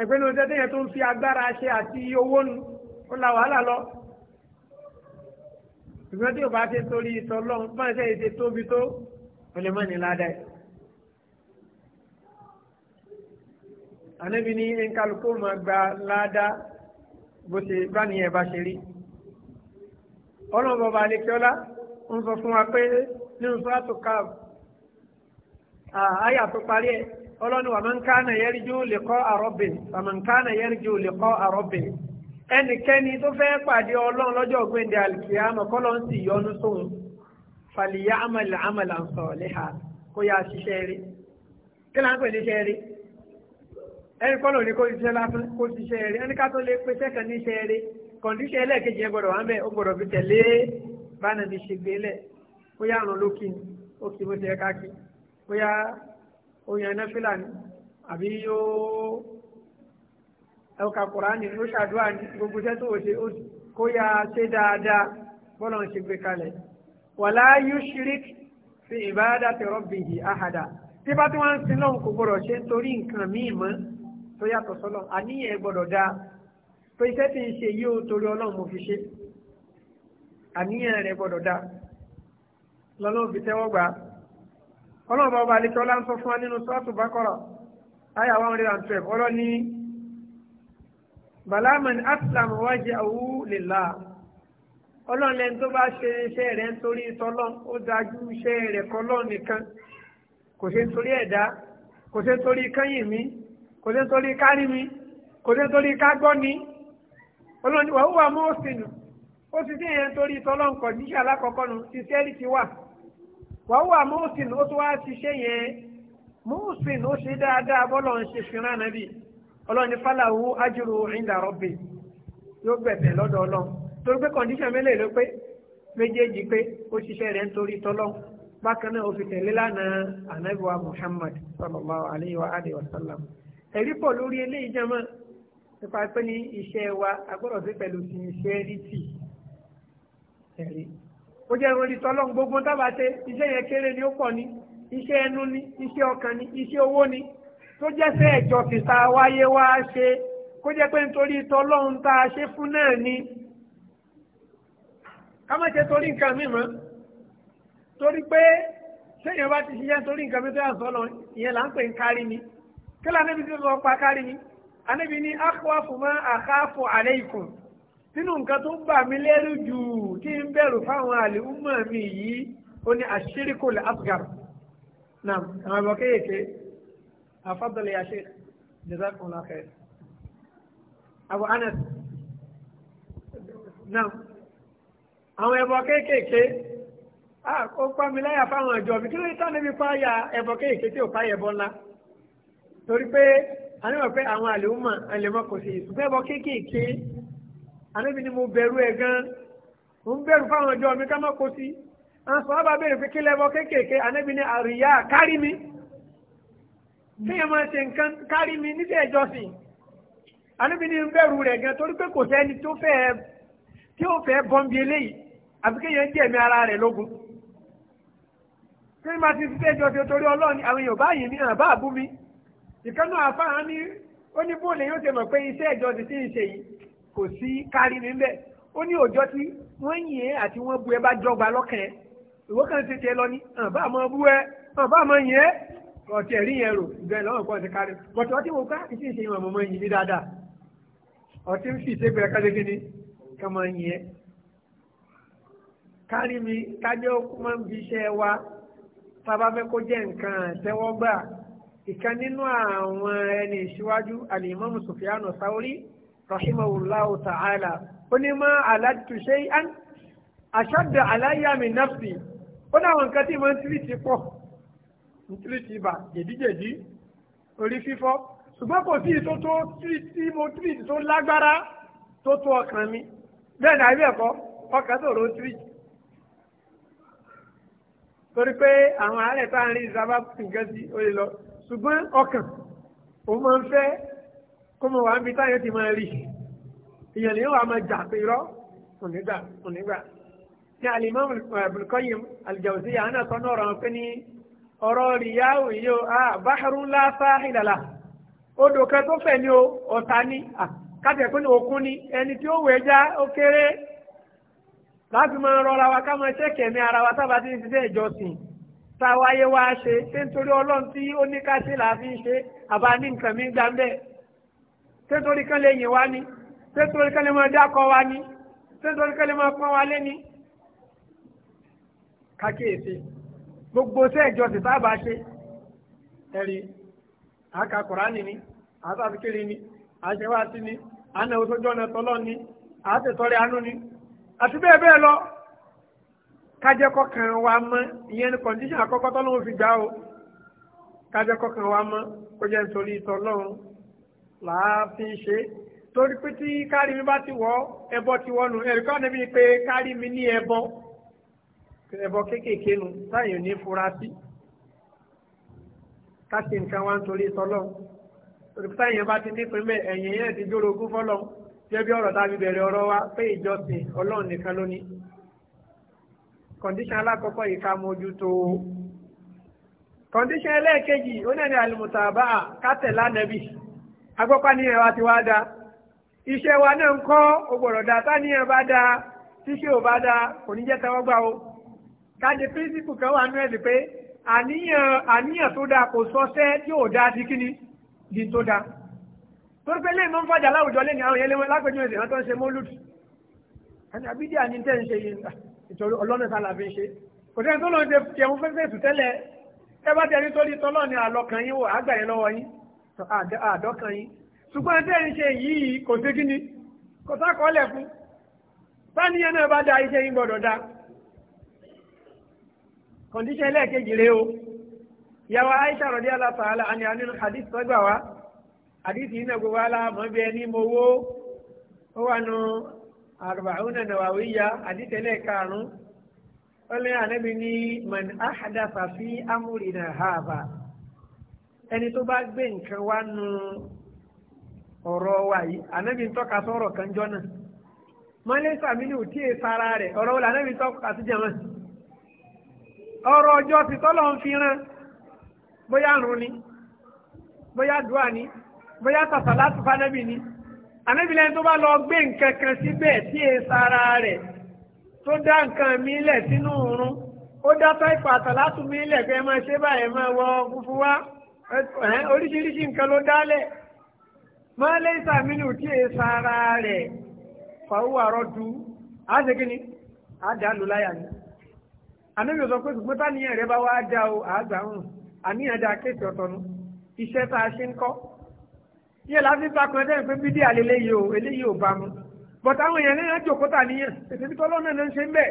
Speaker 1: ẹgbẹ́ ní oṣù tẹ́yẹ tó ń fi agbára ṣe àti owó nu ó la wàhálà lọ ìgbọ́n tí o bá ṣe torí tọ́lọ́ báyìí ṣe ètè tóbi tó o lè má ní ládàá yìí. ànábi ní nkálukú máa gba ládàá bó ṣe bá nìyẹn bá ṣe rí ọlọ́run bọba alẹ́kẹ́ọ́lá ń sọ fún wa pé nínú sọ́ọ́tù káf àyà tó parí ẹ̀ ọlọ́ni wàmọ̀nkánà yẹ́rìjú lè kọ́ àrọ́bẹ̀ wàmọ̀nkánà yẹ́rìjú lè kọ́ àrọ́bẹ̀ ẹnikẹ́ni tó fẹ́ pàdé ọlọ́run lọ́jọ́ ògbéǹde àlùkìyàmọ̀ kọ́lọ́ ń sì yọnu sóhun fàlìyà àmàlà àmàlà ń sọ̀ léha kó yá ṣiṣẹ́ rí kí láńpẹ́ níṣẹ́ rí ẹni kọ́lọ̀ ní kó ṣiṣẹ́ lásán kó ṣiṣẹ́ rí ẹni ká tó lè pé sẹ́kàn níṣẹ́ rí kọ̀ǹdíṣẹ́ ẹlẹ́ẹ̀kejì yẹn gbọ́dọ̀ wá mẹ́ ó gbọ́dọ̀ fi tẹ̀lé bánàbí ṣègbè lẹ̀ bóyá àrùn lókì ni ó kì í bó ṣe yẹ ká kí bóyá oyin ẹ̀ná fílàní àbí yóò ẹ̀ka kùránì ó ṣàdúrà ní gbogbo iṣẹ́ tó ṣe kó yá ṣe dáadáa bọ́lá ń ṣe gbé kalẹ̀ wàlá yushrik fi ibadati rabbihi ahada tí bá tí wọ́n ń sin lọ́hùn kò gbọ́dọ̀ ṣe nítorí nǹkan míì mọ́ tó yàtọ̀ sọ́lọ́ àníyàn gbọ́dọ̀ dáa pé iṣẹ́ tí ń ṣe yóò torí ọlọ́run mo fi ṣe àníyàn rẹ̀ gbọ́dọ̀ dáa lọ́nà òbí tẹ́wọ́ gbà á ọlọ́run bá ọba àlekẹ́ ọlá ń sọ fún wa nínú sọ́ọ̀tù bákọ́rọ̀ ayé àwọn ọ̀rẹ́ àǹtọ̀ ẹ̀kọ́ lọ ní balaman aslam wájú àwù lèlá ọlọ́run lẹ́ni tó bá ṣe iṣẹ́ rẹ̀ nítorí tọ́lọ́n ó dájú iṣẹ́ rẹ̀ kọ́lọ́n nìkan kò ṣe nítorí ẹ̀dá kò ṣe nítorí kẹ́yìn mi kò ṣe nítorí kárí mi kò ṣe nítorí kágbọ́ ni ọlọ́run wà ó wà mọ́ òsìn ó ti sí ìyẹn nítorí tọ́lọ́n kọ̀ níṣẹ́ alákọ̀ọ́kọ́ nu sincerity wà wàhùn àmúhùsìn ó tó wá ṣiṣẹ́ yẹn múhùsìn ó ṣe dáadáa bọ́lọ̀ ń ṣe fìràn nàbì ọlọ́ni fàlàwù ajúrò ìdá rọ́bì yóò gbẹ̀sẹ̀ lọ́dọ̀ ọlọ́run torí pé kọ̀ǹdíṣàn mélòó ló pé méjèèjì pé ó ṣiṣẹ́ rẹ̀ nítorí tọ́lọ́run bákan náà ó fi tẹ̀lé lánàá ànábìwá Muhammad sallallahu alayhi wa alihi wa sallam ẹ̀rí pọ̀ lórí eléyìí jẹ́ mọ́ nípa pé ní iṣẹ́ wa agbọ́dọ̀ sí pẹ̀lú sincerity ẹ̀rí kó jẹ́ ìròyìn tọ́lọ́n gbogbo tábà ṣe iṣẹ́ yẹn kéré ni ó pọ̀ ni iṣẹ́ ẹnu ni iṣẹ́ ọkàn ni iṣẹ́ owó ni tó jẹ́ sẹ́ ẹ̀jọ̀ fìta wáyé wá ṣe kó jẹ́ pé nítorí tọ́lọ́hun tá a ṣe fún náà ni ká má ṣe torí nǹkan mi mọ́ torí pé sẹ́yìn bá ti ṣiṣẹ́ torí nǹkan mi tó yà sọ́lọ ìyẹn là ń pè ń kárí ni kí lóò anábì ti sọ pa kárí ni anábì ní akọ́wàfù mọ́ àkáàfù alaykum nínú nǹkan tó bà mí lẹ́rù jù tí ń bẹ̀rù fáwọn àlùmọ̀ mi yìí ó ní àṣírìkò lè asgar nam àwọn ọmọ kéèké àfọ́dọ̀lẹ̀ yà ṣe jẹ́sàkùn láfẹ́ Abu Anas nam àwọn ẹbọ kéèkéèké ó pa mi láyà fáwọn ìjọ mi kí ló tán níbi páyà ẹbọ kéèké tí ò páyà ẹbọ ńlá torí pé a pé àwọn àlùmọ̀ àlùmọ̀ kò sí ìsúgbẹ́bọ kéèkéèké ànábì ni mo bẹ̀rù ẹ̀ gan mo ń bẹ̀rù fáwọn ọjọ́ mi ká má kó sí àwọn sọ bá bẹ̀rẹ̀ pé kí lẹ́bọ kéékèèké ànábì ni àríyá kárí mi kéèyàn máa ṣe nǹkan kárí mi níṣẹ́ ìjọsìn ànábì ni ń bẹ̀rù rẹ̀ gan torí pé kò sẹ́ni tó fẹ́ tí ó fẹ́ bọ́m̀bì eléyìí àfi kéèyàn jẹ̀mí ara rẹ̀ lógun kí ni máa ti fi ṣe ìjọsìn torí ọlọ́ọ̀ni àwọn èèyàn báyìí ní àbá àbú mi ìkànnà àfáà ní ó ní bóòlù yóò ṣe mọ̀ pé iṣẹ́ ìjọsìn ti ń ṣe yìí kò sí kárí mi bẹ́ẹ̀ ó ní òjọ́ tí wọ́n yìn ẹ́ àti wọ́n bu ẹ bá jọgba lọ́kàn ẹ ìwọ kan ṣe tiẹ̀ lọ ní àbá àmọ́ bú ẹ àbá àmọ́ yìn ẹ́ ọ̀tí ẹ̀rí yẹn rò bẹ́ẹ̀ lọ́wọ́ nǹkan ti kárí bọ̀tí ọtí mo ká ìṣe ìṣe ìwọ̀n mọ̀mọ́ yìí ní dáadáa ọtí ń fi ìṣègbè kájé kí ni ká mọ̀ yìn ẹ́ kárí mi kájé máa ń bi iṣẹ́ wa tá a bá fẹ́ kó jẹ́ nǹkan àtẹ́wọ́gbà ìkan nínú àwọn ẹni ìṣíwájú al rahimahullahu ta'ala ó ní ma aladtu shay'an ashadda alayya min nafsi ó dáwọn nǹkan tí mo ń tìrìtì pọ̀ ń tìrìtì ibà jẹ̀díjẹ̀dí orí fífọ́ ṣùgbọ́n kò sí tó tó tí mo tìrìtì tó lágbára tó tó ọkàn mi bẹ́ẹ̀ ni àbí ẹ̀kọ́ torí pé àwọn àárẹ̀ ń rí ìsábà nǹkan sí ó lọ ṣùgbọ́n ọkàn òun máa ń fẹ́ kó mo wà ń bi táyọ̀ ti máa rí ìyẹn ni yóò wá máa jà pé irọ́ onígbà onígbà ní alimami bulukọyim alijawusi yà hànà sọnù ọ̀rọ̀ pé ní ọ̀rọ̀ rìyáwó yìí o ah báhàrún láfá odò kan tó fẹ̀ ni o ọ̀tá ni kájẹ̀ pé ní òkun ni ẹni tí ó wẹ̀ já ó kéré láti máa rọra wa ká máa ṣẹ́kẹ̀ ní ara wa tábà tí ń ṣiṣẹ́ ìjọsìn táwa yé wa ṣe ṣé nítorí ọlọ́run tí ó ní ká ṣe làá fi ń ṣe àbá ní nǹkan mi gbà bẹ́ẹ̀ tẹ́tọ́rí kan lè yìn wá ní tẹ́tọ́rí kan lè máa dákọ̀ wá ní tẹ́tọ́rí kan lè máa pọ́n wá lé ní. kákíyèsí gbogbo sẹ́ẹ̀jọ sì sábà ṣe ẹ̀rí àka kùránì ni àtàkìrì ni àṣewàtí ni ànáwó sójú ọ̀nà tọ́lọ́ ni àtẹ̀tọ́rẹ́ àánú ni àti bẹ́ẹ̀ bẹ́ẹ̀ lọ kájẹ́ kọkàn wa mọ́ ìyẹn ní kọ̀ǹdíṣàn àkọ́kọ́ tọ́lọ́run fi gbà o kájẹ́ kọkàn wa mọ́ kó jẹ́ nítorí tọ́lọ́run làá fi ń ṣe torí pé tí kárí mi bá ti wọ ẹbọ ti wọnu ẹ̀ríkọ́ níbi ni pé kárí mi ní ẹbọ ẹbọ kéékèèké nu táyà ní fura sí káṣí nǹkan wá ń torí sọlọ torí pé táyà bá ti nípìn mẹ ẹ̀yìn yẹn ti jórogún fọlọ jẹ́bi ọ̀rọ̀ tàbí bẹ̀rẹ̀ ọ̀rọ̀ wa pé ìjọsìn ọlọ́run nìkan ló ní kọ̀ǹdíṣàn yìí ká mójútó kọ̀ǹdíṣàn ẹlẹ́ẹ̀kejì ó náà ní àlùmùtàbá kátẹ̀lá nẹ́bì agbọ́pá ní ẹ̀wà ti wá da iṣẹ́ wa náà ń kọ́ ògbọ̀rọ̀ dá tá ní ẹ̀ bá da tíṣe ò bá da kò ní jẹ́ tẹ́wọ́ gbà o káde píríncípù kan wà nú ẹ̀ pé àníyàn àníyàn tó da kò sọ́sẹ́ tí ò da di kíni di tó da torí pé lẹ́yìn máa ń fàjà láwùjọ lẹ́yìn àwọn yẹn lẹ́wọ́n ìṣẹ̀lẹ̀ tó ń ṣe mọ́lúdù àti àbídí tó lọ́n tọ́lọ́ ni àlọ́kàn yín wò àgbà yẹn lọ́wọ́ yín àdọ́kan yín ṣùgbọ́n ẹgbẹ́ ń ṣe yìí kò sí kí ni kò sákọọ́lẹ̀ fún sáníyàn náà bá da iṣẹ́ yín gbọ́dọ̀ da kọ̀ǹdíṣẹ́ ẹlẹ́ẹ̀kejì rèé o ìyàwó Aisha rọ̀dí aláfàálà àni ànínú hadith sọ́gbà wa hadith yìí náà gbogbo aláàmọ́ bí ẹni mo wó ó wà nù àrùbáhùnà nàwàwíyà hadith ẹlẹ́ẹ̀karùn-ún ó ẹni tó bá gbé nǹkan wá nu ọ̀rọ̀ wa yìí ànábì ń tọ́ka sọ̀rọ̀ kan jọ́ náà mọ́lẹ́ sàmínú tí è fara rẹ̀ ọ̀rọ̀ wọlé ànábì ń tọ́ka sí jẹ̀mọ́ ọ̀rọ̀ ọjọ́ ti tọ́lọ̀ ń fi rán bóyá rún ni bóyá dùá ni bóyá tàfà láti fánábì ni ànábì lẹ́yìn tó bá lọ gbé nǹkan kan síbẹ̀ tí è fara rẹ̀ tó dá nǹkan mi lẹ̀ sínú òórùn ó dá táìpà àtàlátù lẹ̀ fẹ́ máa ṣe báyẹn máa wọ fúnfún wá oríṣiríṣi nǹkan ló dálẹ̀ máa lé ìsàmínú tí è sára rẹ̀ fàwọ́ àrọ́dù á ṣe kí ni á dàlù láyà ni àníbi sọ pé ṣùgbọ́n táníyàn rẹ bá wá dá o àgbà ń àníyàn dá kéèsì ọ̀tọ̀nu iṣẹ́ tá a ṣe ń kọ́ yẹ láti bá kan dẹ́rìn pé bídí àlélẹ́ yìí o eléyìí ò bá mu bọ̀tà àwọn èèyàn lẹ́yìn àjòkó tàníyàn ètò ibi tọ́lọ́ náà ló ń ṣe ń bẹ̀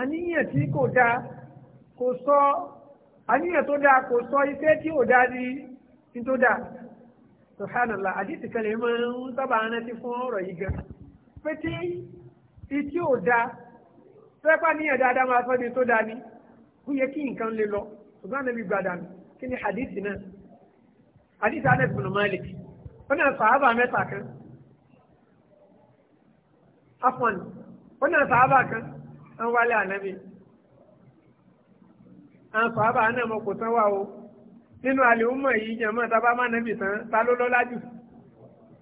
Speaker 1: àníyàn tí kò dáa kò sọ àníyàn tó dáa kò sọ iṣẹ́ tí ò dáa di ní tó dáa subhanallah àdìsí kan lè máa ń sábà rántí fún ọ̀rọ̀ yìí gan pé tí iṣẹ́ ò dáa sẹ́pà níyàn dáadáa máa sọ di tó dáa ni ó yẹ kí nǹkan lè lọ ṣùgbọ́n àná mi gbàdá mi kí ni àdìsí náà àdìsí Anas bin Malik ó náà sàábà mẹ́ta kan afọ́nì ó náà sàábà kan ń wálé ànábì àǹfà bá a náà mọ̀ kò tán wà o nínú àlèhùnmọ̀ yìí jẹ̀mọ́ tábà má nàbì tán ta ló lọ́lá jù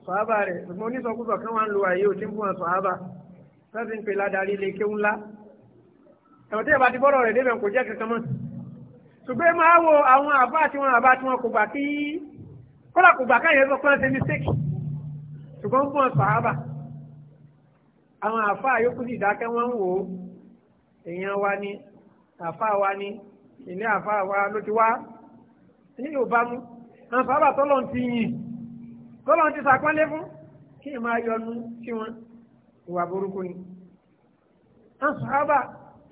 Speaker 1: sọ̀hábà rẹ̀ ṣùgbọ́n oníṣọ́kúsọ̀ kan wà ń lo àyè òtí ń fún wọn sọ̀hábà sọ́sìn pé ládàrí ilé kéwú ńlá ẹ̀wọ̀n tí ìbá ti bọ́rọ̀ rẹ̀ débẹ̀ kò jẹ́ kankan mọ́ ṣùgbọ́n máa wo àwọn àbá tí wọn àbá tí wọn kò gbà kí kọ́lá kò gbà káyọ̀ ẹ̀sọ́ pọ́n ṣe mistake ṣùgbọ́n fún wọn àwọn àfa àyókù sì dákẹ́ wọ́n wò ó èèyàn wa ni àfa wa ni ìní àfa wa ló ti wá ní yorùbá mu àǹfààbà tọ́lọ̀ ti yìn tọ́lọ̀ ti sàpọ́nlé fún kí n máa yọnu sí wọn ìwà burúkú ni àǹfààbà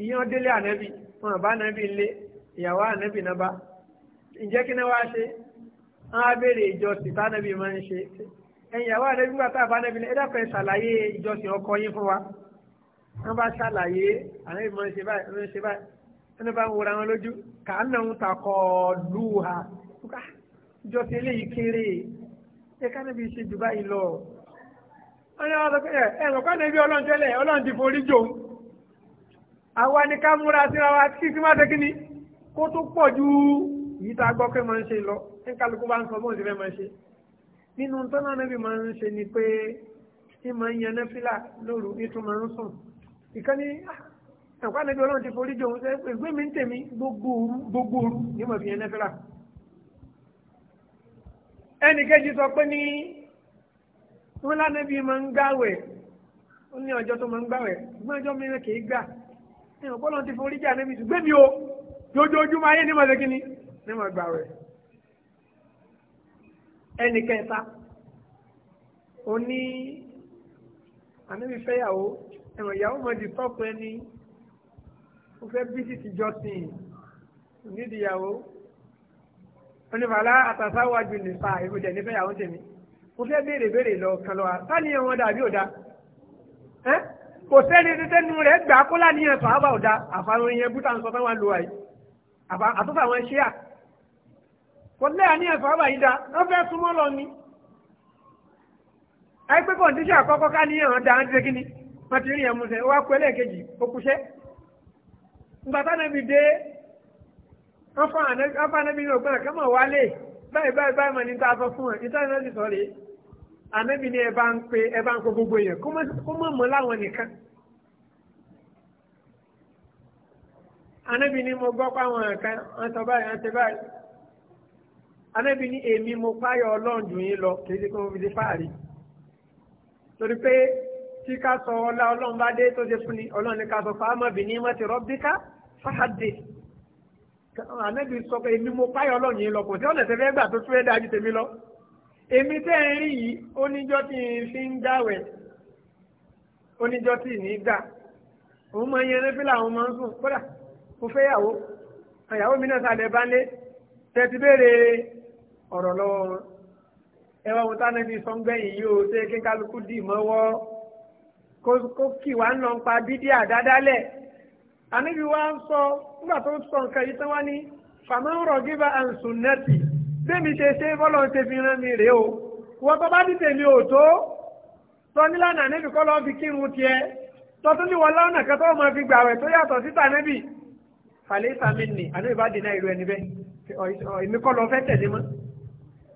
Speaker 1: ìyẹn délé ànábì wọn àbá ànábì ńlé ìyàwó ànábì náà bá ǹjẹ́ kí ni wàá ṣe wọn á béèrè ìjọsìn tánàbì máa ń ṣe ẹ̀yàwó ànábì gbàtà àbá ànábì náà ẹ dákun ṣàlàyé ìjọsìn ọkọ yín fún wa wọn bá ṣàlàyé ànábì máa ń ṣe báyìí ẹni bá ń wura wọn lójú kàánà ń ta kọ lù ha jọ sí eléyìí kéré ẹ ká níbi ṣe jù báyìí lọ wọ́n yà wọ́n sọ pé ẹ ẹ nǹkan níbi ọlọ́run tẹ́lẹ̀ ọlọ́run ti forí jòun àwa ni ká múra síra wa kí kí má ṣe kí ni kó tó pọ̀ ju yìí tá a gbọ́ pé máa ń ṣe lọ ní kálukú bá ń sọ bóun ti fẹ́ máa ṣe nínú tọ́nà níbi máa ń ṣe ni pé ní máa ń yan náfìlà lóru ní tó máa ń sùn ìkànnì ah, ẹ̀kọ́ ànábi ọlọ́run ti forí jòun ṣe ìgbé mi ń tèmi gbogbo òru gbogbo òru ní mọ̀ fi yẹn nẹ́fẹ́lá ẹnì kejì sọ pé ní wọn lánàbí máa ń gbàwẹ̀ ó ní ọjọ́ tó máa ń gbàwẹ̀ ṣùgbọ́n ọjọ́ mi kì í gbà ẹ̀kọ́ ọlọ́run ti forí jẹ́ ànábi ṣùgbọ́n mi ò lójoojúmọ́ ayé ní mọ̀ ṣe kíni ní mọ̀ gbàwẹ̀ ẹnì kẹta ó ní ànábi fẹ́yàwó ẹ̀wọ̀n ìyàwó mọ̀ di tọ́pù ó fẹ́ bísí ti jọ sìn nídìyàwó ó ní fàlà àtàsáwájú nìfà ìbùdó ẹ̀ nífẹ̀ẹ́ tèmi mo fẹ́ béèrè béèrè lọ kan lọ wa sáníyàn wọn dàbí òda ẹ kò sẹ́ni tẹ́tẹ́ nu rẹ̀ gbà kó láníyàn sọ àbá òda àfarun yẹn búta ń sọ fẹ́ wọn lò wáyé àtúfà wọn ṣíà kò lẹ́ àníyàn sọ àbá yìí da wọ́n fẹ́ súnmọ́ lọ ni ẹ pé kọ̀ǹdíṣà kọ́kọ́ káníyàn da ń dégí ni wọ́n ti rí ẹ̀ mú sẹ́ wọ́n á kú ẹlẹ́ẹ̀kejì ó kúṣẹ́ gbàtà nàbì dé afa nàbì ní ògbọ́n àkàmọ̀ wálé báyìí báyìí báyìí mà ní ta sọ fún ẹ ìta náà ti sọ rèé ànábì ní ẹ bá ń pe ẹ bá ń pe gbogbo èèyàn kó mọ̀ mọ́ láwọn nìkan. anabi ni mo gbọ́ páwọn nǹkan wọ́n sọ báyìí wọ́n ṣe báyìí anabi ni èmi mo páyọ̀ ọlọ́run jù yín lọ kì í ṣe pé fi ṣe fáàrí torí pé tí ká sọ ọlá ọlọ́run bá dé tó ṣe fún ni ọlọ́run ní ká sọ fáámọ̀ bì ní mọ́tì rọ́bíkà fáhàdé ànábì sọ pé èmi mo páyọ̀ ọlọ́run yìí lọ kò sí ọ̀nà tẹ́fẹ́ gbà tó tún ẹ̀ dájú tèmi lọ èmi tẹ́ ń rí yìí oníjọ́ tí n fi ń dáwẹ̀ oníjọ́ tí ní gbà òun máa ń yẹn lẹ́fílà àwọn máa ń sùn kódà mo fẹ́ yàwó àyàwó mi náà sálẹ̀ bá lé tẹ́tí béèrè ọ̀rọ̀ lọ́wọ́ wọn ẹ wá wọn tá kó kì wá nà ń pa dídí àdádálẹ̀ àníbi wá ń sọ nígbà tó ń sọ nǹkan yìí tán wá ní fàmọ́rọ̀ gíba àǹsùn nẹ́tì bẹ́ẹ̀mi ṣe ṣe bọ́lọ̀ ń ṣe fi rán mi rèé o wọ́n tó bá ní tèmi ò tó tọ́ nílànà níbi kọ́ lọ́ọ́ fi kírun tiẹ̀ tọ́tún ní wọn lọ́nà kan tó máa fi gbàwẹ̀ tó yàtọ̀ síta níbi fàlẹ́ ìsàmì nì àná ìbá dènà ìlú ẹni bẹ́ẹ̀ èmi kọ́ lọ fẹ́ tẹ̀lé mọ́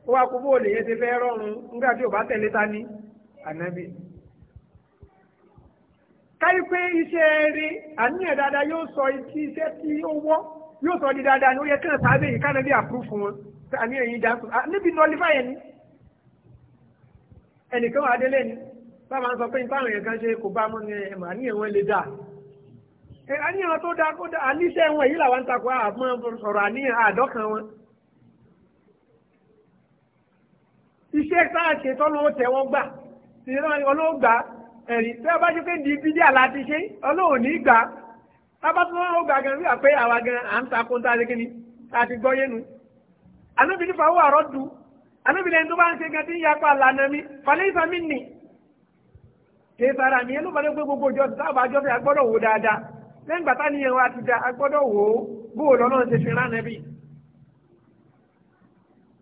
Speaker 1: ó wá kó bó o lè yẹ ti fẹ́ rọrùn nígbà tí ò bá tẹ̀lé ta ní ànábì káyí iṣẹ́ rí àníyàn dáadáa yóò sọ ti iṣẹ́ tí ó wọ́ yóò sọ di dáadáa ní ó yẹ kẹ́hìn sáábẹ̀ yìí kánà bí àpúrúfù wọn àníyàn yìí dáńtò níbi nọlífà yẹn ni ẹnìkan wà ni báwa sọ pé nípa àwọn èèyàn kan ṣe kò bá ni àníyàn wọn lè dà àníyàn tó dáa kó dáa àníṣẹ́ wọn èyí làwọn ń takò àmọ́ sọ̀rọ̀ àníyàn àdọ́kan wọn. iṣẹ́ ẹ̀rí tí a bá ṣe pé di bídíà láti ṣe ọlọ́run ní gbà tábà tó náà ó gbà gan wíwà pé àwa gan à ń takò ń ta lékè ni a ti gbọ́ yénu. anábìrin fàwọ́ àrọ́ du anábìrin ẹni tó bá ń ṣe gan tí ń yapa lànà mi falẹ́ ìfami nì. ṣé sara mi ẹlú balẹ̀ pé gbogbo ìjọ tí táwọn àjọ fẹ́ agbọ́dọ̀ wò dáadáa lẹ́yìn gbàtà nìyẹn wa ti da agbọ́dọ̀ wò ó bó lọ́nà ṣe fi rán nẹ́bí.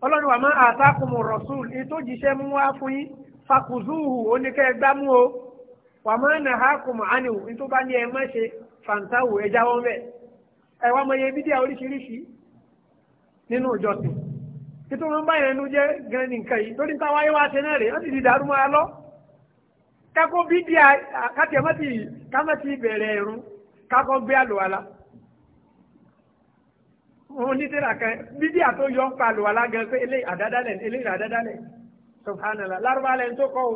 Speaker 1: ọlọ́run wà máa àtàkùn rọ̀ṣùl ètò ìjíṣẹ́ mú wá fún yín fakùzúhù oníkẹ́ gbámú o wàmọ́ nàhákùm ánìwò nítorí bá ní ẹ má ṣe fàǹtàwò ẹ jáwọ́ mẹ́ ẹ wá mọ iye bídíà oríṣiríṣi nínú ìjọsìn títún wọn bá yẹn nu jẹ gan ní nǹkan yìí lórí táwa yẹn wá ṣe náà rè wọn sì ti dàrú mọ́ra lọ kákó bídíà káti ẹmọ ti kámọ ti bẹ̀rẹ̀ ẹ̀rú kákó gbé àlùwàlà wọn ní tẹ́lá kan bídíà tó yọ ń pa àlùwàlà gan pé eléyìí àdádálẹ̀ eléyìí àdádálẹ̀ subhanallah lárúbálẹ̀ ń tó kọ́ o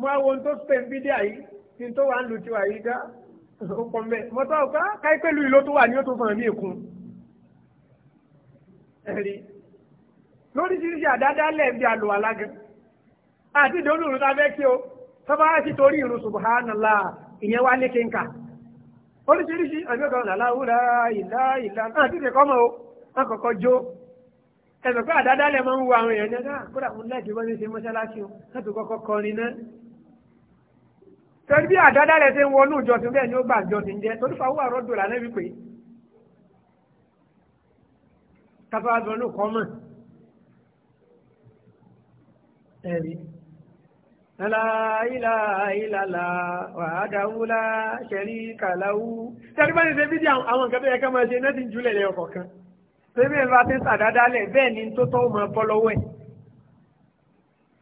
Speaker 1: mo àwọn ohun tó pè ń bídíà yìí kí n tó wà ń lu tiwa yìí dá ó pọ̀ mẹ́ mọ́tò ọ̀gá ah, káyí pẹ̀lú ìlú tó wà ní òtún fún mi ìkun ẹ̀rí lóríṣiríṣi àdádálẹ̀ bí alò alága àti ìdóòlù ìrùn tábẹ́ kí o tọ́ba ti torí ìrùn subhanallah ìyẹn wá ní kínka oríṣiríṣi àjọkọ̀ làláwúra ìlà ìlà náà ti tẹ̀kọ́ mọ́ o wọ́n kọ̀kọ́ jó ẹ̀sọ̀ pé àdádálẹ̀ máa ń wo àwọn èèyàn náà ah, kódà mo láì torí bí àdádá rẹ̀ ṣe ń wọnú ìjọsìn bẹ́ẹ̀ ni ó gbà ìjọsìn jẹ́ torí fàwọn àrọ́ dòlà náà wípé káfíńsì ọ̀nù kọ́mọ̀ ẹ̀rí láìlà ìlàlà wàhádàwúlà ṣẹ̀rí kàláwú tẹ́lú bá ní ṣe fídíò àwọn nǹkan tó yẹ ká máa ṣe náà ti ń júlẹ̀ lẹ́yọ kọ̀ọ̀kan pé bí ẹ̀fà ti ń sàdádálẹ̀ bẹ́ẹ̀ ni tó tọ́ máa bọ́ lọ́wọ́ ẹ̀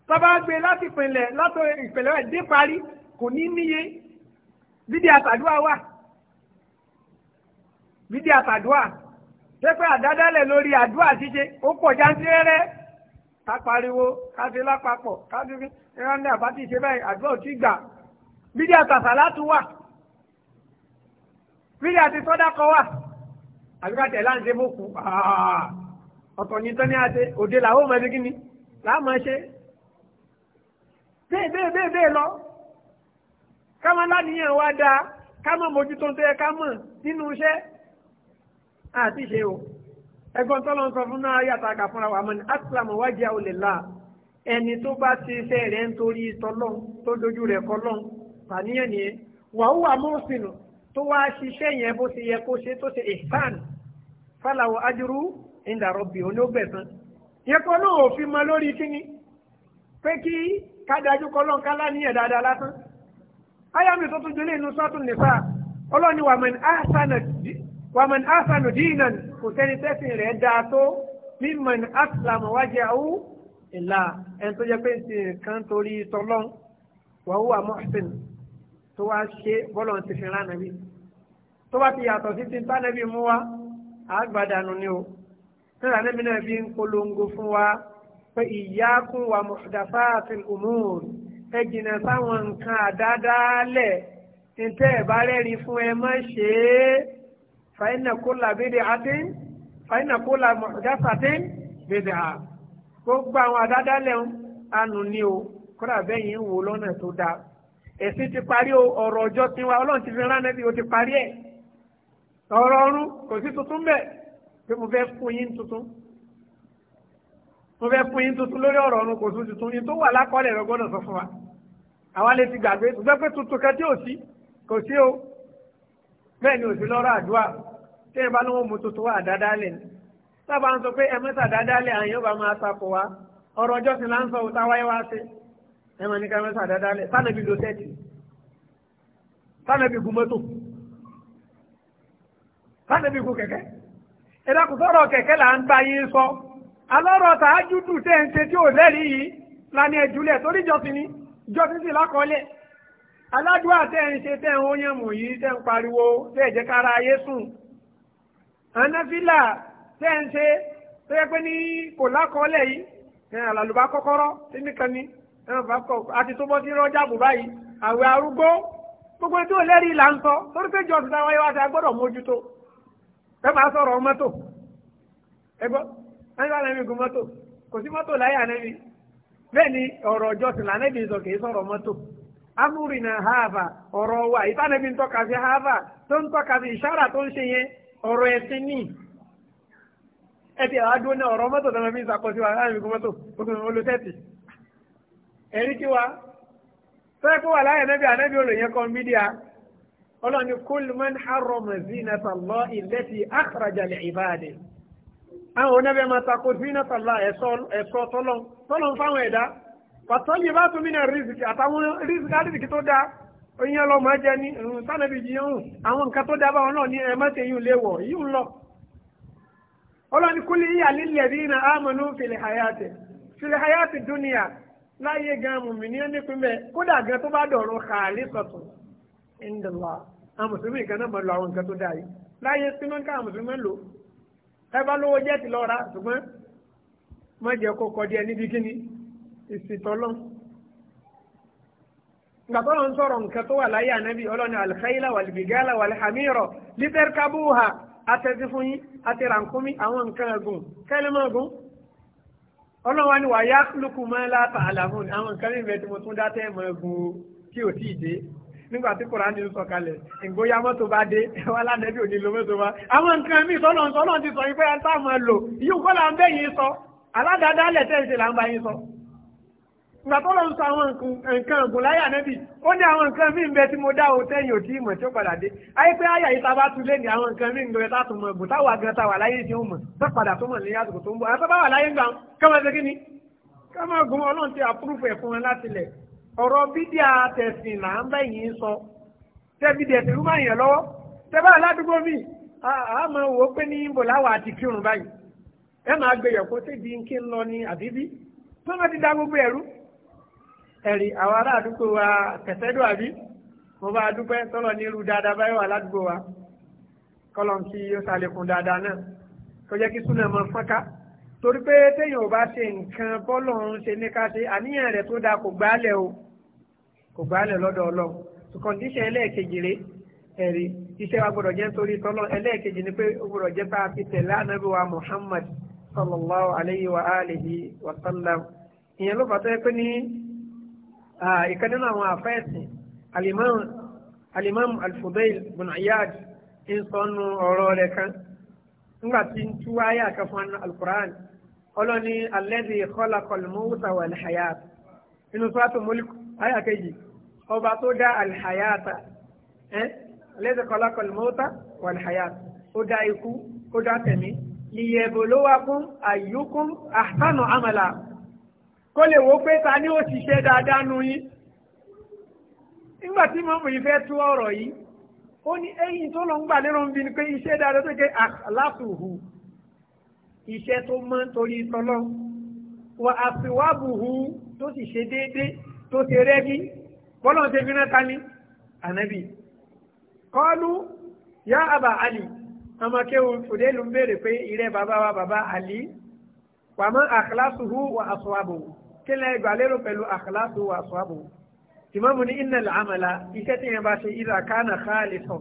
Speaker 1: tọ́ba gbé láti ìpínlẹ̀ látọ̀ ìpínlẹ̀ ẹ̀ dé parí kò ní níye bídí àtàdúrà wà bídí àtàdúrà pépé àdádálẹ̀ lórí àdúrà ṣíṣe ó pọ̀ jáńtìrẹ́rẹ́ ká pariwo ká ṣe lápapọ̀ ká ṣe fi ẹran ní àbá ti ṣe báyìí àdúrà ò tí gbà bídí àtàsálátù wà bídí àti sọ́dákọ wà àbíká tẹ̀ láǹṣe mọ́kù ọ̀tọ̀ ní tán ní àṣẹ òde làwọn ọmọ ẹni kí ni làwọn máa ṣe bẹ́ẹ̀ bẹ́ẹ̀ bẹ́ẹ̀ bẹ́ẹ̀ lọ kámá láníyàn wá dáa kámá mójútó tó yẹ ká mọ̀ nínú iṣẹ́ àti ṣe o ẹgbọ́n tọ́lọ́ ń sọ fún náà yàtọ̀ àgà fúnra wa mọ́ ni asilamu wájà olè la ẹni tó bá ti fẹ́ rẹ̀ ń torí tọ́lọ́n tó dojú rẹ̀ kọ́lọ́n pàníyàn nìyẹn wàhùwà mọ́sìnù tó wá ṣiṣẹ́ yẹn bó ti yẹ kó ṣe tó ṣe ìfàn fàlàwọ̀ ajúrú ìdàrọ̀bì onígbẹ̀sán yẹ kọ́ náà òfin mọ lórí kíní pé kí kádájú kọ́lọ́n kálá níyẹn dáadáa lásán ayámi tó tún jẹlé inú sọ́tún nìfà ọlọ́ni wàmàn áfànù dínan kò sẹ́ni tẹ́sìn rẹ̀ dáa tó mímọ̀n áfìlàmù wájú àwú ìlà ẹni tó jẹ́ pé ti kan torí tọ́lọ́n wàhú àmọ́sìn tó wá ṣe bọ́lọ̀ ti fi rán nàbí tó bá ti yàtọ̀ sí ti tá nàbí mú wa àgbàdànù ni o nígbà nàbí náà fi ń polongo fún wa pé ìyá wa muhdathatil umur ẹ jìnnà sáwọn nǹkan àdádáálẹ̀ níta ẹ̀ bá rẹ́rìn fún ẹ má ṣe é fàyínà kó là bédè àti fàyínà kó là mọ̀jásàtì bédè à gbogbo àwọn àdádáálẹ̀ ànú ni o kódà bẹ́ẹ̀ yìí ń wò lọ́nà tó dáa ẹ̀sìn ti parí o ọ̀rọ̀ ọjọ́ tiwa ọlọ́run ti fi rán nẹ́bí o ti parí ẹ̀ ọ̀rọ̀ ọ̀run kò sí tuntun bẹ́ẹ̀ pé mo fẹ́ fún yín tuntun mo fẹ́ fún yín tuntun lórí ọ̀rọ̀ ọ̀run kò sí tuntun yín tó wà lákọ́lẹ̀ rẹ gbọ́dọ̀ sọ fún wa àwọn lè ti gbàgbé ṣùgbọ́n pé tuntun kan tí ò sí kò sí o bẹ́ẹ̀ ni ò sí lọ́rọ̀ àdúrà tí ẹ bá lọ́wọ́ mu tuntun wà dáadáa lẹ̀ sábà ń sọ pé ẹ mẹ́ta dáadáa lẹ̀ àyàn bá máa takò wá ọ̀rọ̀ ọjọ́ sí láǹsọ̀ òta wáyé wá sí ẹ máa ní ká mẹ́ta dáadáa lẹ̀ sánàbí lo sẹ́ẹ̀tì sánàbí gun mọ́tò sánàbí gun kẹ̀kẹ́ ẹ kẹ̀kẹ́ là ń gba yín sọ alọ́rọ̀ tàájú dùn tẹ́ ń ṣe tí ò lẹ́rìí yìí lánàá ẹ̀jú torí jọ́sìn ni jọ títí lákọọ́lẹ̀ aládùúgbò àtẹ̀yìn ṣe tẹ̀ ń óyàn mọ̀ yìí tẹ̀ ń pariwo tẹ̀ jẹ́ kára ayé sùn anáfílà tẹ̀ ń ṣe tẹ̀ yẹ pé ní kò lákọọ́lẹ̀ yìí ẹ̀ àlàlùbá kọ́kọ́rọ́ tẹ́nìkan ni àti tó bọ́ sí rọ́jà bù báyìí àwẹ̀ arúgbó gbogbo tí ò lẹ́rìí là ń sọ torí pé jọ títí wáyé wá ti agbọ́dọ̀ mójútó ẹ máa sọ̀rọ̀ mọ́tò ẹ gbọ́ ẹ ń bẹ́ẹ̀ ni ọ̀rọ̀ ọjọ́sìn lànàbí sọ kìí sọ̀rọ̀ mọ́tò amúrinà haava ọ̀rọ̀ wa ìtànàbí ń tọ́ka sí haava tó ń tọ́ka sí ìṣára tó ń ṣe yẹn ọ̀rọ̀ ẹ̀sìn ní ẹ̀tì àádúró ní ọ̀rọ̀ mọ́tò tọ́nà fi ń sàkóso wa láàrin ìgbó mọ́tò ogun olùtẹ́tì ẹ̀rí kí wa fẹ́ kó wà láyé nẹ́bí ànẹ́bí olóyìn kan mídíà ọlọ́ni kúlùmọ́n harrọ̀mọ̀ zinata Allah illati akhraja li ibadihi àwọn onábẹ́ máa takò zínátàlá ẹ̀ṣọ́ tọ́lọ́n tọ́lọ́n fáwọn ẹ̀dá pàtọ́lì bá tún mìíràn rìsìkì àtàwọn rìsìkì àrìsìkì tó dáa oyin ẹ lọ máa jẹ ní sànàbí jiyàn àwọn nǹkan tó dáa báwọn náà ní ẹ má ṣe yún léwọ̀ yìí ń lọ. ọlọ́ni kúlí yíyà lílẹ̀ bí iná àmọ́nú fìlìhàyàtì fìlìhàyàtì dúnìyà láyé gan lo nǹkan tó lò ẹ bá lówó jẹ́ ti lọ ra ṣùgbọ́n má jẹ́ kó kọjá níbi kíni ìsìtọ́lọ́ gbàtọ́ lọ ń sọ̀rọ̀ nǹkan tó wà láyé ànábì ọlọ́ni alkhaila walbigala walhamiro literkabuha atẹ́sí fún yín àti rànkúmí àwọn nǹkan ẹ̀gùn kẹ́lẹ́mọ̀gùn ọlọ́wà ni wàá yá lùkùmọ́ látà àlàmùn àwọn nǹkan ìbẹ̀ mo tún dá tẹ́ mọ̀ ẹ̀gùn tí ò tí dé nígbà tí kòránì ń sọ̀kalẹ̀ ìgbóyà mọ́tò bá dé wà lánàbí ò ní lo mọ́tò bá àwọn nǹkan mi sọ́nà sọ́nà ti sọ yìí pé ẹ̀ta mọ̀ lò yíò kọ́ là ń bẹ́ yìí sọ aládàáda lẹ̀ tẹ́sí là ń bá yìí sọ. ìgbà tó lọ ń sọ àwọn nǹkan ògùn láyà nẹ́bì ó ní àwọn nǹkan mí bẹ tí mo dá o tẹ́yìn ò tí mọ̀ tí ó padà dé ayé pé àyà yìí sábà tún lé ní àwọn nǹkan mí gbẹ tátùn mọ̀ ògùn táwọn agan táwà láyé ti ń mọ̀ tó padà tó mọ̀ ní àsìkò tó ń bọ̀ àtọ́ bá wà láyé gbà kọ́mọ ṣe kí ni kọ́mọ ògùn ọlọ́run ti àpúrúfù ẹ̀ wọn láti lẹ̀ ọ̀rọ̀ bídíà tẹ̀sìn là ń bá yìí sọ tẹ́bí dẹ̀ tẹ̀lú máa yàn lọ́wọ́ tẹ́bá aládùúgbò mi a máa wò ó pé ní bò láwà àti kírun báyìí ẹ máa gbé yọ̀kó síbi kí ń lọ ní àbíbí tó máa ti dá gbogbo ẹ̀rú ẹ̀rí àwọn ará wa kẹsẹ́dọ̀ àbí mo bá dúpẹ́ tọ́lọ̀ ní irú dáadáa báyọ̀ aládùúgbò wa kọ́lọ̀ kí ó ṣàlékún dáadáa náà kó jẹ́ kí súnà máa fọ́nká torí pé téèyàn ò bá ṣe nǹkan bọ́lọ̀ ń ṣe ní ká ṣe àníyàn rẹ̀ tó dáa kò gbálẹ̀ o kò gbálẹ̀ lọ́dọ̀ ọlọ́run so condition ẹlẹ́ẹ̀kejì rẹ̀ ẹ̀rí iṣẹ́ wa gbọ́dọ̀ jẹ́ nítorí tọ́lọ́ ẹlẹ́ẹ̀kejì ni pé ó gbọ́dọ̀ jẹ́ bá a fi tẹ̀lé ànábì wa Muhammad sallallahu alayhi wa alihi wa sallam ìyẹn ló fàtọ́ pé ní ìkan nínú àwọn àfẹ́sìn alimam alimam al-Fudayl bin Iyad ń sọnù ọ̀rọ̀ rẹ̀ kan nígbà tí ń tú ayé kan fún al-Qur'an ọlọ́ni alladhi khalaqal mawta hayat inú sọ́tò mọ́líkù ayé kejì ọba tó dá alihayata ẹ lẹ́sẹ̀ kọlákọlù mọ́tà wà alihayata ó dá ikú ó dá tẹ̀mí lìyẹ̀bùlówàkún àyùkún àtànù àmàlà kó lè wo pé ta ni ó ti ṣe dáadáa nu yín nígbà tí mọ́mù yìí fẹ́ tú ọ̀rọ̀ yìí ó ní ẹ̀yìn tó lọ ń gbà lérò ń ni pé iṣẹ́ dáadáa tó jẹ́ àlàfùhù iṣẹ́ tó mọ́ torí tọ́lọ́ wà àfiwábùhù tó sì ṣe déédéé tó ṣe rẹ́gí bọ́lọ̀ ṣe fi náà tani ànábì kọ́lù yá àbà àlì ọmọ kéwù fòdélù ń béèrè pé ìrẹ́ bàbá wa bàbá àlì wà mọ́ àkàlásùhù wà àṣọ́àbò kí lẹ́yìn gbà lérò pẹ̀lú àkàlásùhù wà àṣọ́àbò ìmọ̀mù ní iná làmàlà iṣẹ́ tí yẹn bá ṣe ìlà kánà káàlì sọ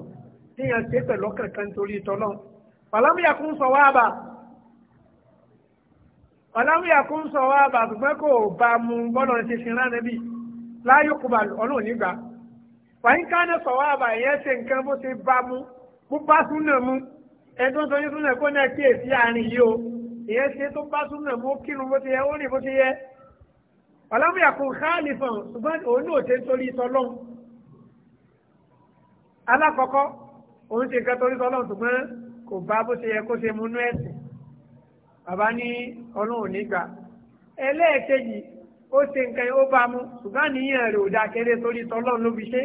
Speaker 1: tí yẹn ṣe pẹ̀lú kankan torí tọ́lọ́ ọ̀làmúyàkún sọ wá bà ọ̀làmúyàkún sọ wá bà ṣùgbọ́n bá mu bọ́lọ̀ ṣe fi rán níbi láyé kùbà ọlọ́run nígbà wàyín káná sọ̀wọ́ àbà ìyẹn ṣe nǹkan bó ti bá mú bó bá súnà mú ẹni tó ń sọyún súnà kó náà kíyèsí àárín yìí o ìyẹn ṣe tó bá súnà mú kírun bó ti yẹ ó rìn bó ti yẹ ọ̀làmúyà kò káàlì fàn ṣùgbọ́n òun náà ṣe nítorí sọlọ́n alákọ̀ọ́kọ́ òun ṣe nǹkan torí sọlọ́n ṣùgbọ́n kò bá bó ṣe yẹ kó ṣe mú nú ẹ̀sìn bàbá ní ọlọ́run nígbà ẹlẹ́ẹ̀kejì ó ṣe nǹkan ó bá mu ṣùgbọ́n níyàn rẹ̀ ò dáa kéré torí tọ́lọ́run ló fi ṣe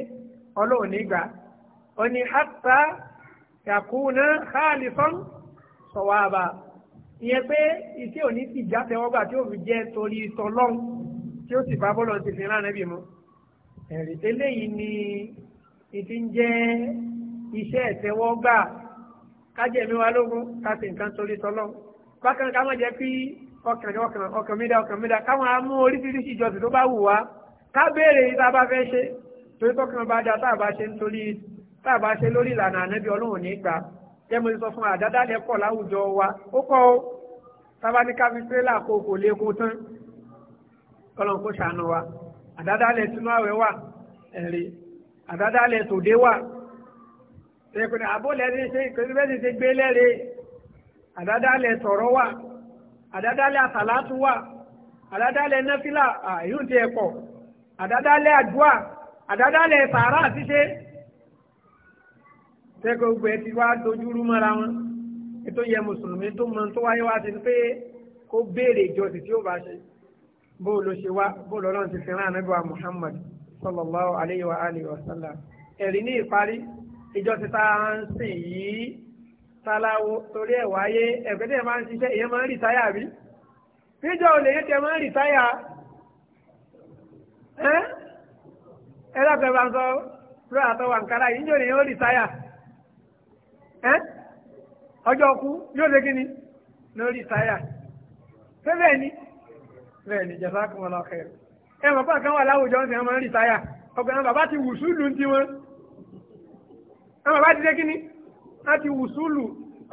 Speaker 1: ọlọ́run nígbà ó ní hatta yakuna khalisan sawaba ìyẹn pé iṣẹ́ òní ti jáde ọgbà tí ó fi jẹ́ torí tọ́lọ́run tí ó sì bá bọ́lọ̀ ti fi rán ẹbí mu ẹ̀rí eléyìí ni ìfi ń jẹ́ iṣẹ́ ìtẹ́wọ́gbà kájẹ̀mí wa lógún ká sì nǹkan torí tọ́lọ́run bákan ká má jẹ́ kí ọkàn ọkàn ọkàn mi dá ọkàn mi dá káwọn amú oríṣiríṣi ìjọsìn tó bá wù wá ká béèrè yìí tá a bá fẹ́ ṣe torí tọkàn bá dá tá a bá ṣe nítorí tá a bá ṣe lórí ìlànà ànábì ọlọ́run ní gbà jẹ́ mo ti sọ fún wa àdádálẹ̀ pọ̀ láwùjọ wa ó kọ́ ó tábà ní káfí tírélà kó kò lè kó tán ọlọ́run kó ṣàánú wa àdádálẹ̀ tinú àwẹ̀ wà ẹ̀rí àdádálẹ̀ tòde wà ẹ̀kùnrin àbólẹ̀ ní ṣe ìpínlẹ̀ ti gbé lẹ́rìí àdádálẹ̀ tọ̀rọ̀ wà àdádálẹ̀ àsàlátù wà àdádálẹ̀ náfìlà àyùn ti ẹ̀kọ́ àdádálẹ̀ àdúà àdádálẹ̀ sàárà ṣíṣe tẹ́kọ̀ gbogbo ẹ ti wá dojúrú mọ́ra wọn ètò yẹ mùsùlùmí tó mọ tó wáyé wá sí pé kó béèrè ìjọsìn tí ó bá ṣe bó ló ṣe wá bó lọ́lọ́run ti fi rán ànábì wa Muhammad sallallahu alayhi wa wa sallam ẹ̀rí ní ìparí ìjọsìn tá a ń sìn yìí. sáláwo torí ẹ̀ wáyé ẹ̀gbẹ́ tẹ̀ máa ń ṣiṣẹ́ ìyẹn máa ń rìtáyà bí níjọ́ olè yẹn tẹ̀ máa ń rìtáyà ẹ lọ́pẹ́ bá ń sọ fúlọ́ àtọwà nkárá yìí níjọ́ olè ó rìtáyà ẹ́ ọjọ́ ku yóò ṣe kí ni lórí táyà ṣé bẹ́ẹ̀ ni bẹ́ẹ̀ ni jẹ́sà kún wọn lọ́kẹ́ ẹ wà láwùjọ ń bàbá ti wù ti ṣe àti wùsùlù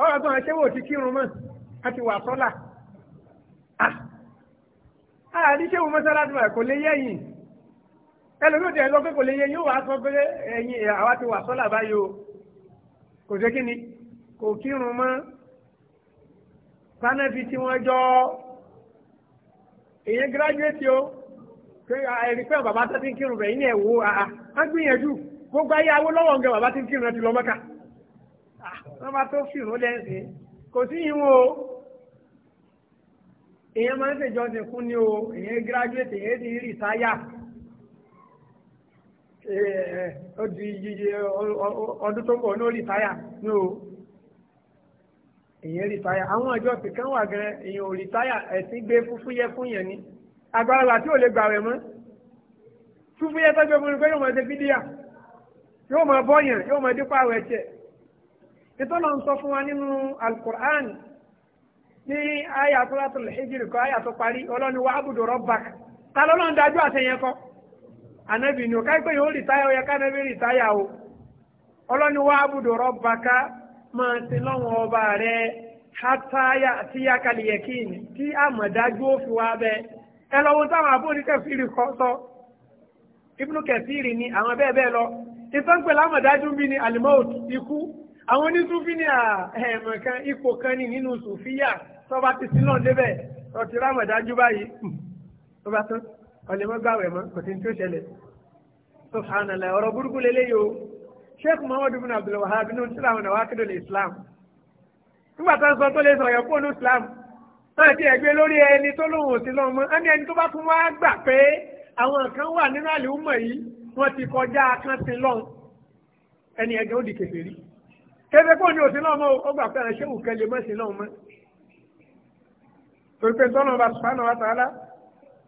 Speaker 1: ọ̀rọ̀ tó ń ti kírun mọ́ àti wà sọ́là. àárín ah! ṣéwù mọ́sálásí wa kò lè yẹ̀yìn ẹlòmíràn tẹ̀ lọ pé kò lè yẹ yóò wá sọ pé ẹ̀yìn àwa ti wà sọ́là báyìí o kò sí kíni kò kírun mọ́ sanẹ́fì tí wọ́n jọ èyàn gírájúwétì o pé ẹ̀rí pé bàbá tó ti ń kírun rẹ̀ yín ẹ̀ wò á á gbìyànjú gbogbo ayé awó lọ́wọ́ ń gẹ bàbá tí ń kírun rẹ̀ ti lọ mọ́ka wọ́n bá tó fìrò lẹ́sìn kò sí ìwọ̀n o èèyàn máa ń ṣèjọsìn fún ni o èèyàn gírájúwètì èèyàn ti rí ìsáyà di yíyí ọdún tó ń bọ̀ ní orí ìsáyà ní o èèyàn rí ìsáyà àwọn ìjọ kìkan wà gan èèyàn ò rí ìsáyà ẹ̀sìn gbé fúfúyẹ́ fún yẹn ni àgbàlagbà tí ò lè gbà rẹ̀ mọ́ fúfúyẹ́ tọ́jú ọmọ rẹ̀ pé yóò máa ṣe fídíà yóò máa bọ́yàn yóò máa dípò àwẹ̀ tiẹ̀ ìtọ́nà ń sọ fún wa nínú alukur'an ní àyà Suratul Hijr kọ́ àyà tó parí ọlọ́ni wa abudu rabbak ta lọ́lọ́ ń dájú àtẹ̀yẹn kọ́ ànábì ni o ká pé yóò rìtáyà ó yẹ ká ànábì rìtáyà o ọlọ́ni wa abudu rabbaka máa ti lọ́wọ́ ọba rẹ̀ hátàyà tí yá kalẹ̀ kí ni tí àmọ̀dájú ó fi wá bẹ́ẹ̀ ẹ lọ́wọ́ táwọn abóníkẹ́fìrì kọ́ sọ Ibnu Kathiri ni àwọn bẹ́ẹ̀ bẹ́ẹ̀ lọ ìtọ́npẹ̀lẹ́ àwọn onísúfí ní ẹ̀ẹ̀mọ̀ kan ipò kan ni nínú sùfíyà tọ́ba ti sí náà débẹ̀ ọtí rámọ̀dájú báyìí hmm, tọ́ba tán ọ̀lẹ́mọ́ gbàwẹ̀ mọ́ kò subhanallah ọ̀rọ̀ burúkú lélẹ́yìí o sheikh muhammadu bin wahab nínú tí làwọn islam nígbà tó ń sọ tó lè islam náà ti ẹ̀gbẹ́ lórí ẹni tó lóun ò sí lọ́mọ ẹni ẹni tó bá tún wá gbà pé àwọn kan wà nínú àlè wọ́n ti kọjá kan lọ́n ẹni ẹgbẹ́ ó di kèfèrí kéde kó ní òsín náà mọ́ ọgbà pé àṣẹ òkè lè mọ́ ìsìn náà mọ́ torí pé tọ́nà bá sùpánà wa tààlà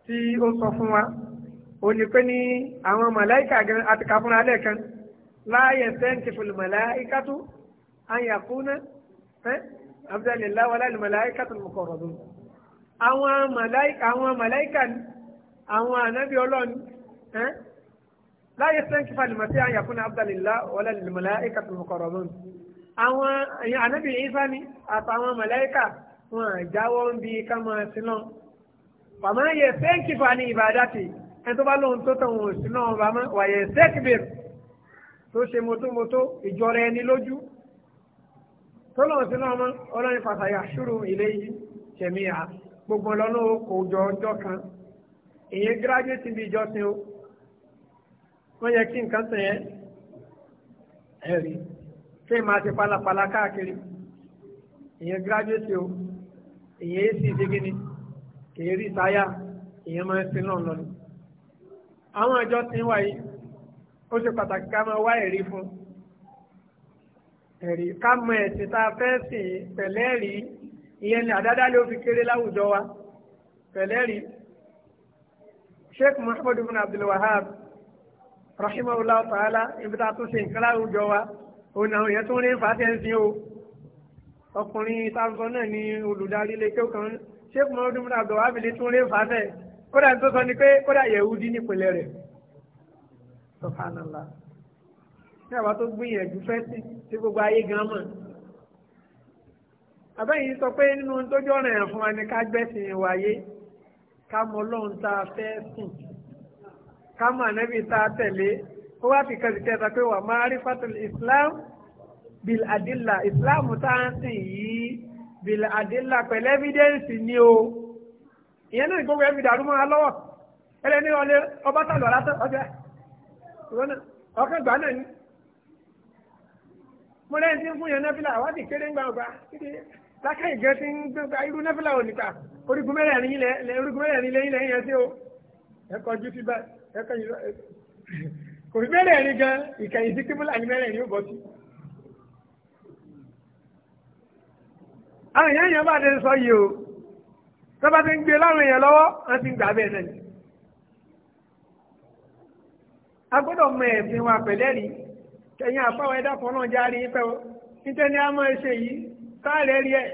Speaker 1: tí ó sọ fún wa ó ní pé ní àwọn màláìkà gan àti kàfúnra lẹ́ẹ̀kan láàyè sẹ́ǹtì fún màláìkà tó àyàkúná ẹ́ abudulayi lawa láì màláìkà tó mú kọ̀rọ̀ àwọn màláìkà àwọn màláìkà ni àwọn ànábì ọlọ́ni ẹ́ láàyè sẹ́ǹtì fún àlùmọ́tí àyàkúná abudulayi lawa láì màláìkà tó mú kọ̀rọ̀ àwọn ànábì Ìsá ni àtàwọn màláíkà wọn àjáwọ́ ń bi ká máa sí náà bàmá yẹ sẹ́ǹkì fa ní ìbádàtì ẹni tó bá lóun tó tàn wọn sí náà bàmá wà yẹ sẹ́kìbìr tó ṣe mọ́tómọ́tó ìjọra ẹni lójú tó lóun sí náà mọ́ ọlọ́run fàṣàyà ṣúrù ilé yìí ṣẹ̀míyà gbogbo lọ́nà kò jọ ọjọ́ kan èyí gírájúwèsì bí ìjọsìn o wọ́n yẹ kí nǹkan sẹ̀yẹ́ ẹ̀rí ṣé máa ṣe pálapàla káàkiri ìyẹn gírájúẹ̀tì o ìyẹn èsì ìdígínì kìí rí táyà ìyẹn máa ń sin náà lọ ni. àwọn àjọ tí ń wà yìí ó ṣe pàtàkì ká máa wá ẹ̀rí fún ẹ̀rí ká mọ ẹ̀sìn tá a fẹ́ sìn pẹ̀lẹ́ rí ìyẹn ni àdádálẹ̀ ó fi kéré láwùjọ wa pẹ̀lẹ́ rí. sheikh muhammadu bin abdul wahab rahimahullah ta'ala ibi tá a tún ṣe nǹkan láwùjọ wa òun àwọn èèyàn tó ń rí fàtẹ́ǹsì o ọkùnrin sáfọ náà ni olùdarí ilé kéwù kan ṣéèkù mọ́ọ́dún múra bẹ̀ wá bìlẹ̀ tó ń rí fàtẹ́ kódà tó sọ ni pé kódà yẹ̀wúdí nípìnlẹ̀ rẹ̀ sọ̀kànàlá ní àbá tó gbìyànjú fẹ́sì tí gbogbo ayé gan mọ̀ àbẹ́yìn sọ pé nínú tójú ọ̀ràn ẹ̀ fún wa ni ká gbẹ́sìn wáyé ká mọ ọlọ́run tá a fẹ́ sùn ká mọ ànábì tá a tẹ̀lé ó wá fi kẹ́sì kẹta pé wà islam bil adilla islam tá à ń bil adilla pẹ̀lú evidence ni o ìyẹn náà gbogbo ẹbí dàrú mọ́ra lọ́wọ́ ẹlẹ́ni ọlẹ ọba sàlù aláṣẹ ọjọ́ ọkàn gbà náà ni mo lẹ́yìn tí ń fún yẹn nẹ́fìlà àwádìí kéré ń gbà ọgbà títí lákàá ìgẹ́ tí ń gbà irú nẹ́fìlà ò nípa orígun mẹ́rẹ̀ẹ̀rin ilẹ̀ orígun mẹ́rẹ̀ẹ̀rin ilẹ̀ ilẹ̀ yẹn sí o ẹ̀kọ́ ju ti bá ẹ̀kọ́ yìí kò rí mẹ́rẹ̀ ẹ̀rin gan ìkẹyìn sí kíbúlà ní mẹ́rẹ̀ ẹ̀rin ó bọ́ sí. àwọn èèyàn yẹn bá dé sọ yìí o tó bá ti ń gbé láwọn èèyàn lọ́wọ́ wọ́n ti ń gbà bẹ́ẹ̀ náà a gbọ́dọ̀ mọ ẹ̀sìn wa pẹ̀lẹ́rì kẹyìn àpáwọ̀ ẹ̀dá kan náà járe pẹ́ o nítorí ní a máa ṣe yìí káàrẹ̀ rí ẹ̀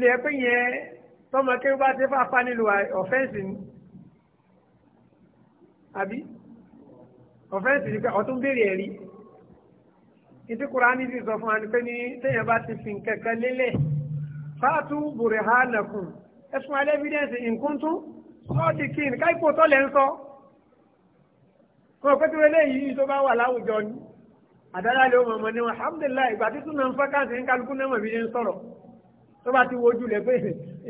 Speaker 1: lè pé yẹn tọmọ kéwú bá ti fà fánilù ọ̀fẹ́ǹsì ni àbí ọ̀fẹ́ǹsì ni pé ọ̀tún béèrè ẹ̀rí ìdí kúránì ti sọ fún wa ni pé ní téèyàn bá ti fi nǹkankan lélẹ̀ fáàtú bùrẹ̀ ha nàkùn ẹ fún alẹ́ evidence ìkúntún sọ́ọ̀tì kí ni káìpò tó lẹ́ ń sọ fún òpétúrú eléyìí tó bá wà láwùjọ ni àdára lè wọ́n mọ̀ ní alhamdulilayi ìgbà títún náà ń fẹ́ káàsì ń kálukú náà mọ̀ bí ní sọ̀rọ̀ tó bá ti wojú lẹ̀ pé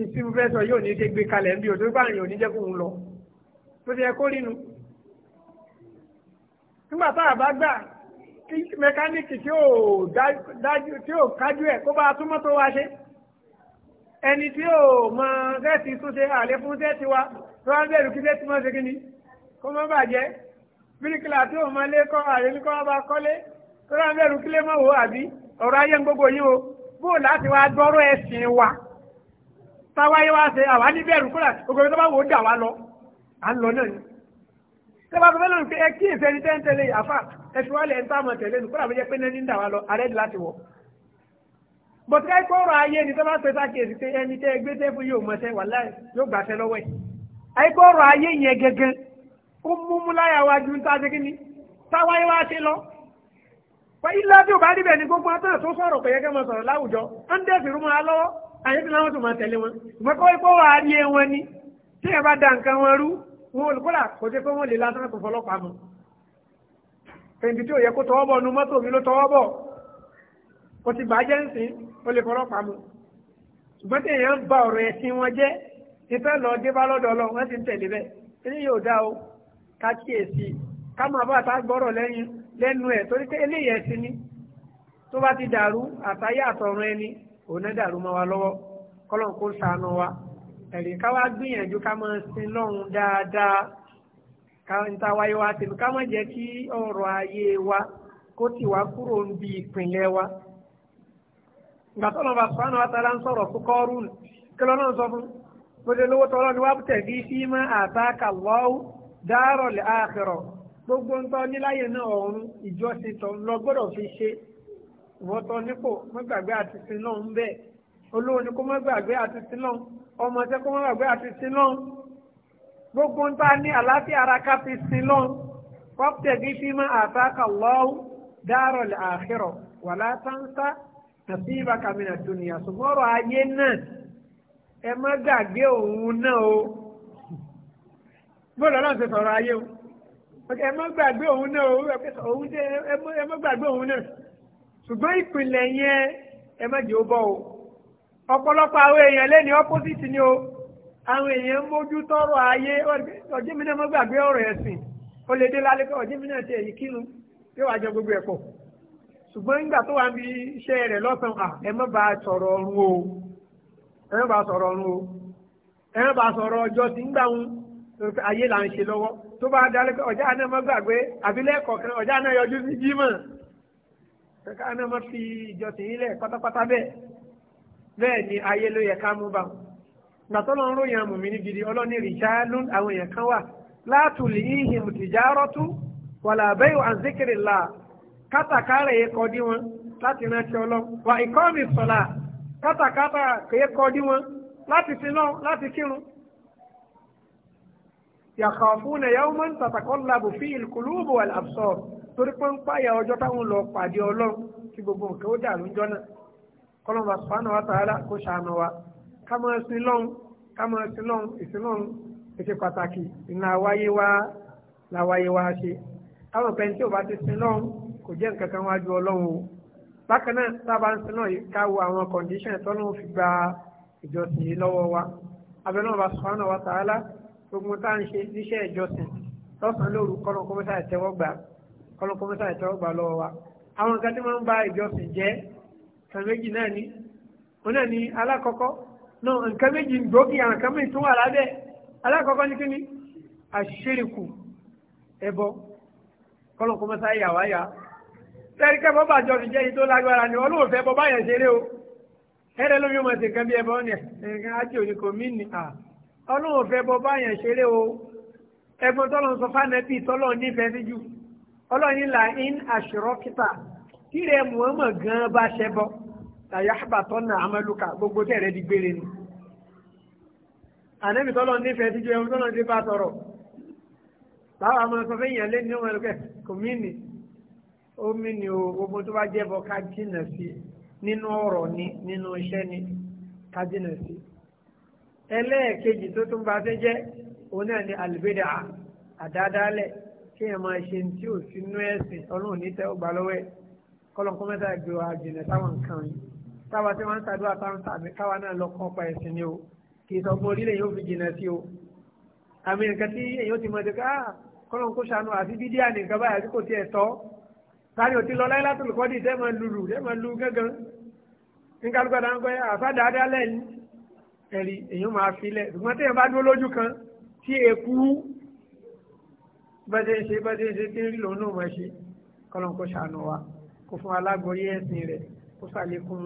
Speaker 1: ìsinmi fẹ́ sọ yóò ní ṣe gbé kalẹ̀ ń bí òtún báyìí ò ní jẹ́ kó lọ tó ti yẹ kó rínu nígbà tá a bá gbà mẹkáníìkì tí ò kájú ẹ̀ kó bá tún mọ́tò wa ṣe ẹni tí ò mọ gẹ́ẹ̀tì tún ṣe àlè fún sẹ́ẹ̀tì wa tó wá ń bẹ̀rù kí sẹ́ẹ̀tì mọ́ ṣe kí ni kó mọ́ bàjẹ́ bíríkìlà tí ò mọ lé kọ́ àlè ní kọ́ bá kọ́lé tó wá ń bẹ̀rù kílé mọ́ wò àbí ọ̀rọ̀ ayé ń gbogbo yín o bó láti wá gbọ́rọ̀ ẹ̀sìn wa táwáyé wá ṣe àwa níbẹ̀rù kúrò ògbómi tó bá wò ó tẹ́lá fẹ́ lónìí pé ẹ kí èsì ẹni tẹ́ntẹ́lẹ̀ àfà ẹ̀fíwálẹ̀ ẹ̀ntà mọ̀ tẹ̀lé nù kúrò àbújẹ́ pé nẹ́ni ń dà wá lọ àrẹ́dì láti wọ̀. bọ̀tí ká ikọ̀ ọ̀rọ̀ ayé ni tọ́lá pé sákèsì pé ẹni tẹ́ gbé tẹ́ fún yóò mọṣẹ́ wàlá yóò gbàṣẹ́ lọ́wọ́ ẹ̀. àìkọ̀ ọ̀rọ̀ ayé yẹn gẹ́gẹ́ ó múmú láyà wá ju ta ṣe kíní táwáyé wá ṣe lọ. ilá tí ò bá níbẹ̀ ni gbogbo àtàn tó sọ̀rọ̀ kò yẹ kẹ́ mọ sọ̀rọ̀ láwùjọ ń dẹ̀sì rúmọ alọ́wọ́ àyè tí láwọn tó máa tẹ̀lé wọn. ìmọ̀kọ́ ikọ̀ ọ̀rọ̀ ayé wọn ni tí ẹ bá da nǹkan wọn rú wọn olùkọ́lá kò jẹ́ pé wọ́n lè lásán tó fọlọ́pàá mu fèǹdì tí ò yẹ kó tọwọ́ bọ̀ nu mọ́tò mi ló tọwọ́ bọ̀ kò sì bàjẹ́ ń sìn ó lè fọlọ́pàá mu ṣùgbọ́n tí èèyàn ń ba ọ̀rọ̀ ẹ̀sìn wọn jẹ́ ti fẹ́ lọ dé bá lọ́dọ̀ lọ wọ́n ti ń tẹ̀lé bẹ́ẹ̀ eléyìí ò dá o ká kíyèsí ká máa bá àtà gbọ́rọ̀ lẹ́yìn lẹ́nu ẹ̀ torí pé eléyìí ẹ̀sìn ni tó bá ti dàrú àtàyé ẹ̀rí ká wá gbìyànjú ká máa sin lọ́hùn dáadáa ká ń ta wáyé wá tèmi ká má jẹ́ kí ọ̀rọ̀ ayé wa kó tì wá kúrò ń bi ìpínlẹ̀ wa. ìgbà tó lọ́ba sùpánù àtàlà ń sọ̀rọ̀ fún kọ́ọ̀rù kí lọ́nà ń sọ fún gbogbo olówó tọ́lọ́ ni wá tẹ̀lé sí mọ́ àtàkà lọ́wọ́ dárọ̀ lẹ́ àkẹrọ̀ gbogbo ńtọ́ níláyè náà ọ̀run ìjọsìn tọ́ lọ gbọ́dọ̀ fi ṣe ìwọ́tọ́ nípò mọ́gbàgbé àti sin ń bẹ́ẹ̀ olówó ni kó má gbàgbé àti sinọ́n ọmọ ṣe kó má gbàgbé àti sinọ́n gbogbo ń ta ní àlàáfíà ara ká fi sinọ́n kọ́pítẹ̀gì fi máa àtàkà lọ́wọ́ dárò lè àkérò wà látàǹsà nàbí ìbáka mi nàá dúnìyà sùmọ́rọ̀ ayé náà ẹ má gbàgbé òun náà o bọ́ọ̀lù ọlọ́run ti sọ̀rọ̀ ayé o ẹ má gbàgbé òun náà o ẹ má gbàgbé òun náà ṣùgbọ́n ìpìlẹ̀ yẹn ẹ má jẹ́ ó bọ́ o. ọ̀pọ̀lọpọ̀ àwọn èèyàn lẹ́ni opposite ni o àwọn èèyàn mójú tọrọ ayé ọjọ́mínà mọ́ gbàgbé ọ̀rọ̀ ẹ̀sìn ó lè dé lálẹ́ pé ti kírun jẹ gbogbo ṣùgbọ́n ń o bá o bá sọ̀rọ̀ ọjọ́ ń gbà ayé là ń ṣe lọ́wọ́ tó bá dalẹ́ pé ọjà náà mọ́ gbàgbé àbílẹ̀kọ̀ kan ọjà náà yọjú sí bẹ́ẹ̀ ni ayé ló yẹ ká mú bá wọn gbàtọ́ lọ́n ròyìn àmù mi ní gidi ọlọ́ni rìjálún àwọn èèyàn kan wà látùlì ìhìn tìjárọ́tú wàlà àbẹ́yò àǹzíkìrì là kátàkárà yẹ kọ́ dí wọn láti rántí ọlọ́ wà ìkọ́mi sọ̀là kátàkárà yẹ kọ́ dí wọn láti sinọ́ láti kírun. yakhafuna yawman tataqallabu fihi al-qulubu wal-absar torí pé ń pààyà ọjọ́ táwọn lọ pàdé ọlọ́run tí gbogbo nǹkan ó dàrú jọ náà kọlọ́mù àsùpánù wa tààlà kó ṣàánú wa ká máa sin lọ́hùn ká máa sin lọ́hùn ìsin lọ́hùn ètò pàtàkì ìnà àwáyé wa làwáyé wa ṣe àwọn pẹ̀lú tí ò bá ti sin lọ́hùn kò jẹ́ nǹkan kan wájú ọlọ́run o bákan náà sábà ń sin náà ká àwọn kọ̀ǹdíṣàn tọ́lọ́hùn fi gba ìjọsìn yìí lọ́wọ́ wa abẹ́nú ọba sùpánù wa tààlà gbogbo tá à ń ṣe níṣẹ́ ìjọsìn lọ́sàn-án lóru kọ́nà kọ́mọ́sà ìtẹ́wọ́gbà lọ́wọ́ wa àwọn nǹkan tí wọ́n ń ba ìjọsìn jẹ́ nǹkan méjì náà ni wọn náà ni alákọ̀ọ́kọ́ náà nǹkan méjì gbòógì àwọn nǹkan méjì tó wà lábẹ́ alákọ̀ọ́kọ́ ní kíni àṣírìkù ẹbọ kọ́lọ́n kó mọ́sá yà wáyà sẹ́rí kẹ́bọ́ bàjọ́ ti jẹ́ yìí tó lágbára ni wọn lóòfẹ́ bọ́ báyẹn ṣeré o ẹ̀rẹ́ lómi ọmọ ṣe nǹkan bí ẹbọ ni, ẹ̀ka ájò ní kò mí nìyà ọlọ́ọ̀fẹ́ bọ́ báyẹn ṣeré o ẹgbọn tọ́lọ́ sọ fánẹ́bí tọ́lọ́ nífẹ̀ẹ́ sí jù ọlọ́ọ̀ni là ń aṣọ̀rọ̀ kíta kí rẹ̀ mọ̀ọ́mọ̀ gan bá ṣẹbọ tàyà àbàtọ́ nà àmàlùkà gbogbo tẹ̀ rẹ di gbére ni. ànẹ́bí tọ́lọ̀ nífẹ̀ẹ́ tíjú ẹ̀hún tọ́lọ̀ ti bá tọrọ. báwa máa sọ fẹ́ yàn ní ọmọ ẹ̀rọ kò mí nì ó mí nì o gbogbo tó bá jẹ́ bọ́ ká jìnà sí nínú ọ̀rọ̀ ni nínú iṣẹ́ ni ká jìnà sí. ẹlẹ́ẹ̀kejì tó tún bá fẹ́ jẹ́ òun náà ni àlùbẹ́dà àdádálẹ̀ kéèyàn máa ṣe ní tí ò sínú ẹ̀sìn ọlọ́run ní tẹ́ ó gbà lọ́wọ́ ẹ̀ kọ́lọ́n kọ́mẹ́tà gbé wa jìnà sáwọn nǹkan yìí táwa tí wọ́n ń ṣàdúrà táwọn sàmì káwa náà lọ kọ́ pa ẹ̀sìn ni o kì í sọ fún orílẹ̀ yóò fi jìnnà sí o àmì nǹkan tí èèyàn ti mọ̀ ẹ́ ká ah, kọ́lọ́n kó ṣàánú àti bídíà nìkan báyà tí kò tiẹ̀ tọ́ sáré òtí lọ láyé látòlù kọ́ dì dẹ́mọ̀ lulu dẹ́mọ̀ lu gángan nǹkan ló gbàdá ń pẹ́ àfa dáadáa lẹ́yìn ẹ̀rí èèyàn máa fi lẹ̀ ṣùgbọ́n téèyàn bá dúró lójú kan tí èkú bẹ́ẹ̀ ṣe bẹ́ẹ̀ ṣe tí ń rí lòun náà máa ṣe kọ́lọ́n kó ṣàánú wa kó fún alágbóyé ẹ̀sìn rẹ̀ kó sàlékún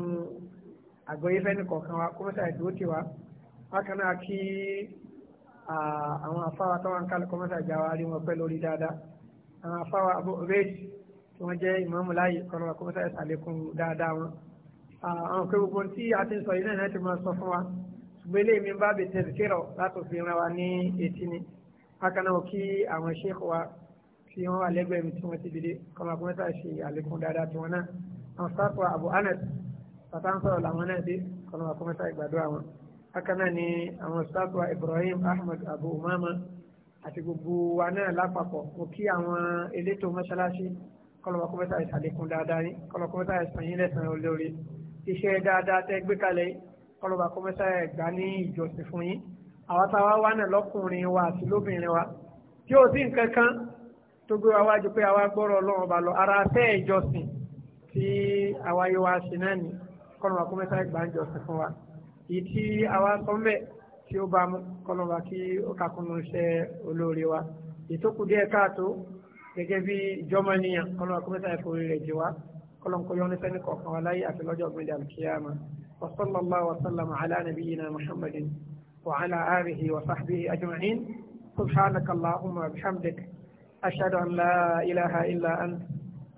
Speaker 1: àgbọ́yé fẹ́ni kọ̀ọ̀kan wa kó mọ́sà ìdúró tiwa bákan náà kí àwọn afáwa táwọn kálí kọ́ mọ́sà ìjà wa rí wọn pẹ́ lórí dáadáa àwọn afáwa abu tí wọ́n jẹ́ ìmáàmù láàyè kọ́nà wa kó mọ́sà ìsàlékún dáadáa wọn. àwọn òkè gbogbo tí a ti ń sọ yìí náà ti máa sọ fún wa ṣùgbọ́n eléyìí mi bá bè tẹ̀síkìrọ̀ láti fi ran wa ní etí ni bákan náà kí àwọn ṣéèkù wa tí wọ́n wà lẹ́gbẹ̀ẹ́ mi tí wọ́n ti dìde kọ́nà wa kó mọ́sà ìsàlékún dáadáa tiwọn náà àwọn Abu Anas tàtà ń sọ̀rọ̀ làwọn náà dé kọ́nà wà kọ́mẹ́tà ìgbàdúrà ni àwọn Ibrahim Ahmed Abu Umama àti gbogbo wa náà lápapọ̀ mo kí àwọn elétò mọ́ṣáláṣí kọ́nà wà kọ́mẹ́tà ìsàlẹ̀kùn dáadáa yín kọ́nà kọ́mẹ́tà ìsàn yín lẹ́sàn olóore iṣẹ́ dáadáa tẹ́ gbé kalẹ̀ kọ́nà wà kọ́mẹ́tà ìgbà ní ìjọsìn fún yín àwọn táwa wà náà lọ́kùnrin wa àti lóbìnrin wa tí ó sì nǹkan kan tó wa wájú pé àwa gbọ́rọ̀ ọlọ́run ọba lọ ara tẹ́ ìjọsìn tí àwa yóò wá ṣe náà ni kọ́nà kó mẹ́ta ìgbàǹjọ sí fún wa èyí tí àwa sọ mẹ́ tí ó bá mú kọ́nà wa kí ó kàkúnnú iṣẹ́ olóore wa èyí tó kù díẹ̀ káàtó gẹ́gẹ́ bí ìjọba nìyàn kọ́nà kó mẹ́ta ìfòrí rẹ̀ jì wá kọ́nà kó yọ oníṣẹ́ ní wa láyé àti lọ́jọ́ gbẹ̀dẹ̀ àlùkìyàmà wa sallallahu wa sallama ala muhammadin wa ala alihi wa sahbihi ajma'in subhanaka allahumma bihamdik ashhadu an la ilaha illa anta